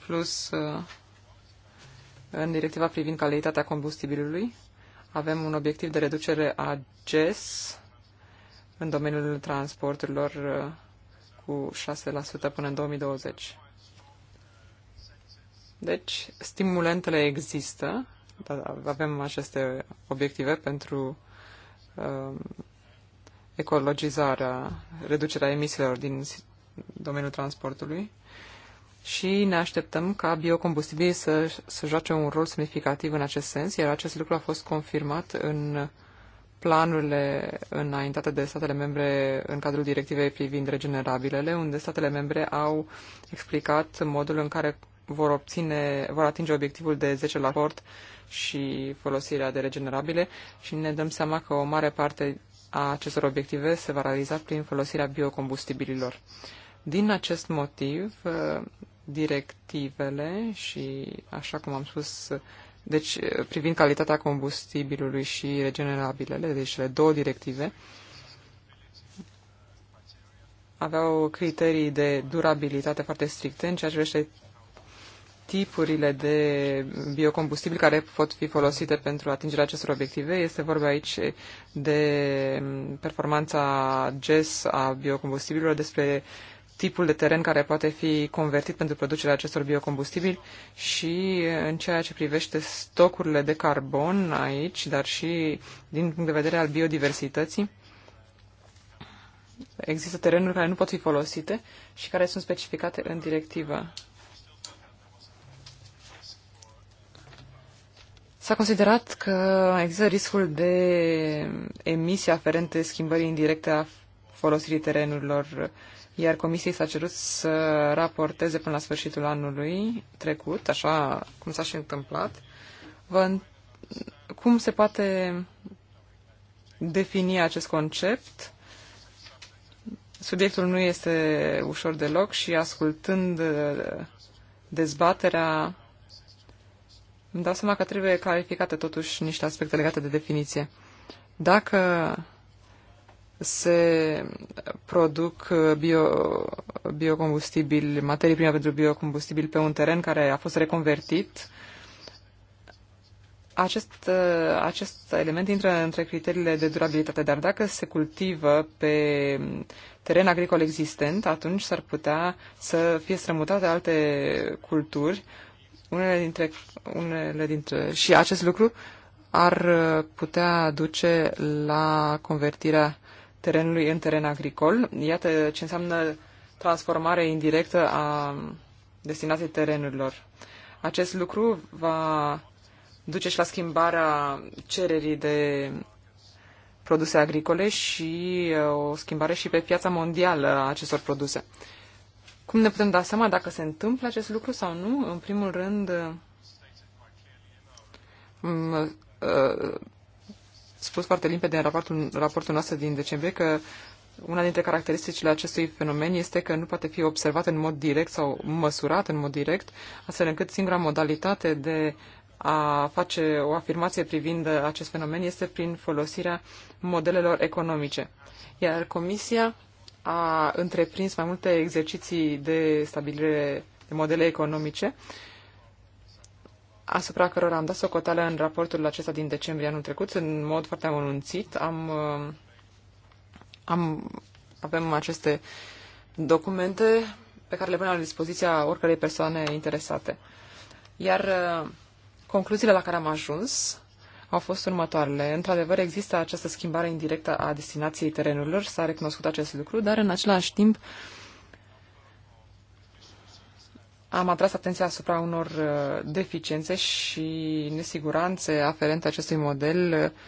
plus uh, în directiva privind calitatea combustibilului avem un obiectiv de reducere a GES în domeniul transporturilor uh, cu 6% până în 2020. Deci, stimulentele există, avem aceste obiective pentru uh, ecologizarea, reducerea emisiilor din domeniul transportului și ne așteptăm ca biocombustibilii să, să joace un rol semnificativ în acest sens, iar acest lucru a fost confirmat în planurile înaintate de statele membre în cadrul directivei privind regenerabilele, unde statele membre au explicat modul în care vor, obține, vor atinge obiectivul de 10 la port și folosirea de regenerabile și ne dăm seama că o mare parte a acestor obiective se va realiza prin folosirea biocombustibililor. Din acest motiv, eh, directivele și, așa cum am spus, deci eh, privind calitatea combustibilului și regenerabilele, deci cele două directive, aveau criterii de durabilitate foarte stricte în ceea ce privește tipurile de biocombustibili care pot fi folosite pentru atingerea acestor obiective. Este vorba aici de mm, performanța GES a biocombustibililor, despre tipul de teren care poate fi convertit pentru producerea acestor biocombustibili și în ceea ce privește stocurile de carbon aici, dar și din punct de vedere al biodiversității. Există terenuri care nu pot fi folosite și care sunt specificate în directivă. S-a considerat că există riscul de emisie aferente schimbării indirecte a folosirii terenurilor, iar comisiei s-a cerut să raporteze până la sfârșitul anului trecut, așa cum s-a și întâmplat. Vă, cum se poate defini acest concept? Subiectul nu este ușor deloc și ascultând dezbaterea îmi dau seama că trebuie clarificate totuși niște aspecte legate de definiție. Dacă se produc uh, bio, biocombustibili, materii prime pentru biocombustibili pe un teren care a fost reconvertit, acest, uh, acest element intră între criteriile de durabilitate, dar dacă se cultivă pe teren agricol existent, atunci s-ar putea să fie strămutate alte culturi unele dintre, unele dintre, și acest lucru ar putea duce la convertirea terenului în teren agricol. Iată ce înseamnă transformare indirectă a destinației terenurilor. Acest lucru va duce și la schimbarea cererii de produse agricole și uh, o schimbare și pe piața mondială a acestor produse. Cum ne putem da seama dacă se întâmplă acest lucru sau nu? În primul rând, mm, uh, spus foarte limpede în raportul, raportul nostru din decembrie că una dintre caracteristicile acestui fenomen este că nu poate fi observat în mod direct sau măsurat în mod direct, astfel încât singura modalitate de a face o afirmație privind acest fenomen este prin folosirea modelelor economice. Iar Comisia a întreprins mai multe exerciții de stabilire de modele economice, asupra cărora am dat socoteală în raportul acesta din decembrie anul trecut, în mod foarte amănunțit. Am, uh, am, avem aceste documente pe care le punem la dispoziția oricărei persoane interesate. Iar uh, concluziile la care am ajuns au fost următoarele. Într-adevăr, există această schimbare indirectă a destinației terenurilor, s-a recunoscut acest lucru, dar în același timp am atras atenția asupra unor uh, deficiențe și nesiguranțe aferente acestui model uh,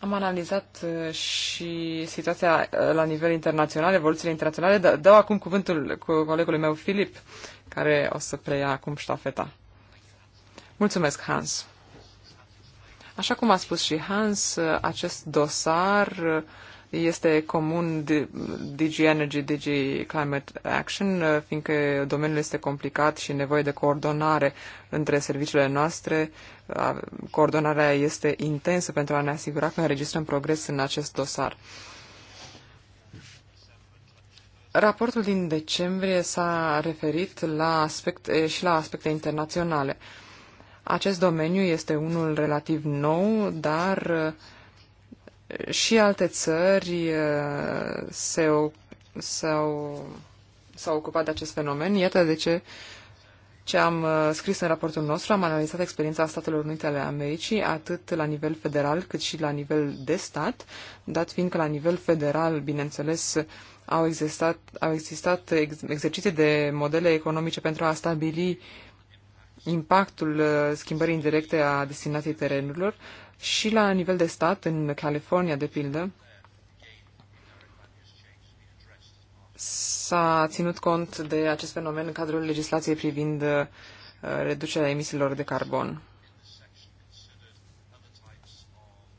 Am analizat uh, și situația la nivel internațional, evoluțiile internaționale. Da, dau acum cuvântul cu colegului meu, Filip, care o să preia acum ștafeta. Mulțumesc, Hans! Așa cum a spus și Hans, acest dosar este comun DG Energy, DG Climate Action, fiindcă domeniul este complicat și nevoie de coordonare între serviciile noastre. Coordonarea este intensă pentru a ne asigura că înregistrăm progres în acest dosar. Raportul din decembrie s-a referit la aspect și la aspecte internaționale. Acest domeniu este unul relativ nou, dar și alte țări se, s-au, s-au ocupat de acest fenomen. Iată de ce ce am scris în raportul nostru, am analizat experiența Statelor Unite ale Americii, atât la nivel federal cât și la nivel de stat, dat fiind că la nivel federal, bineînțeles, au existat, au existat ex, exerciții de modele economice pentru a stabili impactul uh, schimbării indirecte a destinației terenurilor și la nivel de stat, în California, de pildă, s-a ținut cont de acest fenomen în cadrul legislației privind uh, reducerea emisiilor de carbon.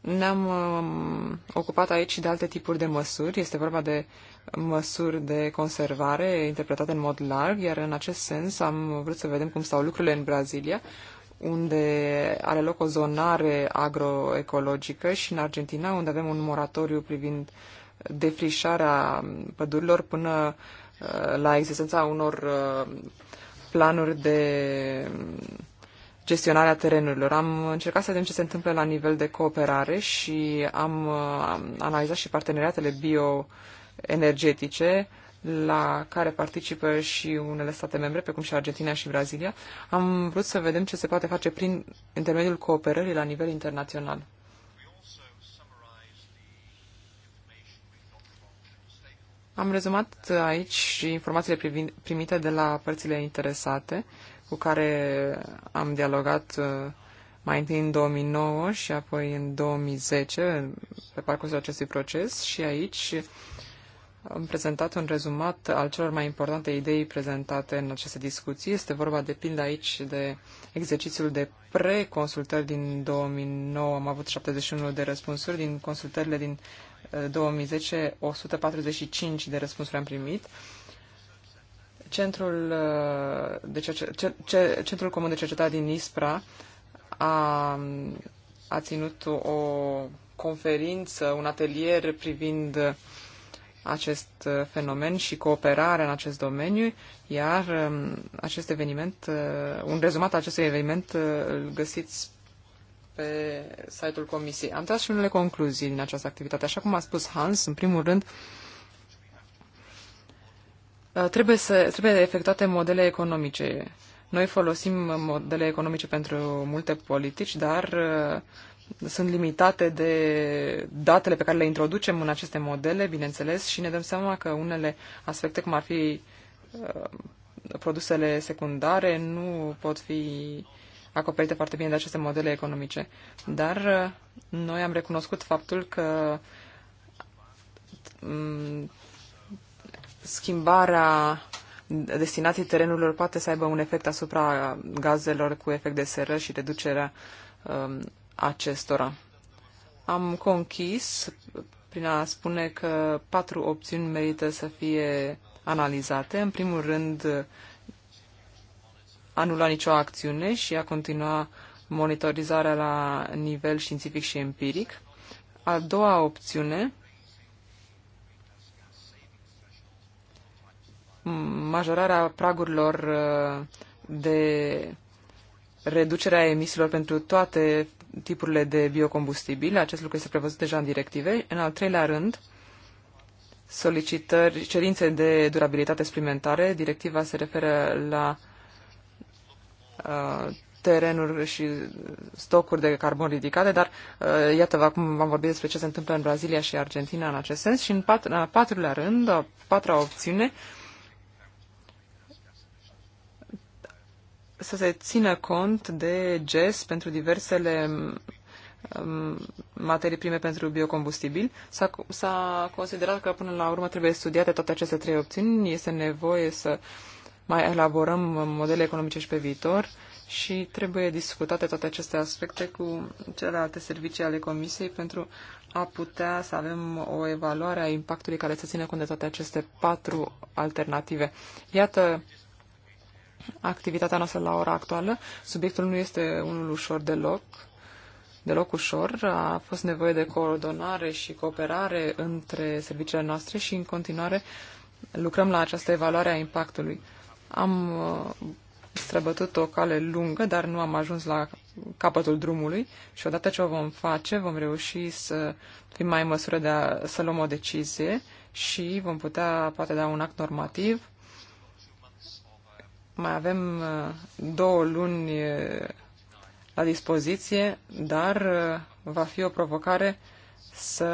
Ne-am um, ocupat aici și de alte tipuri de măsuri. Este vorba de măsuri de conservare interpretate în mod larg, iar în acest sens am vrut să vedem cum stau lucrurile în Brazilia, unde are loc o zonare agroecologică și în Argentina, unde avem un moratoriu privind defrișarea pădurilor până uh, la existența unor uh, planuri de gestionarea terenurilor. Am încercat să vedem ce se întâmplă la nivel de cooperare și am uh, analizat și parteneriatele bio energetice la care participă și unele state membre, precum și Argentina și Brazilia, am vrut să vedem ce se poate face prin intermediul cooperării la nivel internațional. Am rezumat aici și informațiile primite de la părțile interesate cu care am dialogat uh, mai întâi în 2009 și apoi în 2010 pe parcursul acestui proces și aici am prezentat un rezumat al celor mai importante idei prezentate în aceste discuții. Este vorba de pildă aici de exercițiul de preconsultări din 2009. Am avut 71 de răspunsuri. Din consultările din 2010, uh, 145 de răspunsuri am primit. Centrul, uh, de cerce, ce, Centrul Comun de Cercetare din Ispra a, a ținut o conferință, un atelier privind acest uh, fenomen și cooperarea în acest domeniu, iar um, acest eveniment, uh, un rezumat al acestui eveniment uh, îl găsiți pe site-ul comisiei. Am tras și unele concluzii din această activitate. Așa cum a spus Hans, în primul rând, trebuie, să, trebuie efectuate modele economice. Noi folosim modele economice pentru multe politici, dar sunt limitate de datele pe care le introducem în aceste modele, bineînțeles, și ne dăm seama că unele aspecte, cum ar fi uh, produsele secundare, nu pot fi acoperite foarte bine de aceste modele economice. Dar uh, noi am recunoscut faptul că mm, schimbarea destinației terenurilor poate să aibă un efect asupra gazelor cu efect de seră și reducerea um, acestora. Am conchis prin a spune că patru opțiuni merită să fie analizate. În primul rând, anula nicio acțiune și a continua monitorizarea la nivel științific și empiric. A doua opțiune, majorarea pragurilor uh, de reducerea emisiilor pentru toate tipurile de biocombustibili. Acest lucru este prevăzut deja în directive. În al treilea rând, solicitări, cerințe de durabilitate suplimentare. Directiva se referă la uh, terenuri și stocuri de carbon ridicate, dar uh, iată acum am vorbit despre ce se întâmplă în Brazilia și Argentina în acest sens și în, pat, în patrulea rând, a patra opțiune, să se țină cont de GES pentru diversele um, materii prime pentru biocombustibil, S-a, considerat că până la urmă trebuie studiate toate aceste trei opțiuni. Este nevoie să mai elaborăm modele economice și pe viitor și trebuie discutate toate aceste aspecte cu celelalte servicii ale Comisiei pentru a putea să avem o evaluare a impactului care să țină cont de toate aceste patru alternative. Iată activitatea noastră la ora actuală. Subiectul nu este unul ușor deloc, deloc ușor. A fost nevoie de coordonare și cooperare între serviciile noastre și în continuare lucrăm la această evaluare a impactului. Am uh, străbătut o cale lungă, dar nu am ajuns la capătul drumului și odată ce o vom face, vom reuși să fim mai în măsură de a, să luăm o decizie și vom putea poate da un act normativ mai avem uh, două luni uh, la dispoziție, dar uh, va fi o provocare să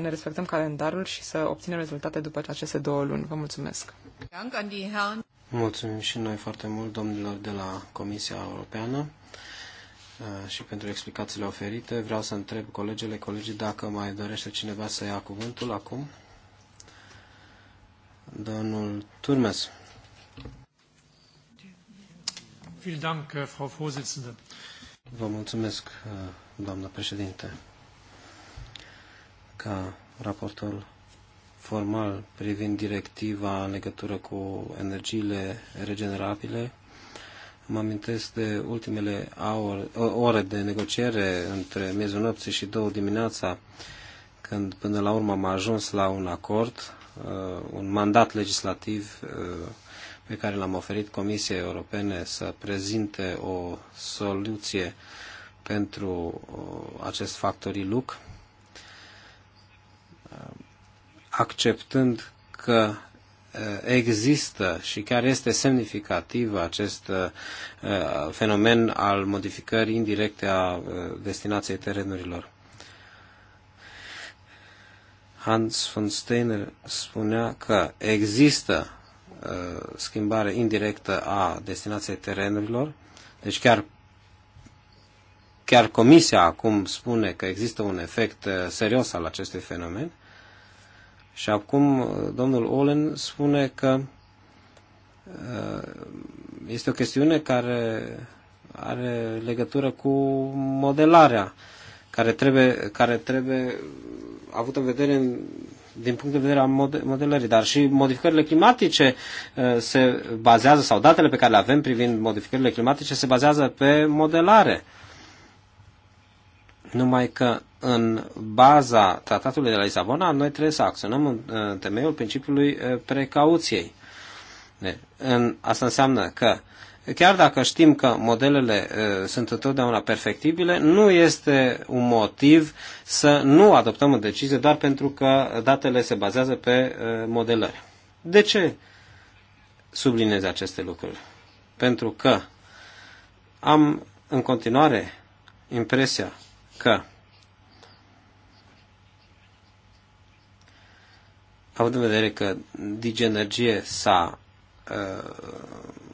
ne respectăm calendarul și să obținem rezultate după aceste două luni. Vă mulțumesc! Mulțumim și noi foarte mult domnilor de la Comisia Europeană și pentru explicațiile oferite. Vreau să întreb colegele, colegii, dacă mai dorește cineva să ia cuvântul acum. Domnul Turmes. Vielen Dank, äh, Frau Vorsitzende. Vă mulțumesc, uh, doamnă președinte. Ca raportor formal privind directiva în legătură cu energiile regenerabile, mă amintesc de ultimele ore de negociere între miezul nopții și două dimineața, când până la urmă am ajuns la un acord, uh, un mandat legislativ uh, pe care l-am oferit Comisiei Europene să prezinte o soluție pentru uh, acest factory look, uh, acceptând că uh, există și chiar este semnificativ acest fenomen al modificării indirecte a destinației terenurilor. Hans von Steiner spunea că există Uh, schimbare indirectă a destinației terenurilor. Deci chiar, chiar Comisia acum spune că există un efect uh, serios al acestui fenomen. Și acum uh, domnul Olen spune că este o chestiune care are legătură cu modelarea care trebuie, care trebuie avut în vedere în din punct de vedere al modelării, dar și modificările climatice uh, se bazează, sau datele pe care le avem privind modificările climatice se bazează pe modelare. Numai că în baza tratatului de la Lisabona, noi trebuie să acționăm în, temeiul principiului uh, precauției. Deci, în, asta înseamnă că chiar dacă știm că modelele uh, sunt întotdeauna perfectibile, nu este un motiv să nu adoptăm o decizie doar pentru că datele se bazează pe uh, modelări. De ce sublinez aceste lucruri? Pentru că am în continuare impresia că având în vedere că Digi Energie s-a uh,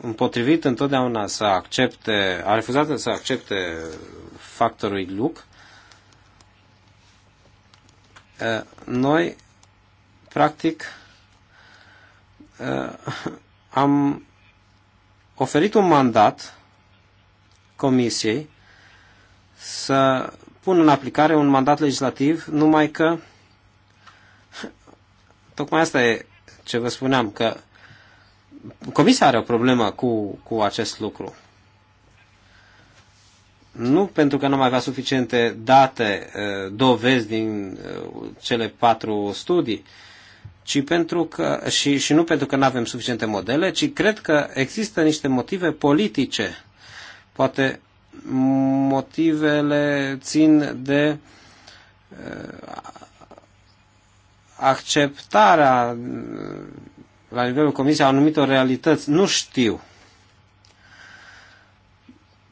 împotrivit întotdeauna să accepte, a refuzat să accepte factorul Luc, noi, practic, am oferit un mandat Comisiei să pună în aplicare un mandat legislativ, numai că tocmai asta e ce vă spuneam, că Comisia are o problemă cu, cu acest lucru. Nu pentru că nu mai avea suficiente date, dovezi din cele patru studii, ci pentru că, și, și nu pentru că nu avem suficiente modele, ci cred că există niște motive politice. Poate motivele țin de acceptarea la nivelul Comisiei anumitor realități. Nu știu.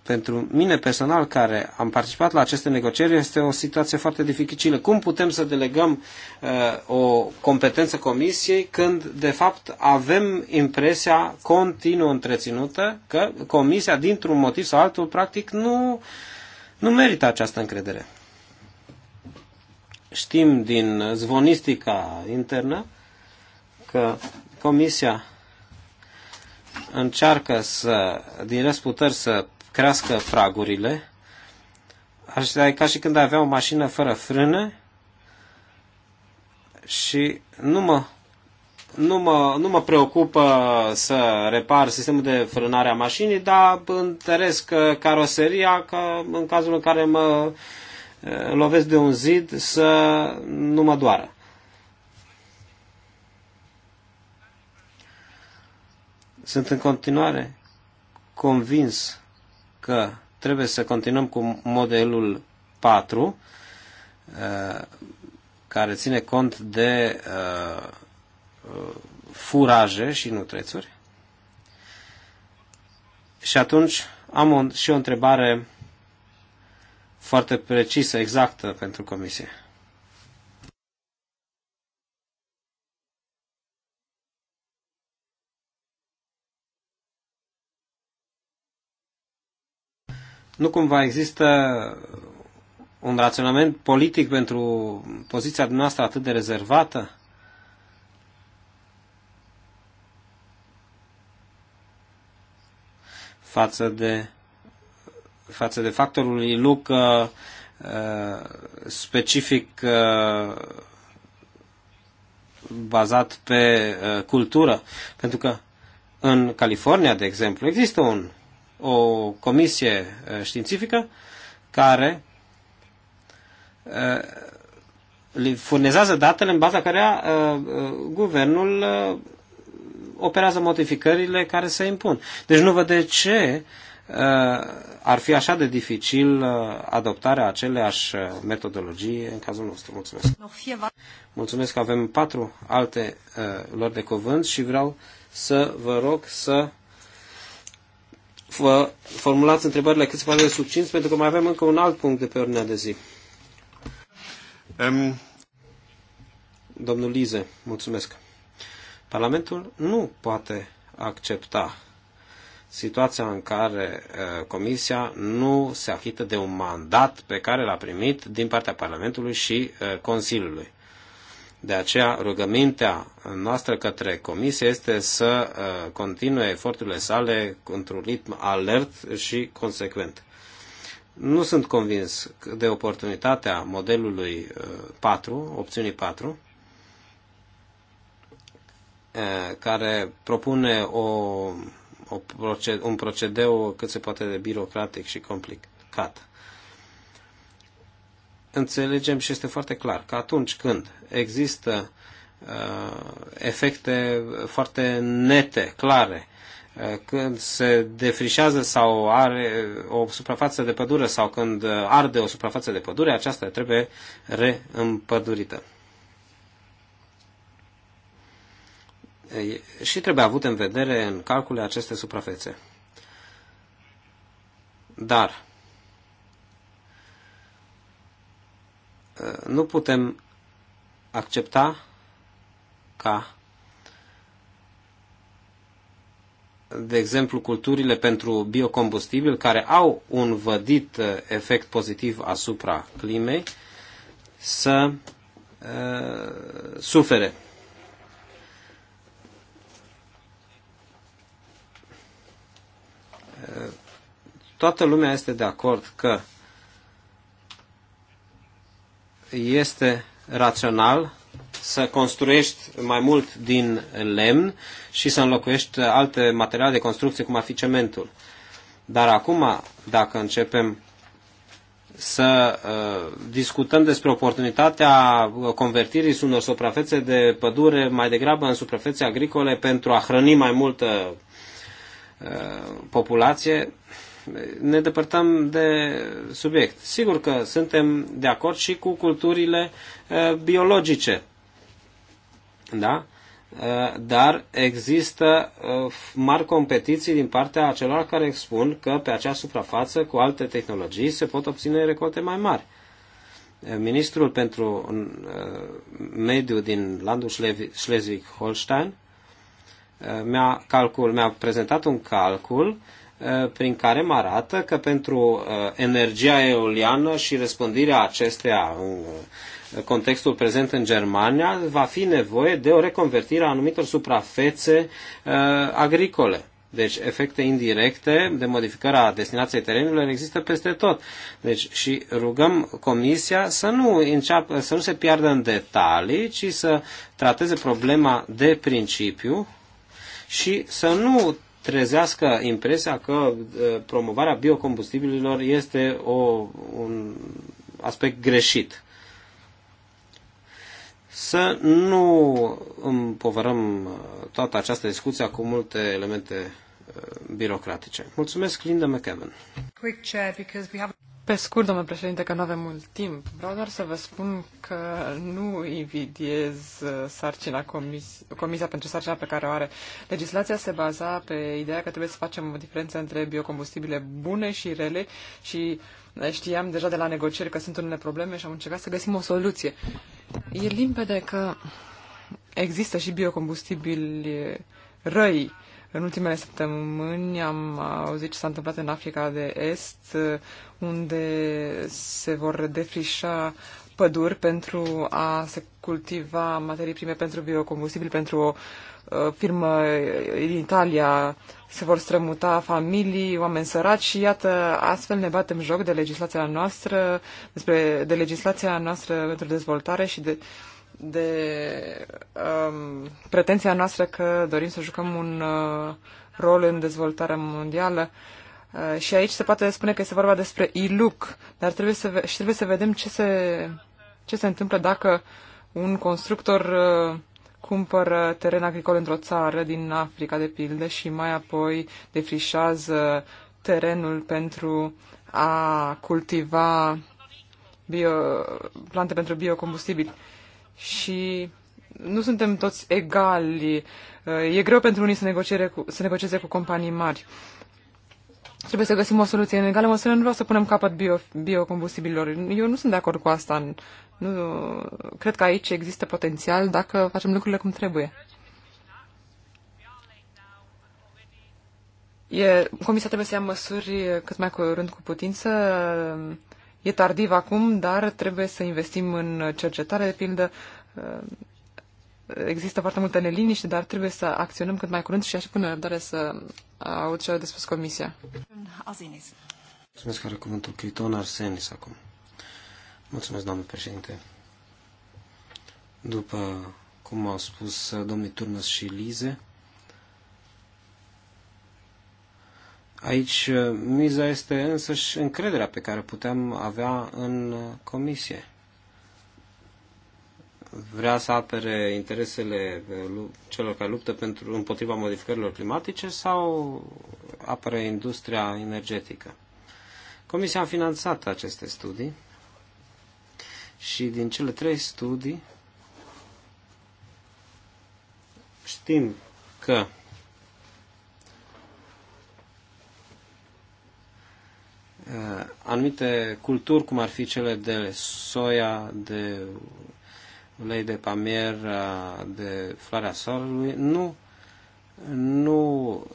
Pentru mine personal, care am participat la aceste negocieri, este o situație foarte dificilă. Cum putem să delegăm uh, o competență Comisiei când, de fapt, avem impresia continuă întreținută că Comisia, dintr-un motiv sau altul, practic, nu, nu merită această încredere? Știm din zvonistica internă că Comisia încearcă să, din răsputări să crească fragurile, așa e ca și când avea o mașină fără frâne și nu mă, nu mă, nu mă preocupă să repar sistemul de frânare a mașinii, dar întăresc caroseria că în cazul în care mă eh, lovesc de un zid să nu mă doară. Sunt în continuare convins că trebuie să continuăm cu modelul 4, uh, care ține cont de uh, uh, furaje și nutrețuri. Și atunci am o, și o întrebare foarte precisă, exactă pentru comisie. Nu cumva există un raționament politic pentru poziția dumneavoastră atât de rezervată? față de, față de factorul ILUC uh, specific uh, bazat pe uh, cultură. Pentru că în California, de exemplu, există un o comisie eh, științifică care eh, furnizează datele în baza cărea eh, guvernul operează modificările care se impun. Deci nu văd de ce ar fi așa de dificil adoptarea aceleași metodologii în cazul nostru. Mulțumesc. Mulțumesc că avem patru alte lor de cuvânt și vreau să vă rog să formulați întrebările cât se poate de succint, pentru că mai avem încă un alt punct de pe ordinea de zi. Um. Domnul Lize, mulțumesc. Parlamentul nu poate accepta situația în care uh, Comisia nu se achită de un mandat pe care l-a primit din partea Parlamentului și uh, Consiliului. De aceea, rugămintea noastră către Comisie este să uh, continue eforturile sale într-un ritm alert și consecvent. Nu sunt convins de oportunitatea modelului 4, uh, opțiunii 4, uh, care propune o, o proced, un procedeu cât se poate de birocratic și complicat înțelegem și este foarte clar că atunci când există uh, efecte foarte nete, clare, uh, când se defrișează sau are o suprafață de pădure sau când arde o suprafață de pădure, aceasta trebuie reîmpădurită. Și trebuie avut în vedere în calcule aceste suprafețe. Dar nu putem accepta ca, de exemplu, culturile pentru biocombustibil, care au un vădit uh, efect pozitiv asupra climei, să uh, sufere. Uh, toată lumea este de acord că uh, este rațional să construiești mai mult din lemn și să înlocuiești alte materiale de construcție, cum ar fi cementul. Dar acum, dacă începem să uh, discutăm despre oportunitatea uh, convertirii unor suprafețe de pădure mai degrabă în suprafețe agricole pentru a hrăni mai multă uh, populație, ne depărtăm de subiect. Sigur că suntem de acord și cu culturile biologice. Da? Dar există mari competiții din partea acelor care expun că pe acea suprafață cu alte tehnologii se pot obține recolte mai mari. Ministrul pentru mediu din landul Schleswig-Holstein mi-a, calcul, mi-a prezentat un calcul Eh, prin care mă arată că pentru eh, energia eoliană și răspândirea acesteia în eh, contextul prezent în Germania va fi nevoie de o reconvertire a anumitor suprafețe agricole. Deci efecte indirecte de modificare a destinației terenurilor există peste tot. Deci și rugăm Comisia să nu, înceapă, să nu se piardă în detalii, ci să trateze problema de principiu și să nu trezească impresia că uh, promovarea biocombustibililor este o, un aspect greșit. Să nu împovărăm uh, toată această discuție cu multe elemente uh, birocratice. Mulțumesc, Linda McEwen. Pe scurt, domnule președinte, că nu avem mult timp, vreau doar să vă spun că nu invidiez uh, sarcina comis- Comisia pentru sarcina pe care o are. Legislația se baza pe ideea că trebuie să facem o diferență între biocombustibile bune și rele și uh, știam deja de la negocieri că sunt unele probleme și am încercat să găsim o soluție. E limpede că există și biocombustibili uh, răi în ultimele săptămâni am auzit ce s-a întâmplat în Africa de Est, unde se vor defrișa păduri pentru a se cultiva materii prime pentru biocombustibil, pentru o ă, firmă din Italia, se vor strămuta familii, oameni săraci și iată, astfel ne batem joc de legislația noastră, despre, de legislația noastră pentru dezvoltare și de, de um, pretenția noastră că dorim să jucăm un uh, rol în dezvoltarea mondială. Uh, și aici se poate spune că este vorba despre ILUC, dar trebuie să, și trebuie să vedem ce se, ce se întâmplă dacă un constructor uh, cumpără teren agricol într-o țară din Africa, de pildă, și mai apoi defrișează terenul pentru a cultiva bio, plante pentru biocombustibili și nu suntem toți egali. E greu pentru unii să, cu, să negocieze cu companii mari. Trebuie să găsim o soluție în egală măsură. Nu vreau să punem capăt bio, biocombustibililor. Eu nu sunt de acord cu asta. Nu, cred că aici există potențial dacă facem lucrurile cum trebuie. E, comisia trebuie să ia măsuri cât mai curând cu putință. E tardiv acum, dar trebuie să investim în cercetare, de pildă. Există foarte multă neliniște, dar trebuie să acționăm cât mai curând și aștept cu nerăbdare să aud ce a de spus Comisia. Arsenis. Mulțumesc, care cuvântul Criton Arsenis acum. Mulțumesc, doamnă președinte. După cum au spus uh, domnii Turnăs și Lize, Aici uh, miza este însăși încrederea pe care putem avea în uh, comisie. Vrea să apere interesele uh, celor care luptă pentru, împotriva modificărilor climatice sau apere industria energetică. Comisia a finanțat aceste studii și din cele trei studii știm că Eh, anumite culturi, cum ar fi cele de soia, de ulei de pamier, eh, de floarea soarelui, nu, nu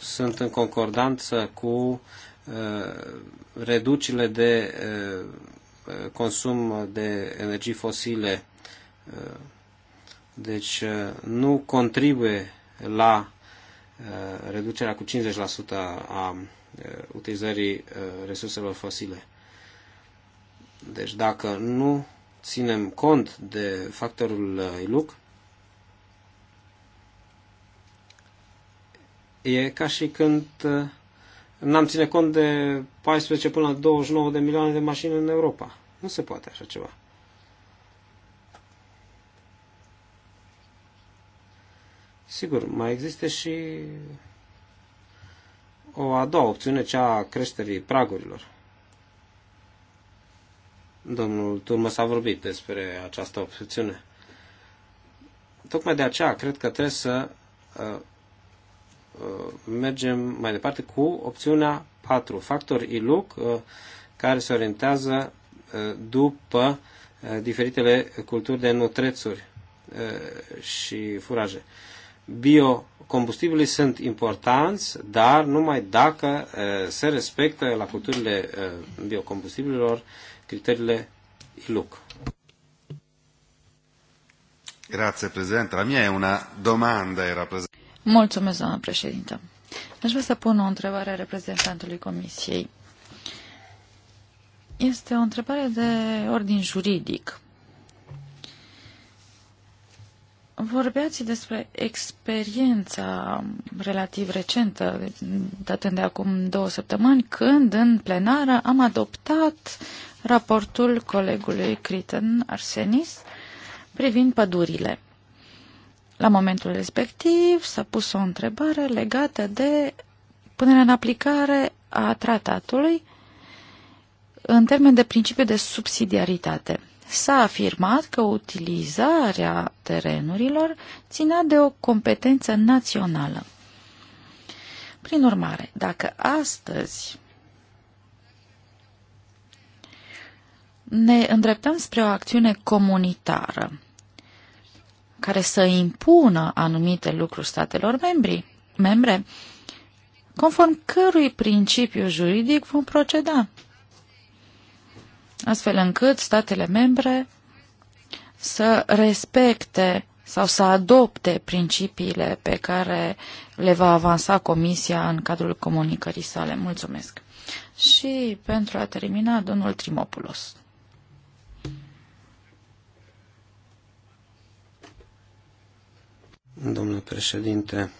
sunt în concordanță cu eh, reducile de consum de energii fosile. Deci nu contribuie la reducerea cu 50% a Uh, utilizării uh, resurselor fosile. Deci dacă nu ținem cont de factorul uh, ILUC, e ca și când n-am ține cont de 14 până la 29 de milioane de mașini în Europa. Nu se poate așa ceva. Sigur, mai există și o a doua opțiune, cea a creșterii pragurilor. Domnul Turmă s-a vorbit despre această opțiune. Tocmai de aceea cred că trebuie să uh, uh, mergem mai departe cu opțiunea 4, factor ILUC, uh, care se orientează după diferitele culturi de nutrețuri și furaje biocombustibilii sunt importanți, dar numai dacă eh, se respectă la culturile eh, biocombustibililor criteriile ILUC. Grazie, Presidente. La mia e una domanda era Mulțumesc, doamnă președintă. Aș vrea să pun o întrebare a reprezentantului Comisiei. Este o întrebare de ordin juridic. Vorbeați despre experiența relativ recentă, datând de acum două săptămâni, când în plenară am adoptat raportul colegului Criten Arsenis privind pădurile. La momentul respectiv s-a pus o întrebare legată de punerea în aplicare a tratatului în termen de principiu de subsidiaritate s-a afirmat că utilizarea terenurilor ținea de o competență națională. Prin urmare, dacă astăzi ne îndreptăm spre o acțiune comunitară care să impună anumite lucruri statelor membri, membre, conform cărui principiu juridic vom proceda astfel încât statele membre să respecte sau să adopte principiile pe care le va avansa Comisia în cadrul comunicării sale. Mulțumesc! Și pentru a termina, domnul Trimopulos. Domnule președinte,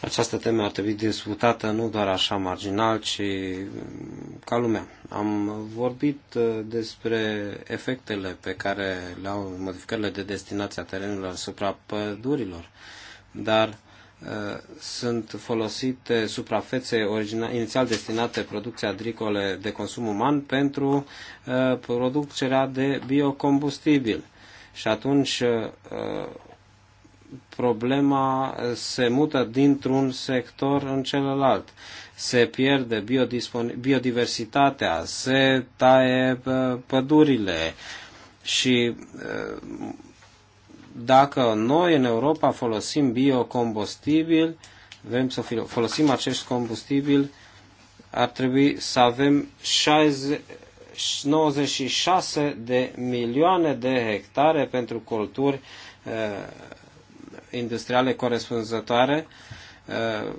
această temă ar trebui discutată nu doar așa marginal, ci mm, ca lumea. Am vorbit uh, despre efectele pe care le au modificările de destinație a terenurilor asupra pădurilor, dar uh, sunt folosite suprafețe original, inițial destinate producției agricole de consum uman pentru uh, producerea de biocombustibil. Și atunci problema se mută dintr-un sector în celălalt. Se pierde biodiversitatea, se taie pădurile și dacă noi în Europa folosim biocombustibil, vrem să folosim acest combustibil, ar trebui să avem 60, 96 de milioane de hectare pentru culturi industriale corespunzătoare, uh,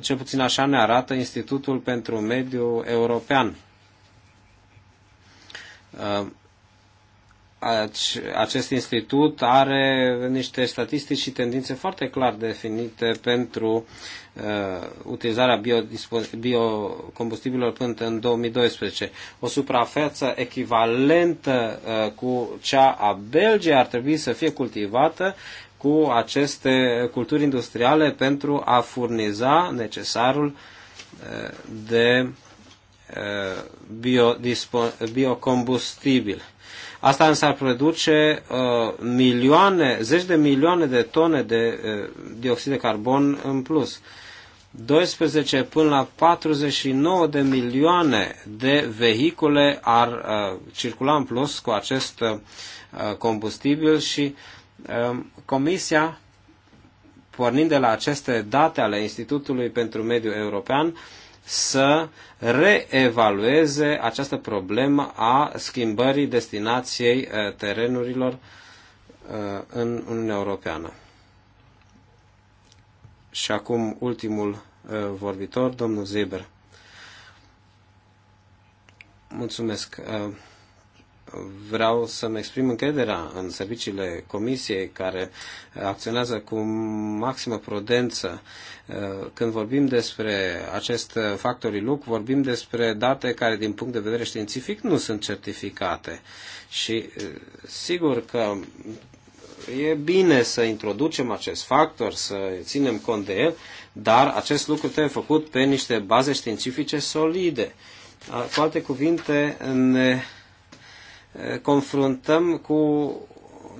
cel puțin așa ne arată Institutul pentru Mediu European. Uh, acest institut are niște statistici și tendințe foarte clar definite pentru uh, utilizarea biocombustibilor până în 2012. O suprafață echivalentă cu cea a Belgiei ar trebui să fie cultivată cu aceste culturi industriale pentru a furniza necesarul eh, de eh, biocombustibil. Asta însă ar produce eh, milioane, zeci de milioane de tone de dioxid de carbon în plus. 12 până la 49 de milioane de vehicule ar uh, circula în plus cu acest uh, combustibil și Ehm, Comisia, pornind de la aceste date ale Institutului pentru Mediul European, să reevalueze această problemă a schimbării destinației eh, terenurilor eh, în Uniunea Europeană. Și acum ultimul eh, vorbitor, domnul Zeber. Mulțumesc vreau să-mi exprim încrederea în serviciile comisiei care acționează cu maximă prudență. Uh, când vorbim despre acest factory look, vorbim despre date care din punct de vedere științific nu sunt certificate. Și uh, sigur că e bine să introducem acest factor, să ținem cont de el, dar acest lucru trebuie făcut pe niște baze științifice solide. Uh, cu alte cuvinte, ne confruntăm cu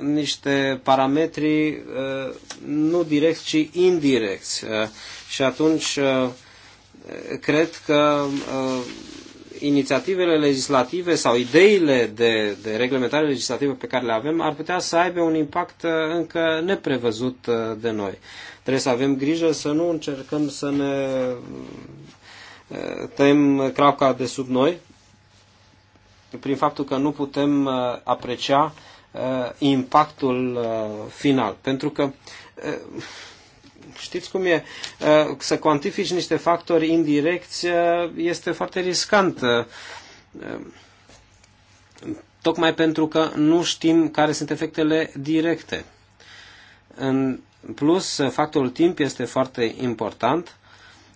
niște parametri uh, nu direct, ci indirect. Uh, și atunci uh, cred că inițiativele legislative sau ideile de, de reglementare legislativă pe care le avem ar putea să aibă un impact încă neprevăzut de noi. Trebuie să avem grijă să nu încercăm să ne tăiem crapca de sub noi prin faptul că nu putem uh, aprecia uh, impactul uh, final. Pentru că știți cum e, să cuantifici niște factori indirecți este foarte riscant. Tocmai pentru că nu știm care sunt efectele directe. În plus, factorul timp este foarte important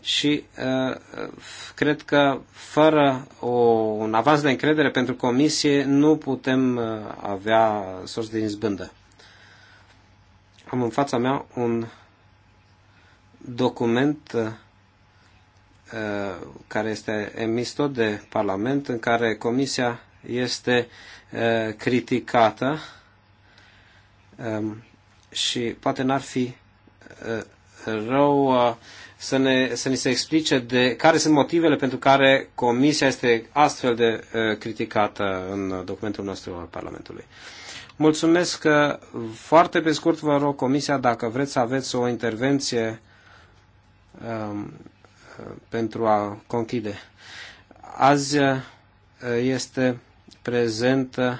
și uh, cred că fără o, un avans de încredere pentru comisie nu putem uh, avea sos de izbândă. Am în fața mea un document uh, care este emis tot de Parlament, în care comisia este uh, criticată um, și poate n-ar fi uh, rău uh, să, ne, să ne se explice de care sunt motivele pentru care Comisia este astfel de uh, criticată în documentul nostru al Parlamentului. Mulțumesc că foarte pe scurt vă rog Comisia dacă vreți să aveți o intervenție um, pentru a conchide. Azi uh, este uh,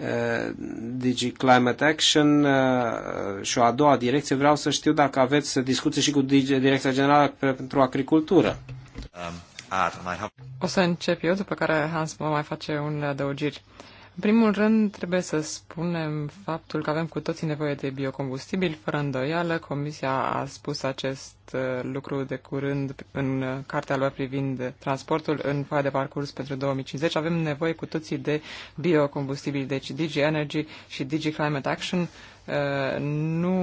Uh, Digi Climate Action uh, uh, și o a doua direcție. Vreau să știu dacă aveți discuții și cu Direcția Generală pentru Agricultură. Um, o să încep eu, după care Hans mă mai face un adăugiri. Uh, în primul rând, trebuie să spunem faptul că avem cu toții nevoie de biocombustibili, fără îndoială. Comisia a spus acest uh, lucru de curând în cartea lor privind transportul în foaia de parcurs pentru 2050. Avem nevoie cu toții de biocombustibili, deci DG Energy și DG Climate Action uh, nu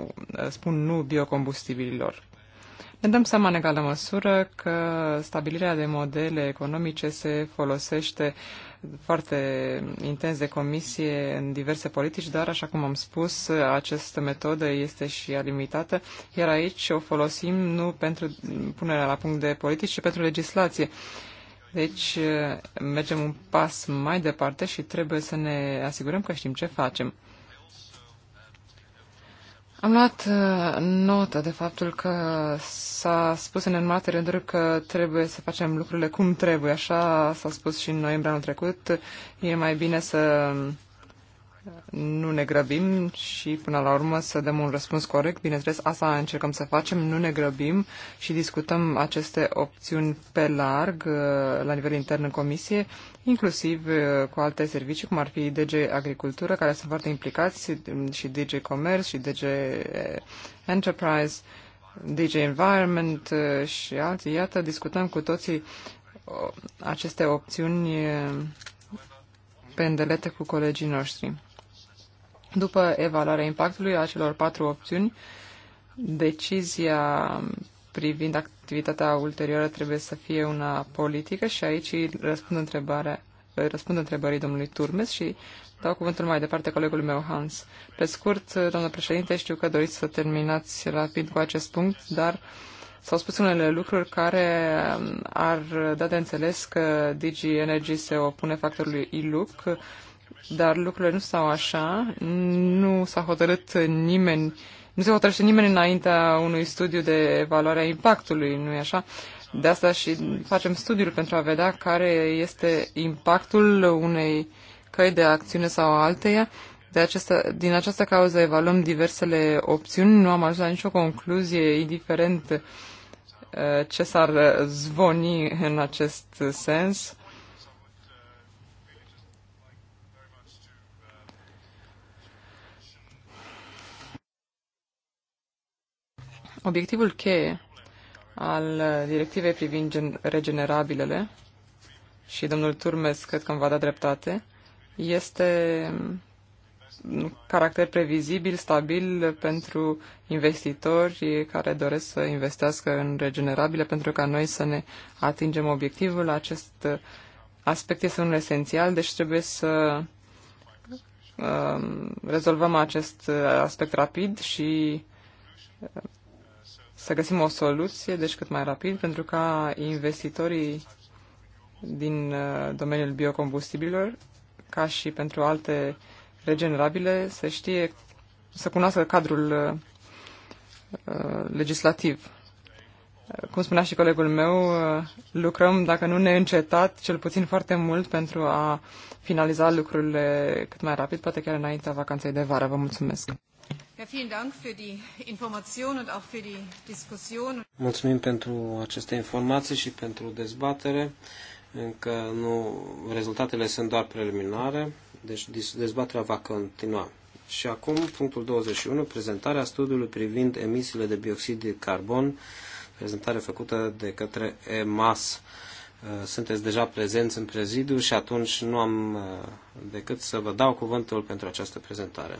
uh, spun nu biocombustibililor. Ne dăm seama în egală măsură că stabilirea de modele economice se folosește uh, foarte intens de comisie în diverse politici, dar, așa cum am spus, această metodă este și ea limitată, iar aici o folosim nu pentru punerea la punct de politici, ci pentru legislație. Deci mergem un pas mai departe și trebuie să ne asigurăm că știm ce facem. Am luat uh, notă de faptul că s-a spus în urmate rânduri că trebuie să facem lucrurile cum trebuie. Așa s-a spus și în noiembrie anul trecut. E mai bine să nu ne grăbim și până la urmă să dăm un răspuns corect. Bineînțeles, asta încercăm să facem, nu ne grăbim și discutăm aceste opțiuni pe larg uh, la nivel intern în comisie, inclusiv uh, cu alte servicii, cum ar fi DG Agricultură, care sunt foarte implicați, și DG Comerț și DG uh, Enterprise, DJ Environment și alții. Iată, discutăm cu toții aceste opțiuni pe îndelete cu colegii noștri. După evaluarea impactului a celor patru opțiuni, decizia privind activitatea ulterioară trebuie să fie una politică și aici răspund, întrebarea, răspund întrebării domnului Turmes și dau cuvântul mai departe colegului meu, Hans. Pe scurt, domnule președinte, știu că doriți să terminați rapid cu acest punct, dar s-au spus unele lucruri care ar da de înțeles că Digi Energy se opune factorului ILUC, dar lucrurile nu stau așa. Nu s-a hotărât nimeni, nu se hotărăște nimeni înaintea unui studiu de evaluare a impactului, nu e așa? De asta și facem studiul pentru a vedea care este impactul unei căi de acțiune sau alteia. De această din această cauză evaluăm diversele opțiuni. Nu am ajuns la nicio concluzie, indiferent uh, ce s-ar zvoni în acest sens. Obiectivul cheie al directivei privind regenerabilele, și domnul Turmes cred că îmi va da dreptate, este un caracter previzibil, stabil pentru investitori care doresc să investească în regenerabile, pentru ca noi să ne atingem obiectivul. Acest aspect este unul esențial, deci trebuie să um, rezolvăm acest aspect rapid și să găsim o soluție, deci cât mai rapid, pentru ca investitorii din uh, domeniul biocombustibilor, ca și pentru alte regenerabile, să știe, să cunoască cadrul uh, uh, legislativ. Cum spunea și colegul meu, lucrăm, dacă nu neîncetat, cel puțin foarte mult pentru a finaliza lucrurile cât mai rapid, poate chiar înaintea vacanței de vară. Vă mulțumesc! Mulțumim pentru aceste informații și pentru dezbatere. Încă nu, rezultatele sunt doar preliminare, deci dezbaterea va continua. Și acum, punctul 21, prezentarea studiului privind emisiile de bioxid de carbon, prezentare făcută de către EMAS. Uh, sunteți deja prezenți în prezidiu și atunci nu am uh, decât să vă dau cuvântul pentru această prezentare.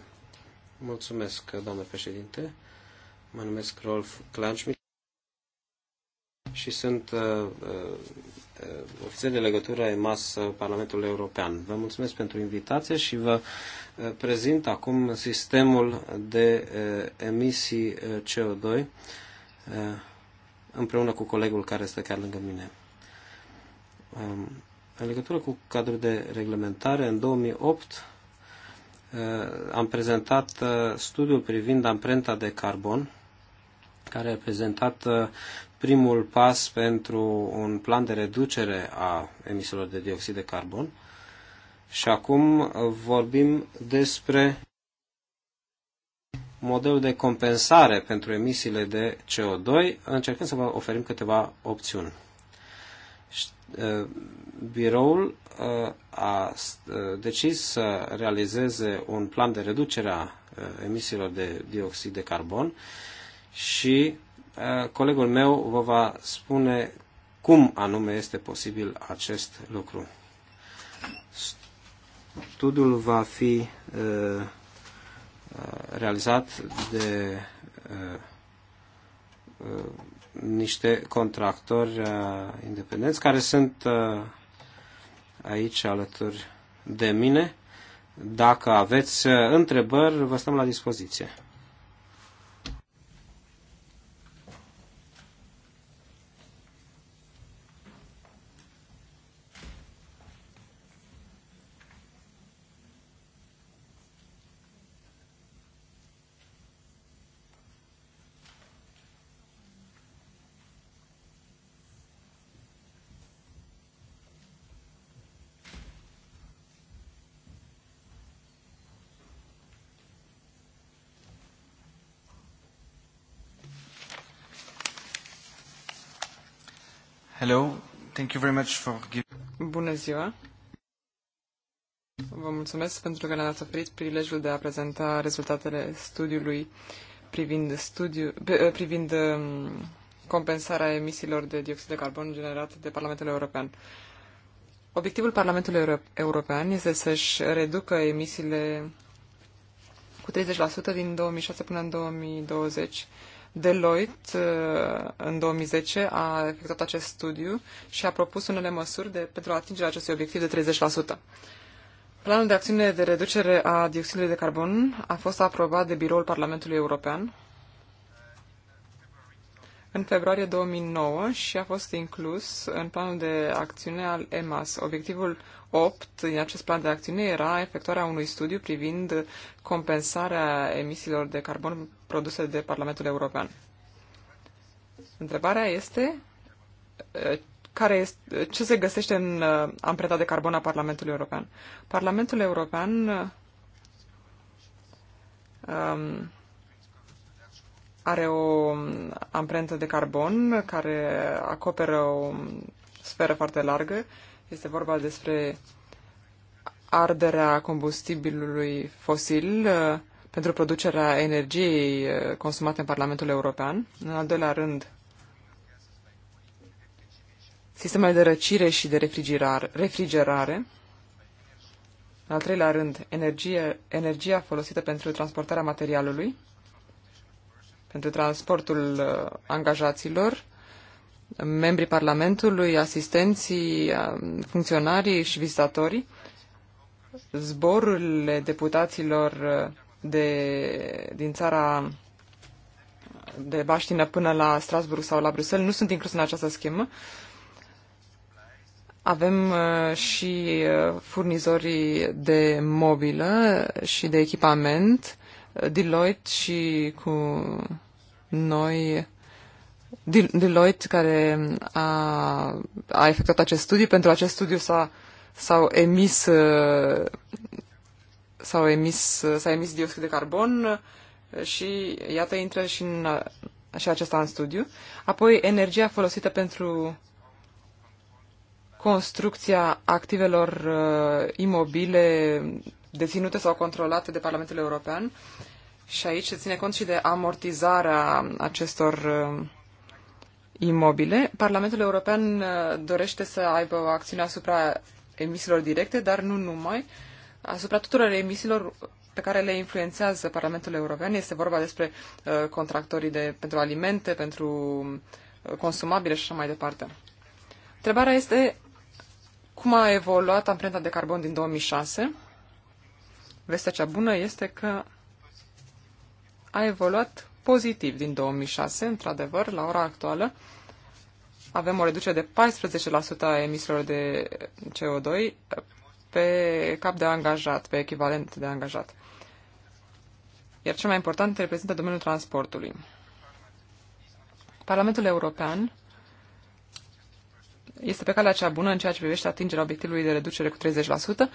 Mulțumesc, doamnă președinte. Mă numesc Rolf Klanschmidt și sunt uh, uh, ofițer de legătură EMAS uh, Parlamentului European. Vă mulțumesc pentru invitație și vă uh, prezint acum sistemul de uh, emisii uh, CO2 uh, împreună cu colegul care este chiar lângă mine. Uh, în legătură cu cadrul de reglementare, în 2008 Eh, am prezentat eh, studiul privind amprenta de carbon, care a prezentat eh, primul pas pentru un plan de reducere a emisiilor de dioxid de carbon. Și acum vorbim despre modelul de compensare pentru emisiile de CO2, încercând să vă oferim câteva opțiuni. Biroul Uh, a uh, decis să realizeze un plan de reducere a uh, emisiilor de dioxid de carbon și colegul meu vă va spune cum anume este posibil acest lucru. Studiul va fi realizat de niște contractori independenți care sunt aici alături de mine. Dacă aveți uh, întrebări, vă stăm la dispoziție. Hello. Thank you very much for giving... Bună ziua. Vă mulțumesc pentru că ne-ați oferit prilejul de a prezenta rezultatele studiului privind, studiu, eh, privind mm, compensarea emisiilor de dioxid de carbon generate de Parlamentul European. Obiectivul Parlamentului European este să-și reducă emisiile cu 30% din 2006 până în 2020 Deloitte uh, în 2010 a efectuat acest studiu și a propus unele măsuri de, pentru atingerea acestui obiectiv de 30%. Planul de acțiune de reducere a dioxidului de carbon a fost aprobat de Biroul Parlamentului European în februarie 2009 și a fost inclus în planul de acțiune al EMAS. Obiectivul 8 din acest plan de acțiune era efectuarea unui studiu privind compensarea emisiilor de carbon produse de Parlamentul European. Întrebarea este care este, ce se găsește în amprenta de carbon a Parlamentului European. Parlamentul European um, are o amprentă de carbon care acoperă o sferă foarte largă. Este vorba despre arderea combustibilului fosil uh, pentru producerea energiei uh, consumate în Parlamentul European. În al doilea rând, sistemele de răcire și de refrigerare. În al treilea rând, energie, energia folosită pentru transportarea materialului pentru transportul uh, angajaților, membrii Parlamentului, asistenții, uh, funcționarii și vizitatorii, zborurile deputaților uh, de, din țara de Baștină până la Strasburg sau la Bruxelles nu sunt incluse în această schemă. Avem și furnizorii de mobilă și de echipament Deloitte și cu noi Deloitte care a, a efectuat acest studiu. Pentru acest studiu s-a, s-au emis uh, s-au emis, uh, s-a emis dioxid de carbon uh, și iată intră și, în, și acesta în studiu. Apoi energia folosită pentru construcția activelor uh, imobile deținute sau controlate de Parlamentul European. Și aici se ține cont și de amortizarea acestor uh, imobile. Parlamentul European uh, dorește să aibă o acțiune asupra emisiilor directe, dar nu numai, asupra tuturor emisiilor pe care le influențează Parlamentul European. Este vorba despre uh, contractorii de, pentru alimente, pentru consumabile și așa mai departe. Întrebarea este cum a evoluat amprenta de carbon din 2006 vestea cea bună este că a evoluat pozitiv din 2006, într-adevăr, la ora actuală. Avem o reducere de 14% a emisiilor de CO2 pe cap de angajat, pe echivalent de angajat. Iar cel mai important reprezintă domeniul transportului. Parlamentul European este pe calea cea bună în ceea ce privește atingerea obiectivului de reducere cu 30%,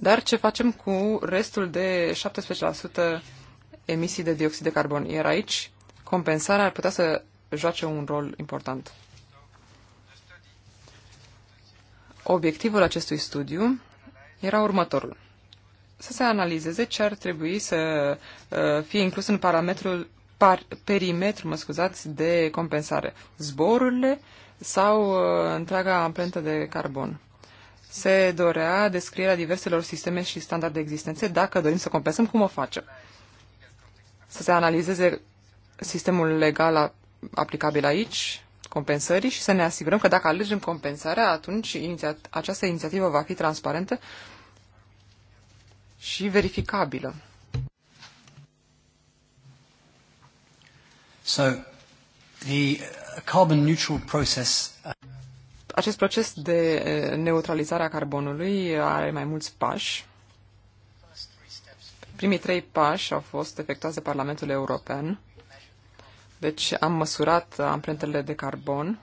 dar ce facem cu restul de 17% emisii de dioxid de carbon? Iar aici, compensarea ar putea să joace un rol important. Obiectivul acestui studiu era următorul. Să se analizeze ce ar trebui să uh, fie inclus în parametrul par, perimetru, mă scuzați, de compensare. Zborurile, uh, sau uh, întreaga amprentă de carbon. Se dorea descrierea diverselor sisteme și standarde existențe dacă dorim să compensăm cum o facem. Să se analizeze sistemul legal aplicabil aici, compensării și să ne asigurăm că dacă alegem compensarea, atunci această inițiativă va fi transparentă și verificabilă. So, the carbon neutral process. Uh, Acest proces de uh, neutralizare a carbonului are mai mulți pași. Primii trei pași au fost efectuați de Parlamentul European. Deci am măsurat amprentele de carbon.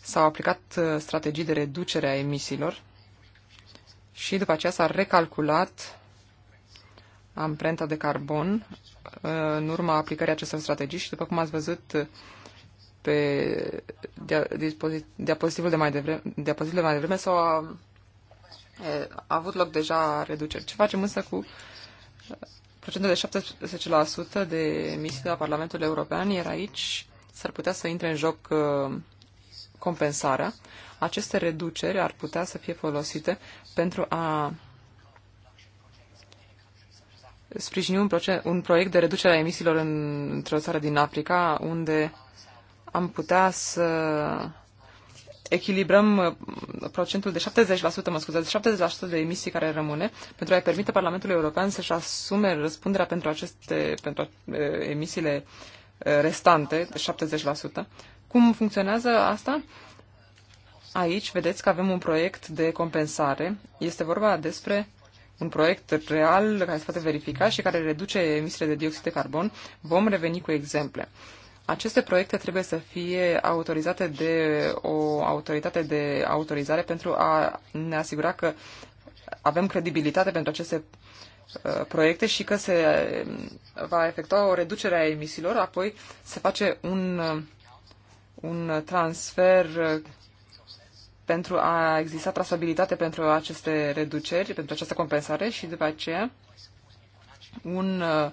S-au aplicat uh, strategii de reducere a emisiilor și după aceea s-a recalculat amprenta de carbon Uh, în urma aplicării acestor strategii și, după cum ați văzut pe diapozitivul de mai devreme, diapozitivul de mai devreme s-au uh, a, avut loc deja reduceri. Ce facem însă cu uh, procentul de 17% de emisii de la Parlamentul European, iar aici s-ar putea să intre în joc compensarea. Aceste reduceri ar putea să fie folosite pentru a sprijini un, proce- un proiect de reducere a emisiilor în, într-o țară din Africa, unde am putea să echilibrăm uh, procentul de 70%, mă scuzați, 70% de emisii care rămâne, pentru a-i permite Parlamentului European să-și asume răspunderea pentru aceste pentru uh, emisiile uh, restante, 70%. Cum funcționează asta? Aici vedeți că avem un proiect de compensare. Este vorba despre un proiect real care se poate verifica și care reduce emisiile de dioxid de carbon, vom reveni cu exemple. Aceste proiecte trebuie să fie autorizate de o autoritate de autorizare pentru a ne asigura că avem credibilitate pentru aceste uh, proiecte și că se uh, va efectua o reducere a emisiilor, apoi se face un, uh, un transfer pentru a exista trasabilitate pentru aceste reduceri, pentru această compensare și după aceea un uh,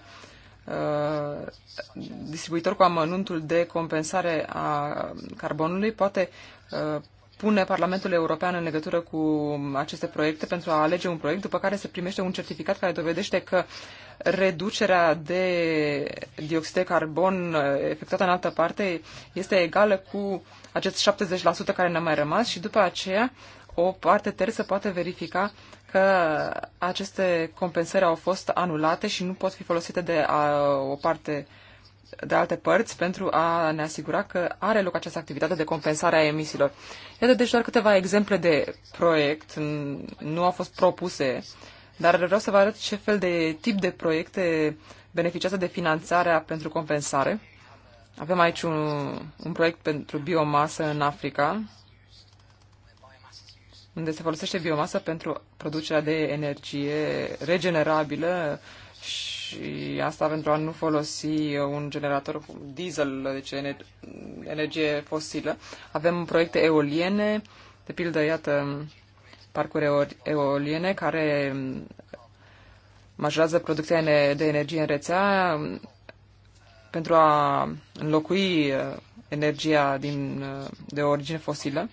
distribuitor cu amănuntul de compensare a carbonului poate uh, pune Parlamentul European în legătură cu aceste proiecte pentru a alege un proiect, după care se primește un certificat care dovedește că reducerea de dioxid de carbon uh, efectuată în altă parte este egală cu acest 70% care ne-a mai rămas și după aceea o parte terță poate verifica că aceste compensări au fost anulate și nu pot fi folosite de a, o parte de alte părți pentru a ne asigura că are loc această activitate de compensare a emisiilor. Iată deci doar câteva exemple de proiect, nu au fost propuse, dar vreau să vă arăt ce fel de tip de proiecte beneficiază de finanțarea pentru compensare. Avem aici un, un proiect pentru biomasă în Africa, unde se folosește biomasa pentru producerea de energie regenerabilă și asta pentru a nu folosi un generator cu diesel, deci energie fosilă. Avem proiecte eoliene, de pildă, iată, parcuri eoliene care majorează producția de energie în rețea, pentru a înlocui uh, energia din, uh, de origine fosilă.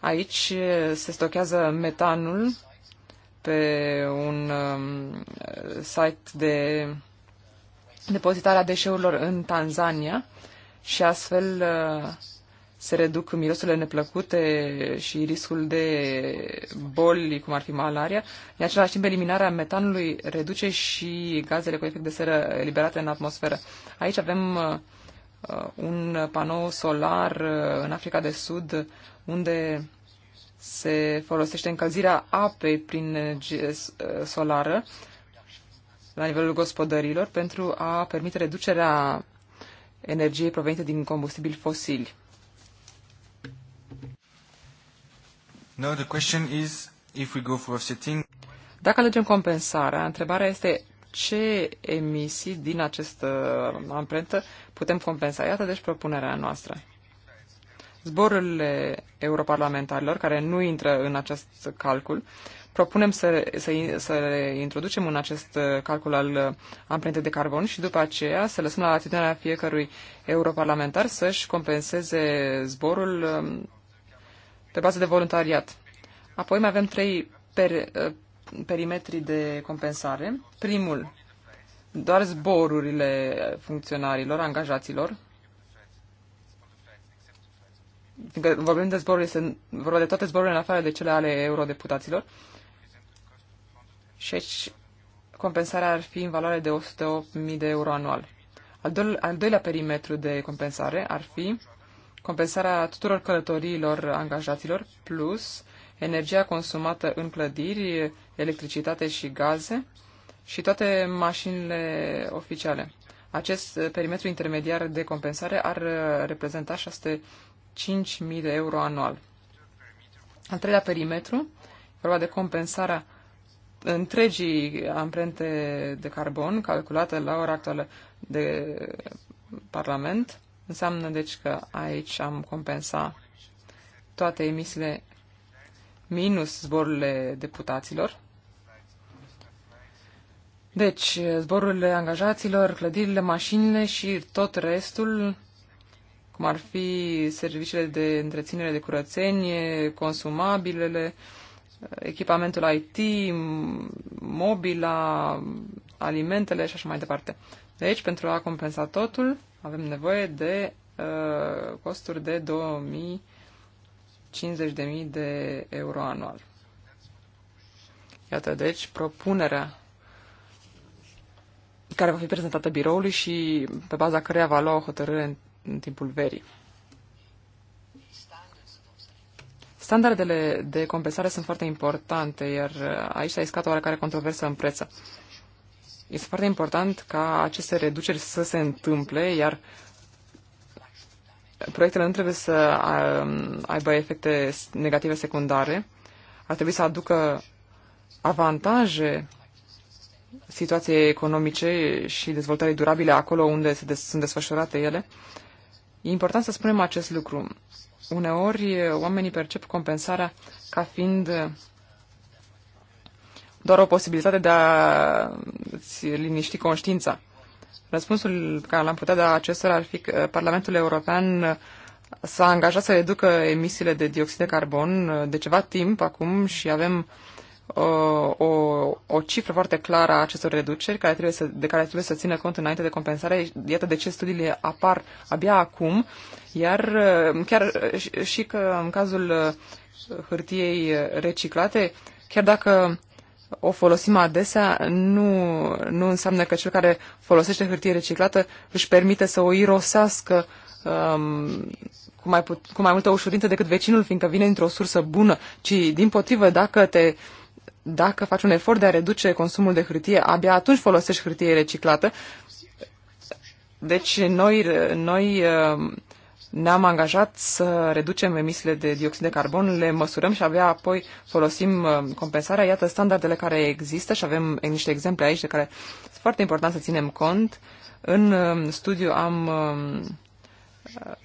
Aici uh, se stochează metanul pe un um, site de depozitare a deșeurilor în Tanzania și astfel se reduc mirosurile neplăcute și riscul de boli, cum ar fi malaria. În același timp, eliminarea metanului reduce și gazele cu efect de seră eliberate în atmosferă. Aici avem uh, un panou solar uh, în Africa de Sud, unde se folosește încălzirea apei prin energie uh, solară la nivelul gospodărilor pentru a permite reducerea energiei provenite din combustibili fosili. No, the question is if we go for offsetting. Dacă alegem compensarea, întrebarea este ce emisii din această amprentă putem compensa. Iată deci propunerea noastră. Zborurile europarlamentarilor, care nu intră în acest calcul, propunem să, să, să le introducem în acest calcul al amprentei de carbon și după aceea să lăsăm la atitudinea fiecărui europarlamentar să-și compenseze zborul um, pe bază de voluntariat. Apoi mai avem trei per, eh, perimetri de compensare. Primul, doar zborurile funcționarilor, angajaților, fiindcă vorbim de zboruri, este vorba de toate zborurile în afară de cele ale eurodeputaților. Și aici compensarea ar fi în valoare de 108.000 de euro anual. Al, do- al doilea perimetru de compensare ar fi compensarea tuturor călătoriilor angajaților, plus energia consumată în clădiri, electricitate și gaze și toate mașinile oficiale. Acest perimetru intermediar de compensare ar reprezenta 65.000 de euro anual. Al treilea perimetru, vorba de compensarea întregii amprente de carbon calculată la ora actuală de Parlament, Înseamnă, deci, că aici am compensa toate emisiile minus zborurile deputaților. Deci, zborurile angajaților, clădirile, mașinile și tot restul, cum ar fi serviciile de întreținere de curățenie, consumabilele, echipamentul IT, mobila, alimentele și așa mai departe. Deci, pentru a compensa totul, avem nevoie de uh, costuri de 2050.000 de euro anual. Iată, deci, propunerea care va fi prezentată biroului și pe baza căreia va lua o hotărâre în, în timpul verii. Standardele de compensare sunt foarte importante, iar uh, aici s-a iscat oarecare controversă în preță. Este foarte important ca aceste reduceri să se întâmple, iar proiectele nu trebuie să aibă efecte negative secundare. Ar trebui să aducă avantaje situației economice și dezvoltării durabile acolo unde se des- sunt desfășurate ele. E important să spunem acest lucru. Uneori oamenii percep compensarea ca fiind doar o posibilitate de a-ți liniști conștiința. Răspunsul care l-am putea da acestora ar fi că Parlamentul European s-a angajat să reducă emisiile de dioxid de carbon de ceva timp acum și avem o, uh, o, o cifră foarte clară a acestor reduceri care trebuie să, de care trebuie să țină cont înainte de compensare. Iată de ce studiile apar abia acum, iar uh, chiar uh, și că în cazul hârtiei reciclate, chiar dacă o folosim adesea, nu, nu înseamnă că cel care folosește hârtie reciclată își permite să o irosească um, cu, mai put- cu mai multă ușurință decât vecinul, fiindcă vine dintr-o sursă bună, ci din potrivă, dacă te dacă faci un efort de a reduce consumul de hârtie, abia atunci folosești hârtie reciclată. Deci noi, noi um, ne-am angajat să reducem emisiile de dioxid de carbon, le măsurăm și abia apoi folosim uh, compensarea. Iată standardele care există și avem niște exemple aici de care sunt foarte important să ținem cont. În uh, studiu am uh,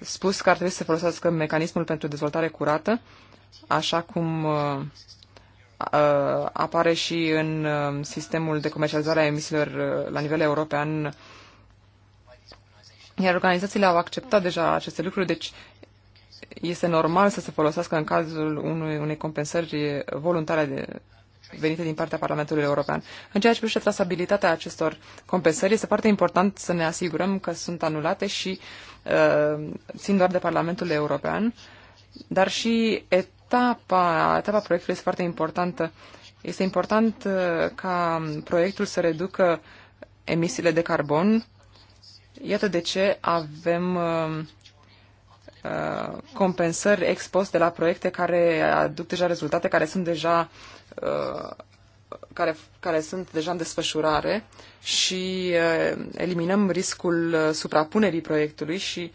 spus că ar trebui să folosească mecanismul pentru dezvoltare curată, așa cum apare și în sistemul de comercializare a emisiilor la nivel european iar organizațiile au acceptat deja aceste lucruri, deci este normal să se folosească în cazul unui, unei compensări voluntare de, venite din partea Parlamentului European. În ceea ce privește trasabilitatea acestor compensări, este foarte important să ne asigurăm că sunt anulate și uh, țin doar de Parlamentul European, dar și etapa, etapa proiectului este foarte importantă. Este important uh, ca proiectul să reducă emisiile de carbon Iată de ce avem uh, uh, compensări ex post de la proiecte care aduc deja rezultate, care sunt deja uh, care, care sunt deja în desfășurare și eliminăm riscul suprapunerii proiectului și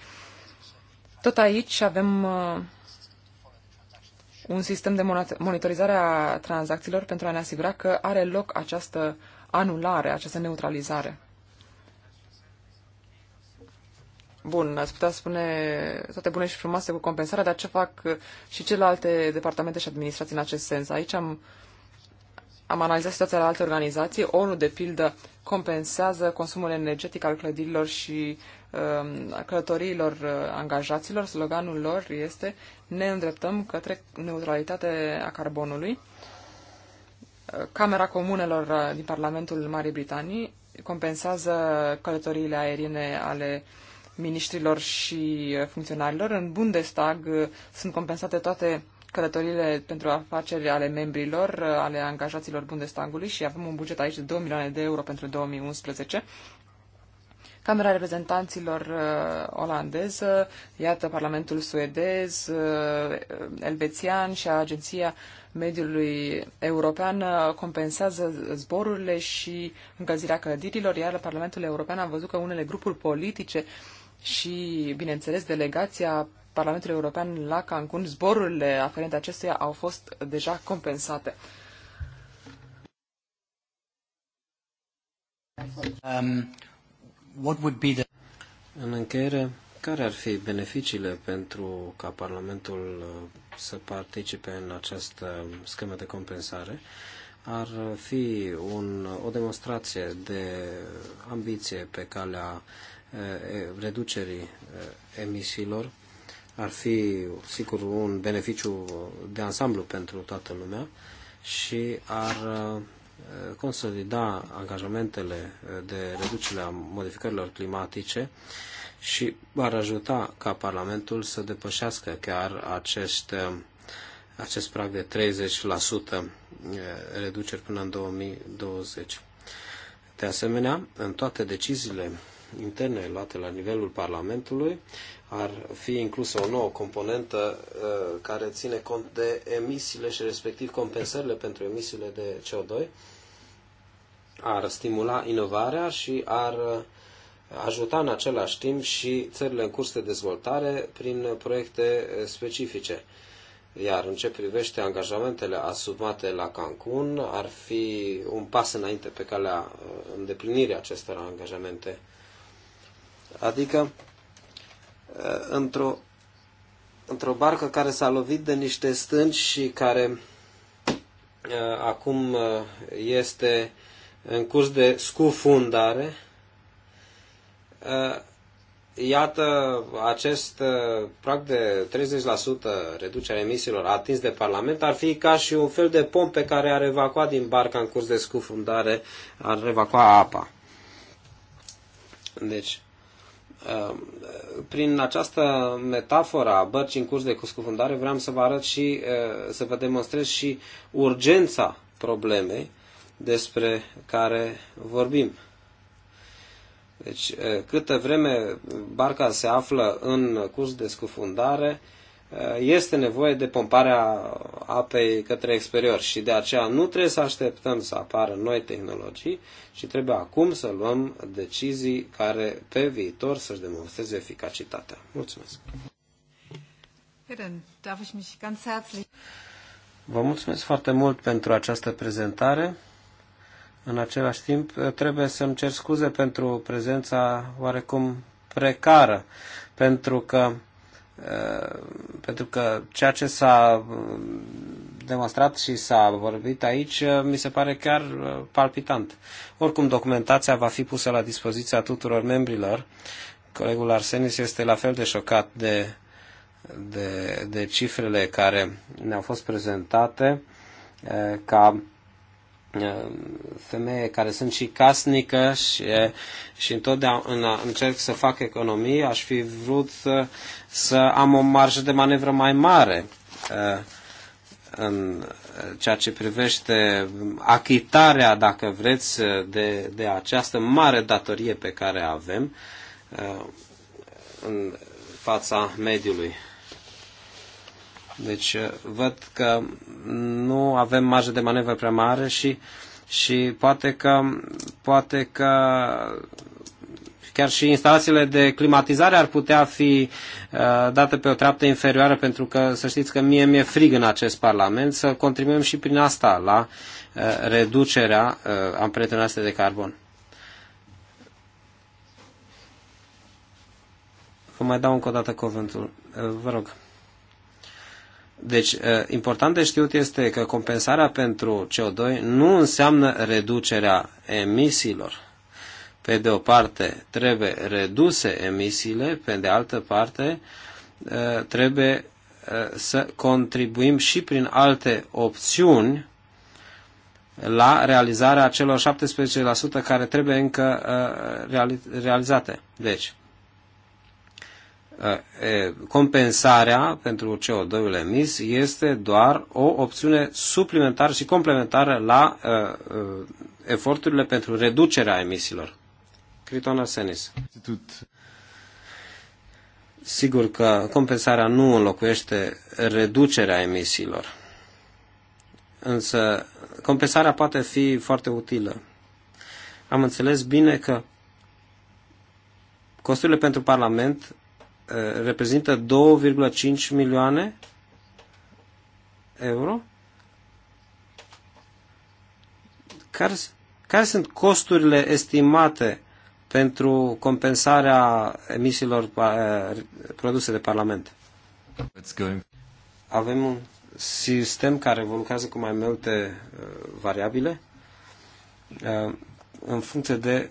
tot aici avem un sistem de monitorizare a tranzacțiilor pentru a ne asigura că are loc această anulare, această neutralizare. Bun, ați putea spune toate bune și frumoase cu compensarea, dar ce fac și celelalte departamente și administrații în acest sens? Aici am, am analizat situația la alte organizații. ONU, de pildă, compensează consumul energetic al clădirilor și uh, călătoriilor uh, angajaților. Sloganul lor este ne îndreptăm către neutralitatea carbonului. Uh, Camera Comunelor uh, din Parlamentul Marii Britanii compensează călătoriile aeriene ale uh, miniștrilor și uh, funcționarilor. În Bundestag uh, sunt compensate toate călătorile pentru afaceri ale membrilor, uh, ale angajaților Bundestagului și avem un buget aici de 2 milioane de euro pentru 2011. Camera Reprezentanților uh, olandeză, iată Parlamentul suedez, uh, elvețian și Agenția Mediului European uh, compensează zborurile și încălzirea clădirilor, iar Parlamentul European a văzut că unele grupuri politice uh, și, bineînțeles, delegația Parlamentului European la Cancun, zborurile aferente acesteia au fost deja compensate. Um, what would be the... În încheiere, care ar fi beneficiile pentru ca Parlamentul uh, să participe în această schemă de compensare? Ar fi un, o demonstrație de ambiție pe calea Eh, reducerii eh, emisiilor ar fi, sigur, un beneficiu de ansamblu pentru toată lumea și ar eh, consolida angajamentele de reducere a modificărilor climatice și ar ajuta ca Parlamentul să depășească chiar acest, acest prag de 30% reduceri până în 2020. De asemenea, în toate deciziile interne luate la nivelul Parlamentului, ar fi inclusă o nouă componentă uh, care ține cont de emisiile și respectiv compensările pentru emisiile de CO2, ar stimula inovarea și ar uh, ajuta în același timp și țările în curs de dezvoltare prin proiecte uh, specifice. Iar în ce privește angajamentele asumate la Cancun, ar fi un pas înainte pe calea îndeplinirii acestor angajamente. Adică uh, într-o într-o barcă care s-a lovit de niște stânci și care uh, acum uh, este în curs de scufundare. Iată, acest prag de 30% reducerea emisiilor atins de Parlament ar fi ca și un fel de pompe care ar evacua din barca în curs de scufundare, ar evacua apa. Deci, Um, prin această metaforă a bărcii în curs de scufundare vreau să vă arăt și uh, să vă demonstrez și urgența problemei despre care vorbim. Deci, uh, câtă vreme barca se află în curs de scufundare, Eh, este nevoie de pomparea apei către exterior și de aceea nu trebuie să așteptăm să apară noi tehnologii și trebuie acum să luăm decizii care pe viitor să-și demonstreze eficacitatea. Mulțumesc! Vă mulțumesc foarte mult pentru această prezentare. În același timp, eh, trebuie să-mi cer scuze pentru prezența oarecum precară, pentru că Uh, pentru că ceea ce s-a uh, demonstrat și s-a vorbit aici uh, mi se pare chiar palpitant. Oricum, documentația va fi pusă la dispoziția tuturor membrilor. Colegul Arsenis este la fel de șocat de, de, de cifrele care ne-au fost prezentate ca femeie care sunt și casnică și, și întotdeauna încerc să fac economii, aș fi vrut să am o marjă de manevră mai mare uh, în ceea ce privește achitarea, dacă vreți, de, de această mare datorie pe care avem uh, în fața mediului. Deci uh, văd că nu avem marjă de manevră prea mare și, și poate, că, poate că chiar și instalațiile de climatizare ar putea fi uh, date pe o treaptă inferioară pentru că să știți că mie mi-e frig în acest Parlament să contribuim și prin asta la uh, reducerea uh, amprentei noastre de carbon. Vă mai dau încă o dată cuvântul. Vă rog. Deci, uh, important de știut este că compensarea pentru CO2 nu înseamnă reducerea emisiilor. Pe de o parte, trebuie reduse emisiile, pe de altă parte, uh, trebuie uh, să contribuim și prin alte opțiuni la realizarea celor 17% care trebuie încă realizate. Deci, Uh, compensarea pentru CO2-ul emis este doar o opțiune suplimentară și complementară la uh, uh, eforturile pentru reducerea emisiilor. Critona Senis. Sigur că compensarea nu înlocuiește reducerea emisiilor, însă compensarea poate fi foarte utilă. Am înțeles bine că costurile pentru Parlament Eh, reprezintă 2,5 milioane euro. Care, care sunt costurile estimate pentru compensarea emisiilor eh, produse de Parlament? Avem un sistem care lucrează cu mai multe eh, variabile în funcție de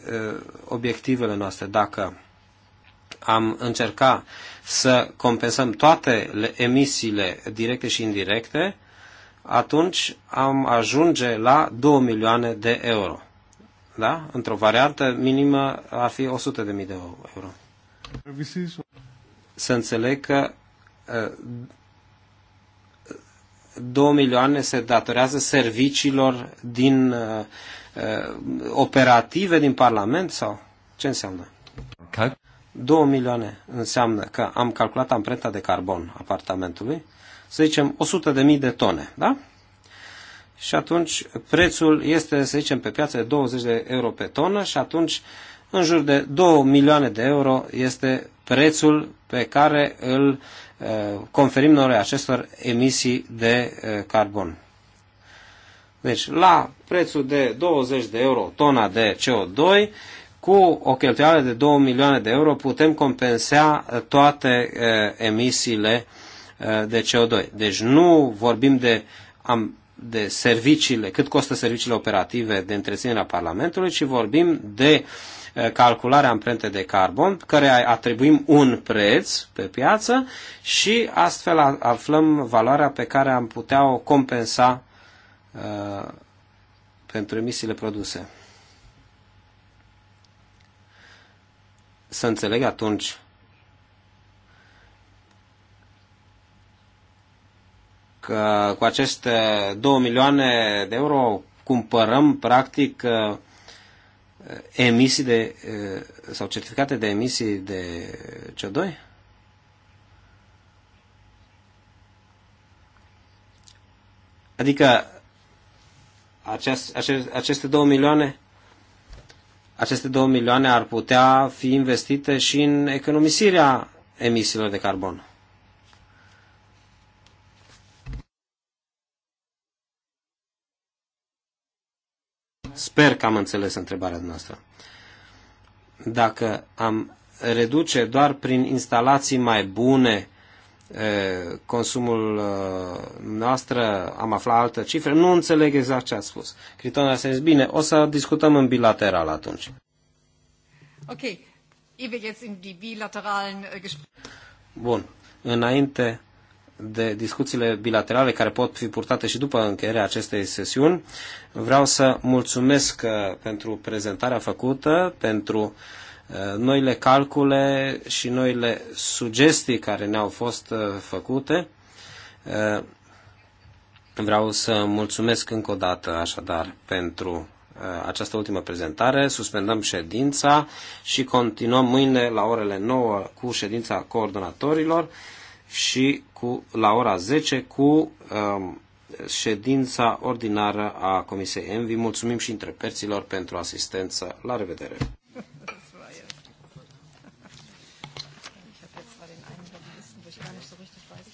obiectivele noastre. Dacă am încerca să compensăm toate emisiile directe și indirecte, atunci am ajunge la 2 milioane de euro. Da? Într-o variantă minimă ar fi 100 de mii de euro. Să înțeleg că 2 uh, milioane se datorează serviciilor din uh, uh, operative din Parlament sau ce înseamnă? 2 milioane înseamnă că am calculat amprenta de carbon apartamentului, să zicem 100 de mii de tone, da? Și atunci prețul este, să zicem, pe piață de 20 de euro pe tonă și atunci în jur de 2 milioane de euro este prețul pe care îl eh, conferim noi acestor emisii de eh, carbon. Deci, la prețul de 20 de euro tona de CO2, cu o cheltuială de 2 milioane de euro putem compensa eh, toate eh, emisiile eh, de CO2. Deci nu vorbim de, am, de serviciile, cât costă serviciile operative de întreținere a Parlamentului, ci vorbim de calcularea amprentei de carbon, care atribuim un preț pe piață și astfel aflăm valoarea pe care am putea o compensa uh, pentru emisiile produse. să înțeleg atunci că cu aceste 2 milioane de euro cumpărăm practic uh, emisii de, uh, sau certificate de emisii de CO2? Adică acest, acest, aceste 2 milioane aceste 2 milioane ar putea fi investite și în economisirea emisiilor de carbon. Sper că am înțeles întrebarea noastră. Dacă am reduce doar prin instalații mai bune consumul noastră, am aflat altă cifră, nu înțeleg exact ce a spus. Criton a zis, bine, o să discutăm în bilateral atunci. Ok, äh, Bun, înainte de discuțiile bilaterale care pot fi purtate și după încheierea acestei sesiuni, vreau să mulțumesc pentru prezentarea făcută, pentru uh, Uh, noile calcule și noile sugestii care ne-au fost uh, făcute. Uh, vreau să mulțumesc încă o dată așadar pentru această ultimă prezentare. Suspendăm ședința și continuăm mâine la orele 9 cu ședința coordonatorilor și cu, la ora 10 cu um, ședința ordinară a Comisiei Envi. Mulțumim și interpreților pentru asistență. La revedere!